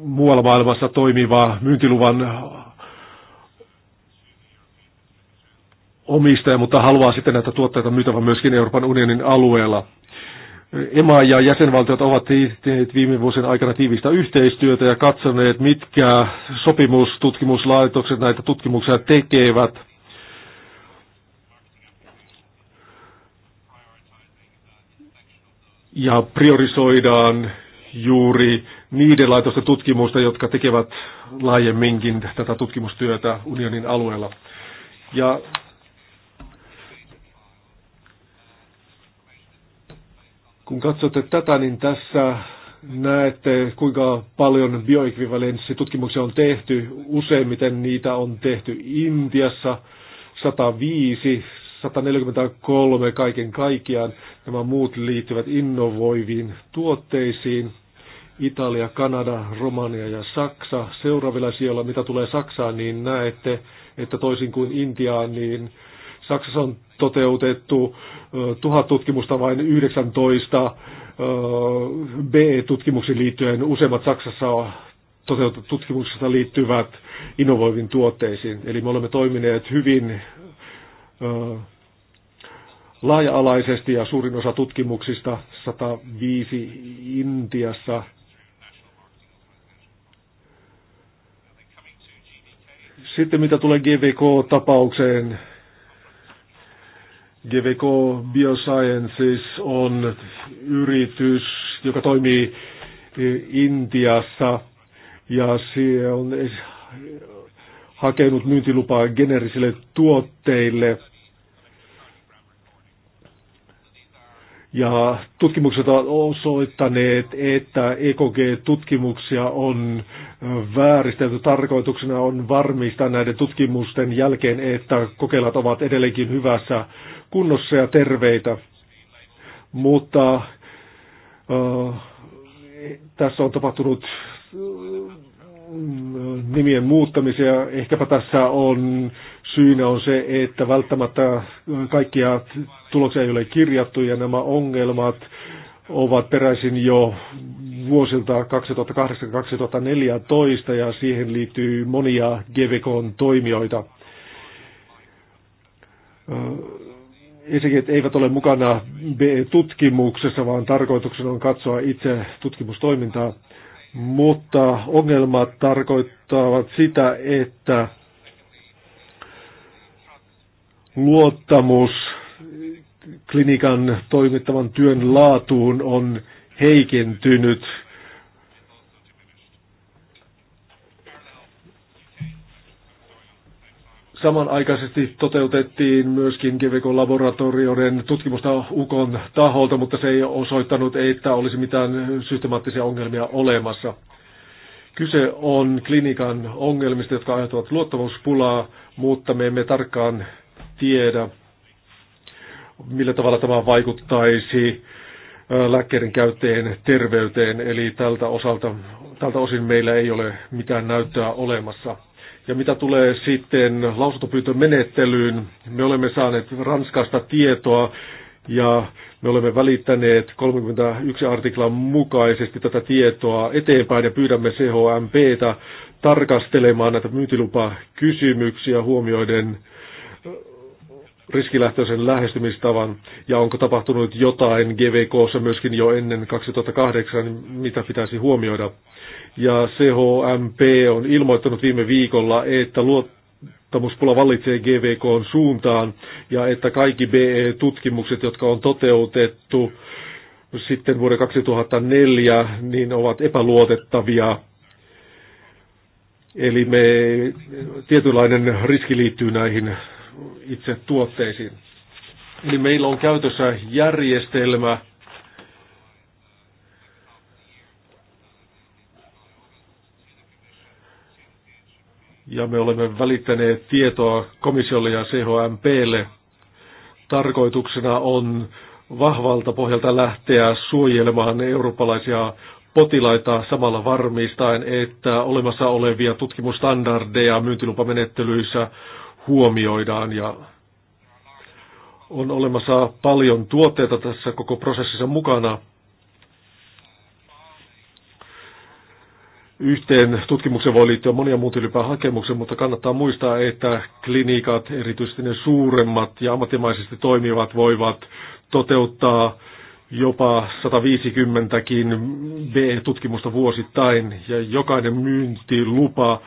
muualla maailmassa toimiva myyntiluvan omistaja, mutta haluaa sitten näitä tuotteita myytävä myöskin Euroopan unionin alueella. EMA ja jäsenvaltiot ovat tehneet viime vuosien aikana tiivistä yhteistyötä ja katsoneet, mitkä sopimustutkimuslaitokset näitä tutkimuksia tekevät. Ja priorisoidaan juuri niiden laitosten tutkimusta, jotka tekevät laajemminkin tätä tutkimustyötä unionin alueella. Ja Kun katsotte tätä, niin tässä näette, kuinka paljon bioekvivalenssitutkimuksia on tehty. Useimmiten niitä on tehty Intiassa 105, 143 kaiken kaikkiaan. Nämä muut liittyvät innovoiviin tuotteisiin. Italia, Kanada, Romania ja Saksa. Seuraavilla sijoilla, mitä tulee Saksaan, niin näette, että toisin kuin Intiaan, niin Saksassa on toteutettu tuhat tutkimusta vain 19 BE-tutkimuksiin liittyen. Useimmat Saksassa toteutetut tutkimuksista liittyvät innovoivin tuotteisiin. Eli me olemme toimineet hyvin laaja-alaisesti ja suurin osa tutkimuksista, 105 Intiassa, Sitten mitä tulee GVK-tapaukseen, Geveco Biosciences on yritys, joka toimii e, Intiassa ja se on hakenut myyntilupaa generisille tuotteille – Ja tutkimukset ovat osoittaneet, että EKG-tutkimuksia on vääristelty. Tarkoituksena on varmistaa näiden tutkimusten jälkeen, että kokeilat ovat edelleenkin hyvässä kunnossa ja terveitä. Mutta äh, tässä on tapahtunut nimien muuttamisia. Ehkäpä tässä on syynä on se, että välttämättä kaikkia tuloksia ei ole kirjattu ja nämä ongelmat ovat peräisin jo vuosilta 2008-2014 ja siihen liittyy monia GVKn toimijoita. Esiket eivät ole mukana tutkimuksessa vaan tarkoituksena on katsoa itse tutkimustoimintaa mutta ongelmat tarkoittavat sitä, että luottamus klinikan toimittavan työn laatuun on heikentynyt Samanaikaisesti toteutettiin myöskin Quebecon laboratorioiden tutkimusta Ukon taholta, mutta se ei osoittanut, että olisi mitään systemaattisia ongelmia olemassa. Kyse on klinikan ongelmista, jotka aiheuttavat luottamuspulaa, mutta me emme tarkkaan tiedä, millä tavalla tämä vaikuttaisi lääkkeiden käyttäjien terveyteen, eli tältä, osalta, tältä osin meillä ei ole mitään näyttöä olemassa. Ja mitä tulee sitten lausuntopyyntömenettelyyn, me olemme saaneet Ranskasta tietoa ja me olemme välittäneet 31 artiklan mukaisesti tätä tietoa eteenpäin ja pyydämme CHMPtä tarkastelemaan näitä myyntilupakysymyksiä huomioiden riskilähtöisen lähestymistavan ja onko tapahtunut jotain GVKssa myöskin jo ennen 2008, mitä pitäisi huomioida ja CHMP on ilmoittanut viime viikolla, että luottamuspula vallitsee GVKn suuntaan ja että kaikki BE-tutkimukset, jotka on toteutettu sitten vuoden 2004, niin ovat epäluotettavia. Eli me, tietynlainen riski liittyy näihin itse tuotteisiin. Eli meillä on käytössä järjestelmä, ja me olemme välittäneet tietoa komissiolle ja CHMPlle. Tarkoituksena on vahvalta pohjalta lähteä suojelemaan eurooppalaisia potilaita samalla varmistaen, että olemassa olevia tutkimustandardeja myyntilupamenettelyissä huomioidaan ja on olemassa paljon tuotteita tässä koko prosessissa mukana. Yhteen tutkimukseen voi liittyä monia muun tyylipäin hakemuksia, mutta kannattaa muistaa, että klinikat, erityisesti ne suuremmat ja ammattimaisesti toimivat, voivat toteuttaa jopa 150kin b tutkimusta vuosittain ja jokainen myyntilupa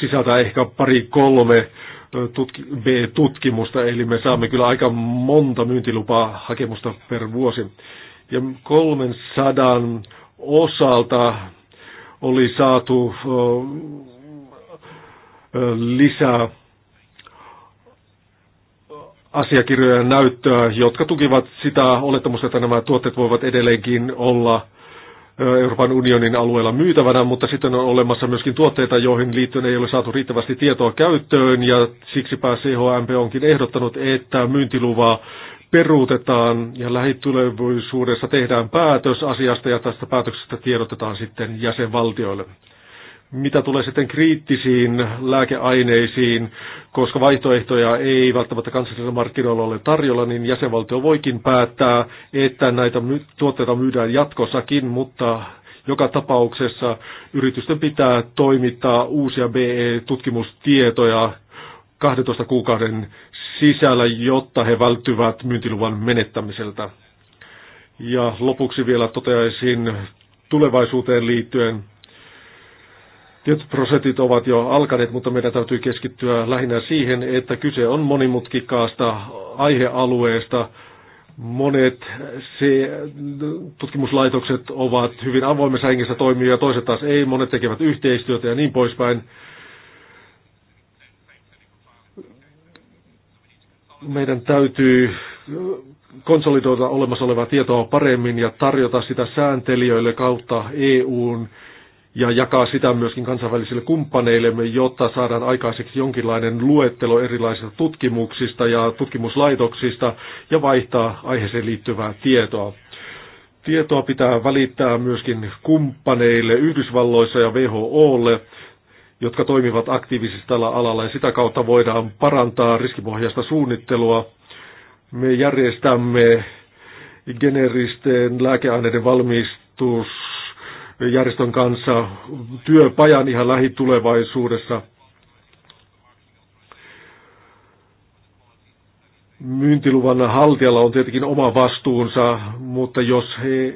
sisältää ehkä pari kolme tutki, B-tutkimusta, eli me saamme kyllä aika monta myyntilupaa hakemusta per vuosi. Ja 300 osalta oli saatu lisää asiakirjoja ja näyttöä, jotka tukivat sitä olettamusta, että nämä tuotteet voivat edelleenkin olla Euroopan unionin alueella myytävänä, mutta sitten on olemassa myöskin tuotteita, joihin liittyen ei ole saatu riittävästi tietoa käyttöön, ja siksi CHMP onkin ehdottanut, että myyntiluvaa peruutetaan ja lähitulevaisuudessa tehdään päätös asiasta ja tästä päätöksestä tiedotetaan sitten jäsenvaltioille. Mitä tulee sitten kriittisiin lääkeaineisiin, koska vaihtoehtoja ei välttämättä kansallisilla markkinoilla ole tarjolla, niin jäsenvaltio voikin päättää, että näitä tuotteita myydään jatkossakin, mutta joka tapauksessa yritysten pitää toimittaa uusia BE-tutkimustietoja 12 kuukauden sisällä, jotta he välttyvät myyntiluvan menettämiseltä. Ja lopuksi vielä toteaisin tulevaisuuteen liittyen. Tietyt prosentit ovat jo alkaneet, mutta meidän täytyy keskittyä lähinnä siihen, että kyse on monimutkikkaasta aihealueesta. Monet se, tutkimuslaitokset ovat hyvin avoimessa hengessä toimia, toiset taas ei, monet tekevät yhteistyötä ja niin poispäin. meidän täytyy konsolidoida olemassa olevaa tietoa paremmin ja tarjota sitä sääntelijöille kautta EUn ja jakaa sitä myöskin kansainvälisille kumppaneillemme, jotta saadaan aikaiseksi jonkinlainen luettelo erilaisista tutkimuksista ja tutkimuslaitoksista ja vaihtaa aiheeseen liittyvää tietoa. Tietoa pitää välittää myöskin kumppaneille Yhdysvalloissa ja WHOlle jotka toimivat aktiivisesti tällä alalla ja sitä kautta voidaan parantaa riskipohjaista suunnittelua. Me järjestämme generisten lääkeaineiden valmistus järjestön kanssa työpajan ihan lähitulevaisuudessa. Myyntiluvan haltijalla on tietenkin oma vastuunsa, mutta jos he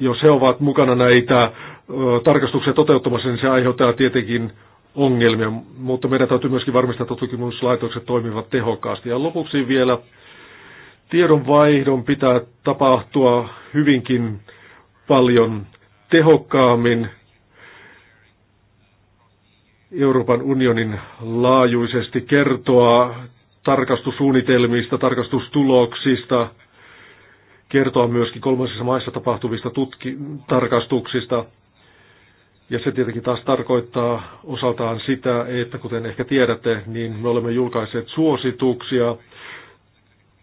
jos he ovat mukana näitä tarkastuksia toteuttamassa, niin se aiheuttaa tietenkin ongelmia, mutta meidän täytyy myöskin varmistaa, että tutkimuslaitokset toimivat tehokkaasti. Ja lopuksi vielä tiedonvaihdon pitää tapahtua hyvinkin paljon tehokkaammin Euroopan unionin laajuisesti kertoa tarkastussuunnitelmista, tarkastustuloksista, kertoa myöskin kolmansissa maissa tapahtuvista tutki- tarkastuksista. Ja se tietenkin taas tarkoittaa osaltaan sitä, että kuten ehkä tiedätte, niin me olemme julkaiseet suosituksia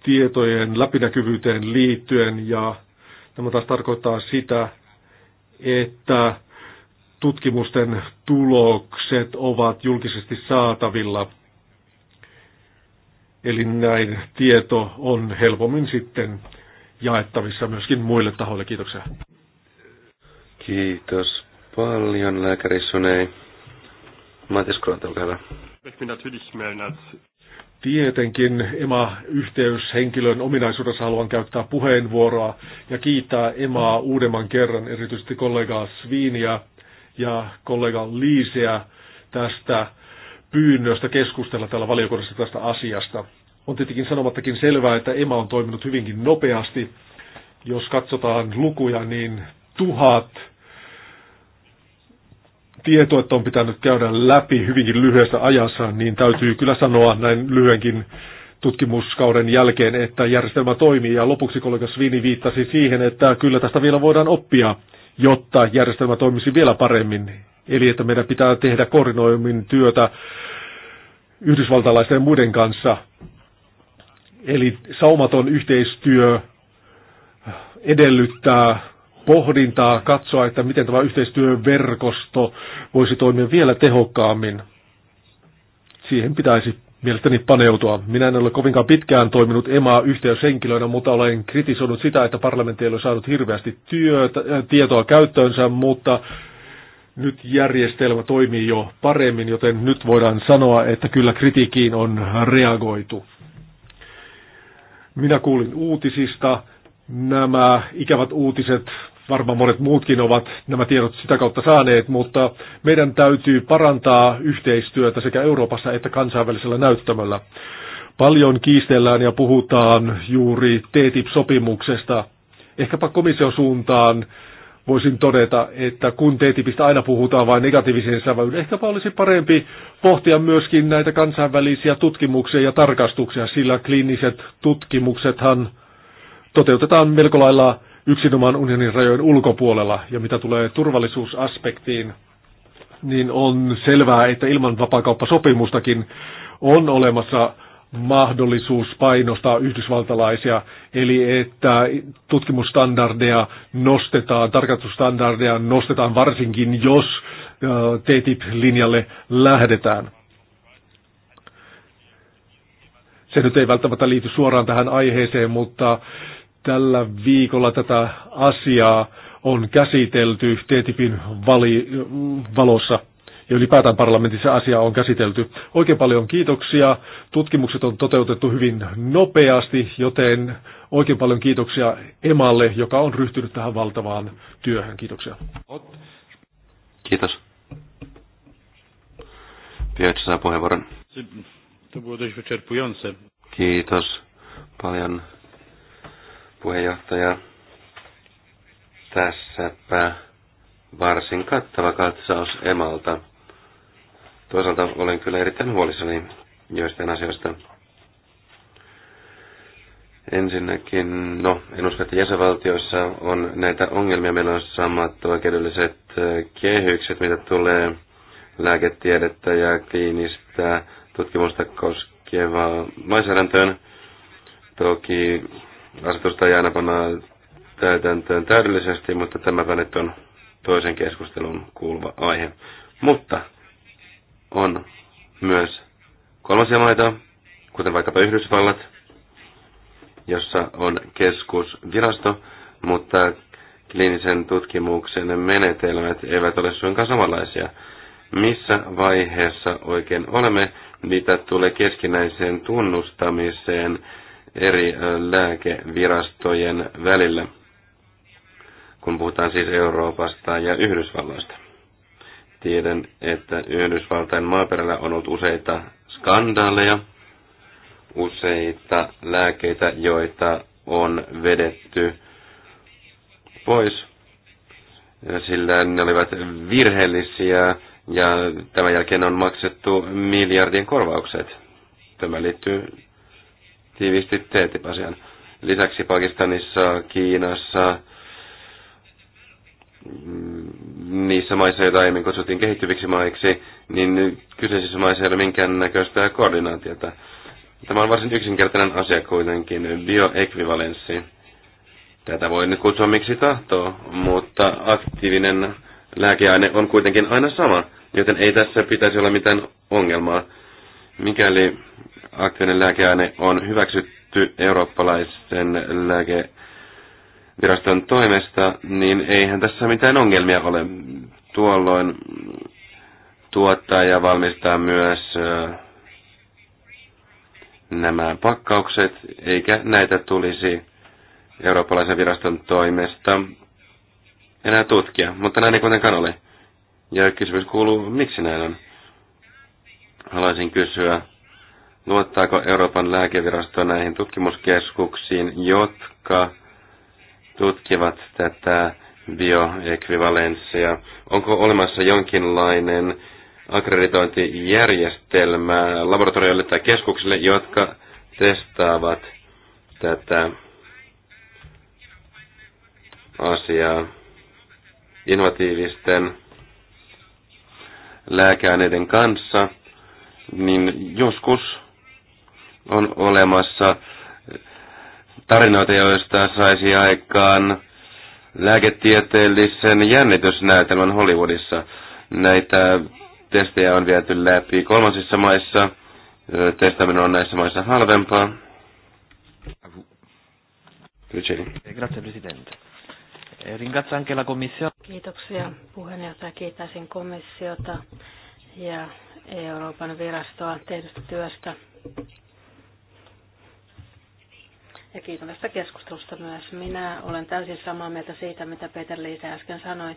tietojen läpinäkyvyyteen liittyen ja tämä taas tarkoittaa sitä, että tutkimusten tulokset ovat julkisesti saatavilla. Eli näin tieto on helpommin sitten jaettavissa myöskin muille tahoille. Kiitoksia. Kiitos paljon, lääkäri Sunei. Matis Kroot, olkaa hyvä. Tietenkin EMA-yhteyshenkilön ominaisuudessa haluan käyttää puheenvuoroa ja kiittää EMAa uudemman kerran, erityisesti kollegaa Sviiniä ja kollega Liiseä tästä pyynnöstä keskustella täällä valiokunnassa tästä asiasta. On tietenkin sanomattakin selvää, että EMA on toiminut hyvinkin nopeasti. Jos katsotaan lukuja, niin tuhat tietoa, että on pitänyt käydä läpi hyvinkin lyhyessä ajassa, niin täytyy kyllä sanoa näin lyhyenkin tutkimuskauden jälkeen, että järjestelmä toimii. Ja lopuksi kollega Svini viittasi siihen, että kyllä tästä vielä voidaan oppia, jotta järjestelmä toimisi vielä paremmin. Eli että meidän pitää tehdä koordinoimin työtä yhdysvaltalaisten ja muiden kanssa. Eli saumaton yhteistyö edellyttää pohdintaa, katsoa, että miten tämä yhteistyöverkosto voisi toimia vielä tehokkaammin. Siihen pitäisi mielestäni paneutua. Minä en ole kovinkaan pitkään toiminut emaa yhteyshenkilöinä, mutta olen kritisoinut sitä, että parlamentti ei ole saanut hirveästi työtä, äh, tietoa käyttöönsä, mutta nyt järjestelmä toimii jo paremmin, joten nyt voidaan sanoa, että kyllä kritiikkiin on reagoitu. Minä kuulin uutisista. Nämä ikävät uutiset, varmaan monet muutkin ovat nämä tiedot sitä kautta saaneet, mutta meidän täytyy parantaa yhteistyötä sekä Euroopassa että kansainvälisellä näyttämöllä. Paljon kiistellään ja puhutaan juuri TTIP-sopimuksesta. Ehkäpä komission suuntaan voisin todeta, että kun TTIPistä aina puhutaan vain negatiivisen sävyyn, ehkäpä olisi parempi pohtia myöskin näitä kansainvälisiä tutkimuksia ja tarkastuksia, sillä kliiniset tutkimuksethan toteutetaan melko lailla yksinomaan unionin rajojen ulkopuolella. Ja mitä tulee turvallisuusaspektiin, niin on selvää, että ilman vapaakauppasopimustakin on olemassa mahdollisuus painostaa yhdysvaltalaisia, eli että tutkimusstandardeja nostetaan, tarkastusstandardeja nostetaan varsinkin, jos TTIP-linjalle lähdetään. Se nyt ei välttämättä liity suoraan tähän aiheeseen, mutta tällä viikolla tätä asiaa on käsitelty TTIPin vali- valossa – ja ylipäätään parlamentissa asia on käsitelty. Oikein paljon kiitoksia. Tutkimukset on toteutettu hyvin nopeasti, joten oikein paljon kiitoksia Emalle, joka on ryhtynyt tähän valtavaan työhön. Kiitoksia. Kiitos. Pietsi saa puheenvuoron. Kiitos paljon puheenjohtaja. Tässäpä varsin kattava katsaus Emalta. Toisaalta olen kyllä erittäin huolissani joistain asioista. Ensinnäkin, no, en usko, että jäsenvaltioissa on näitä ongelmia. Meillä on samat oikeudelliset äh, kehykset, mitä tulee lääketiedettä ja kliinistä tutkimusta koskevaa lainsäädäntöön. Toki asetusta ei aina panna täytäntöön täydellisesti, mutta tämä nyt on toisen keskustelun kuuluva aihe. Mutta on myös kolmasia maita, kuten vaikkapa Yhdysvallat, jossa on keskusvirasto, mutta kliinisen tutkimuksen menetelmät eivät ole suinkaan samanlaisia. Missä vaiheessa oikein olemme, mitä tulee keskinäiseen tunnustamiseen eri lääkevirastojen välillä, kun puhutaan siis Euroopasta ja Yhdysvalloista? Tiedän, että Yhdysvaltain maaperällä on ollut useita skandaaleja, useita lääkeitä, joita on vedetty pois, sillä ne olivat virheellisiä ja tämän jälkeen on maksettu miljardien korvaukset. Tämä liittyy tiivisti TTIP-asiaan. Lisäksi Pakistanissa, Kiinassa, Mm, niissä maissa, joita aiemmin kutsuttiin kehittyviksi maiksi, niin kyseisissä maissa ei ole minkäännäköistä koordinaatiota. Tämä on varsin yksinkertainen asia kuitenkin, bioekvivalenssi. Tätä voi nyt kutsua miksi tahtoo, mutta aktiivinen lääkeaine on kuitenkin aina sama, joten ei tässä pitäisi olla mitään ongelmaa. Mikäli aktiivinen lääkeaine on hyväksytty eurooppalaisen lääke viraston toimesta, niin eihän tässä mitään ongelmia ole. Tuolloin tuottaa ja valmistaa myös nämä pakkaukset, eikä näitä tulisi eurooppalaisen viraston toimesta enää tutkia, mutta näin ei kuitenkaan ole. Ja kysymys kuuluu, miksi näin on? Haluaisin kysyä, luottaako Euroopan lääkevirasto näihin tutkimuskeskuksiin, jotka tutkivat tätä bioekvivalenssia. Onko olemassa jonkinlainen akkreditointijärjestelmä laboratorioille tai keskuksille, jotka testaavat tätä asiaa innovatiivisten lääkeaineiden kanssa, niin joskus on olemassa tarinoita, joista saisi aikaan lääketieteellisen jännitysnäytelmän Hollywoodissa. Näitä testejä on viety läpi kolmansissa maissa. Testaminen on näissä maissa halvempaa. Grazie Presidente. E anche la Commissione. Kiitoksia puheenjohtaja. Kiitäisin komissiota ja Euroopan virastoa tehdystä työstä. Ja kiitän tästä keskustelusta myös. Minä olen täysin samaa mieltä siitä, mitä Peter Liisa äsken sanoi.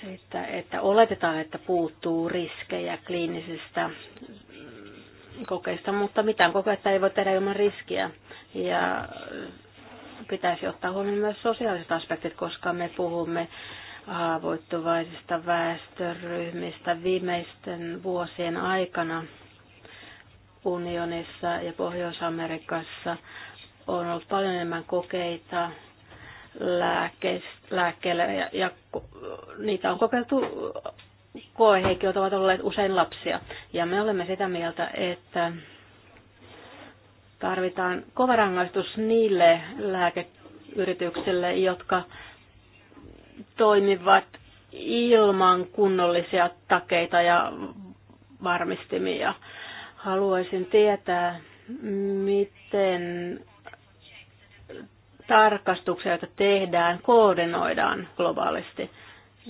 Siitä, että oletetaan, että puuttuu riskejä kliinisistä kokeista, mutta mitään kokeita ei voi tehdä ilman riskiä. Ja pitäisi ottaa huomioon myös sosiaaliset aspektit, koska me puhumme haavoittuvaisista väestöryhmistä viimeisten vuosien aikana – unionissa ja Pohjois-Amerikassa on ollut paljon enemmän kokeita lääkkeille ja, ja niitä on kokeiltu koeheikiöt ovat olleet usein lapsia. Ja me olemme sitä mieltä, että tarvitaan kova rangaistus niille lääkeyrityksille, jotka toimivat ilman kunnollisia takeita ja varmistimia Haluaisin tietää, miten tarkastuksia, joita tehdään, koordinoidaan globaalisti.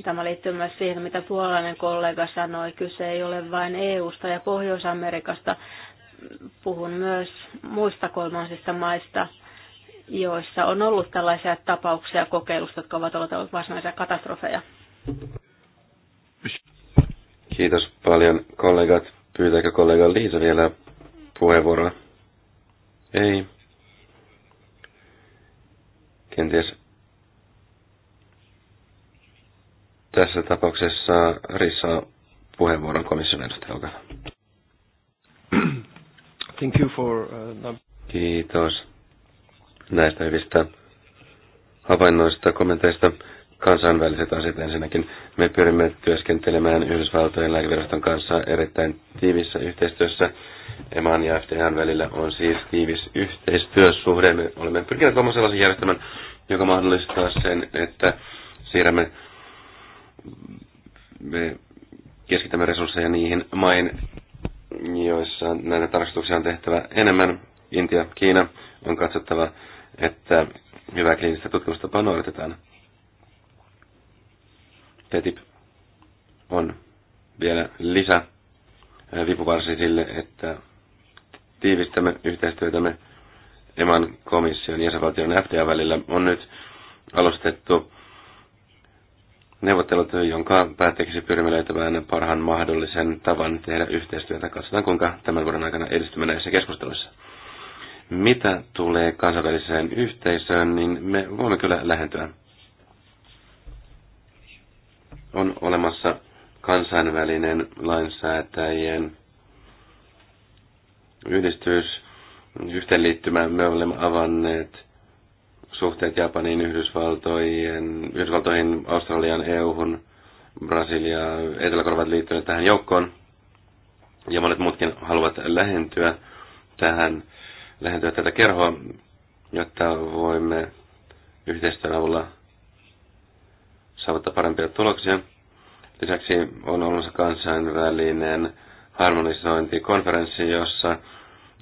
Tämä liittyy myös siihen, mitä puolalainen kollega sanoi. Kyse ei ole vain EUsta ja Pohjois-Amerikasta. Puhun myös muista kolmansista maista, joissa on ollut tällaisia tapauksia kokeilusta, jotka ovat olleet varsinaisia katastrofeja. Kiitos paljon kollegat. Pyytääkö kollega Liisa vielä puheenvuoroa? Ei. Kenties tässä tapauksessa Rissa puheenvuoron komission edustajalta. Thank you for, uh, Kiitos näistä hyvistä havainnoista, kommenteista kansainväliset asiat ensinnäkin. Me pyrimme työskentelemään Yhdysvaltojen lääkeviraston kanssa erittäin tiivissä yhteistyössä. EMAN ja FTHn välillä on siis tiivis yhteistyösuhde. Me olemme pyrkineet luomaan sellaisen järjestelmän, joka mahdollistaa sen, että siirrämme me keskitämme resursseja niihin maihin, joissa näitä tarkastuksia on tehtävä enemmän. Intia, Kiina on katsottava, että hyvää kliinistä tutkimusta panoitetaan Petip on vielä lisä äh, vipuvarsi sille, että tiivistämme yhteistyötämme EMAN komission ja jäsenvaltion FTA välillä on nyt alustettu neuvottelut, jonka päätteeksi pyrimme löytämään parhaan mahdollisen tavan tehdä yhteistyötä. Katsotaan, kuinka tämän vuoden aikana edistymme näissä keskusteluissa. Mitä tulee kansainväliseen yhteisöön, niin me voimme kyllä lähentyä on olemassa kansainvälinen lainsäätäjien yhdistys, yhteenliittymä. Me olemme avanneet suhteet Japaniin, Yhdysvaltoihin, Yhdysvaltoihin Australian, EU-hun, Brasilia, Etelä-Korvat liittyneet tähän joukkoon. Ja monet muutkin haluavat lähentyä tähän, lähentyä tätä kerhoa, jotta voimme yhteistyön avulla saavuttaa parempia tuloksia. Lisäksi on olemassa kansainvälinen harmonisointikonferenssi, jossa,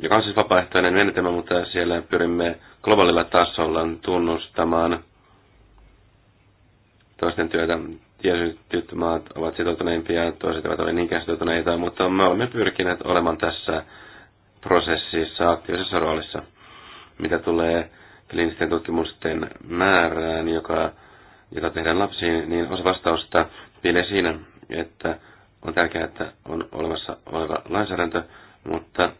joka on siis vapaaehtoinen menetelmä, mutta siellä pyrimme globaalilla tasolla tunnustamaan toisten työtä. Tietyt maat ovat sitoutuneimpia, toiset eivät ole niinkään sitoutuneita, mutta me olemme pyrkineet olemaan tässä prosessissa aktiivisessa roolissa. Mitä tulee kliinisten tutkimusten määrään, joka joka tehdään lapsiin, niin osa vastausta piilee siinä, että on tärkeää, että on olemassa oleva lainsäädäntö, mutta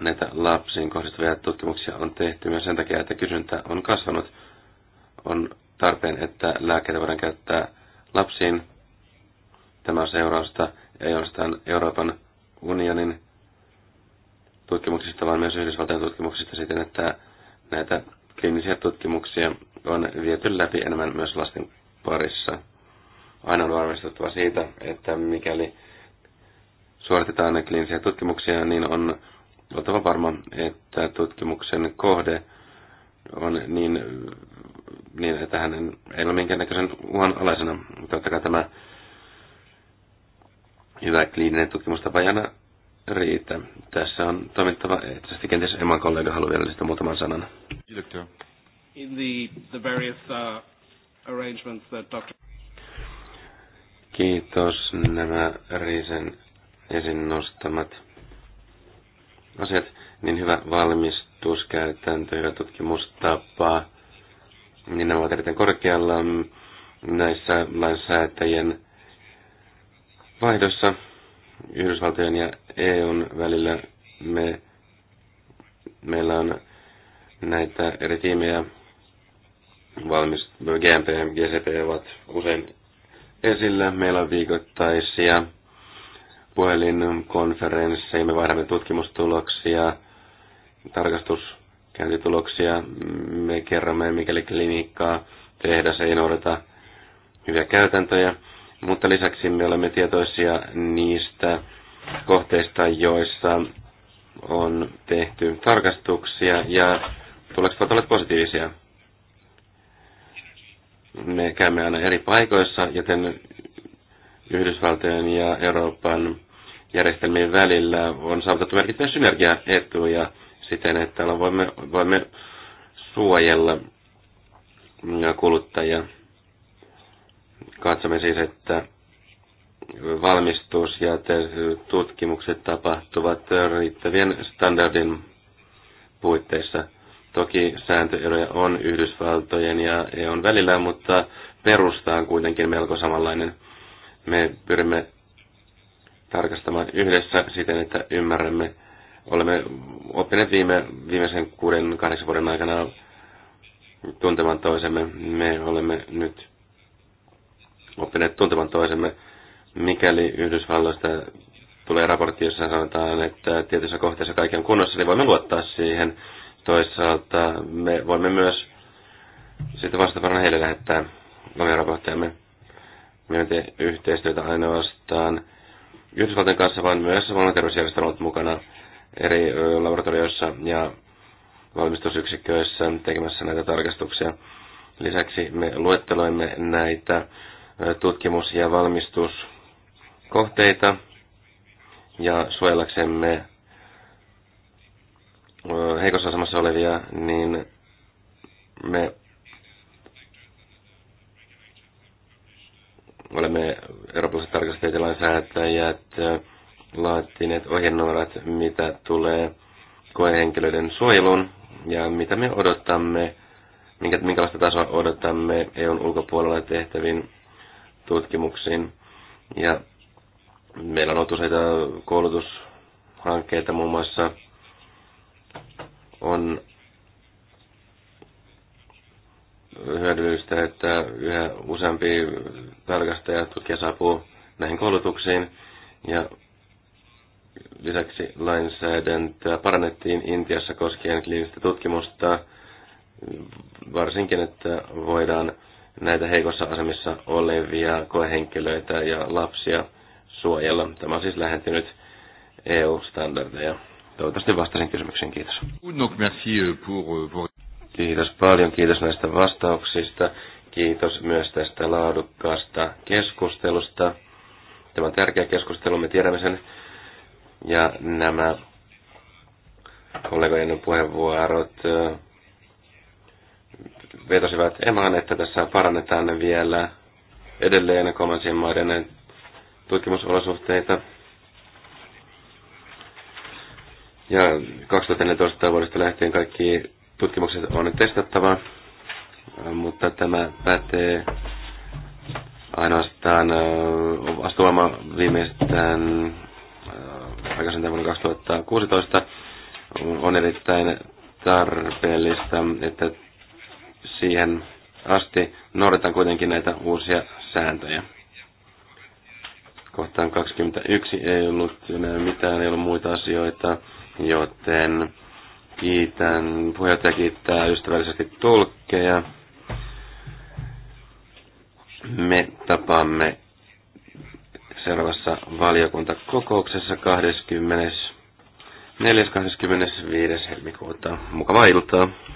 näitä lapsiin kohdistuvia tutkimuksia on tehty myös sen takia, että kysyntä on kasvanut. On tarpeen, että lääkkeitä voidaan käyttää lapsiin. Tämä on seurausta ei ainoastaan Euroopan unionin tutkimuksista, vaan myös Yhdysvaltain tutkimuksista siten, että näitä kliinisiä tutkimuksia on viety läpi enemmän myös lasten parissa. Aina on varmistettava siitä, että mikäli suoritetaan ne kliinisiä tutkimuksia, niin on oltava varma, että tutkimuksen kohde on niin, niin että hänen ei ole minkäännäköisen uhan alaisena. Totta kai tämä hyvä kliininen tutkimustapa ei aina riitä. Tässä on toimittava, että kenties Eman kollega haluaa vielä lisätä muutaman sanan. In the, the various, uh, arrangements that Dr. Kiitos nämä Riisen esiin nostamat asiat. Niin hyvä valmistuskäytäntö, hyvä tutkimustapa, niin nämä ovat erittäin korkealla näissä lainsäätäjien vaihdossa Yhdysvaltojen ja EUn välillä me, meillä on näitä eri tiimejä valmis, GMP ja GCP ovat usein esillä. Meillä on viikoittaisia puhelinkonferensseja, me vaihdamme tutkimustuloksia, tarkastuskäyntituloksia, me kerromme mikäli klinikkaa se ei noudata hyviä käytäntöjä mutta lisäksi me olemme tietoisia niistä kohteista, joissa on tehty tarkastuksia ja tulokset ovat positiivisia. Me käymme aina eri paikoissa, joten Yhdysvaltojen ja Euroopan järjestelmien välillä on saavutettu merkittäviä synergiaetuja siten, että voimme, voimme suojella kuluttajia Katsomme siis, että valmistus ja tutkimukset tapahtuvat riittävien standardin puitteissa. Toki sääntöeroja on Yhdysvaltojen ja EUn välillä, mutta perusta on kuitenkin melko samanlainen. Me pyrimme tarkastamaan yhdessä siten, että ymmärrämme, olemme oppineet viime, viimeisen kuuden, kahdeksan vuoden aikana tuntemaan toisemme. Me olemme nyt oppineet tuntemaan toisemme, mikäli Yhdysvalloista tulee raportti, jossa sanotaan, että tietyissä kohteissa kaikki on kunnossa, niin voimme luottaa siihen. Toisaalta me voimme myös sitten vastapanon heille lähettää omia raporttejamme. Me teemme yhteistyötä ainoastaan Yhdysvaltojen kanssa, vaan myös maailmanterveysjärjestö on ollut mukana eri laboratorioissa ja valmistusyksiköissä tekemässä näitä tarkastuksia. Lisäksi me luetteloimme näitä tutkimus- ja valmistuskohteita ja suojellaksemme heikossa asemassa olevia, niin me olemme Euroopan tarkastajat ja lainsäätäjät laatineet ohjenuorat, mitä tulee koehenkilöiden suojeluun ja mitä me odotamme, minkä, minkälaista tasoa odotamme EUn ulkopuolella tehtäviin tutkimuksiin. Ja meillä on ollut useita koulutushankkeita, muun muassa on hyödyllistä, että yhä useampi tarkastaja tutkija saapuu näihin koulutuksiin. Ja lisäksi lainsäädäntöä parannettiin Intiassa koskien kliinistä tutkimusta, varsinkin, että voidaan näitä heikossa asemissa olevia koehenkilöitä ja lapsia suojella. Tämä on siis lähentynyt EU-standardeja. Toivottavasti vastasin kysymykseen. Kiitos. Euh, euh, Kiitos paljon. Kiitos näistä vastauksista. Kiitos myös tästä laadukkaasta keskustelusta. Tämä on tärkeä keskustelu, me tiedämme sen. Ja nämä kollegojen puheenvuorot äh, vetosivat emaan, että tässä parannetaan vielä edelleen kolmansien maiden tutkimusolosuhteita. Ja 2014 vuodesta lähtien kaikki tutkimukset on testattava, mutta tämä pätee ainoastaan äh, astuvoima viimeistään äh, aikaisemmin vuonna 2016 on erittäin tarpeellista, että siihen asti noudatan kuitenkin näitä uusia sääntöjä. Kohtaan 21 ei ollut enää mitään, ei ollut muita asioita, joten kiitän, puheenjohtaja kiittää ystävällisesti tulkkeja. Me tapaamme seuraavassa valiokuntakokouksessa 20. 4.25. helmikuuta. Mukavaa iltaa.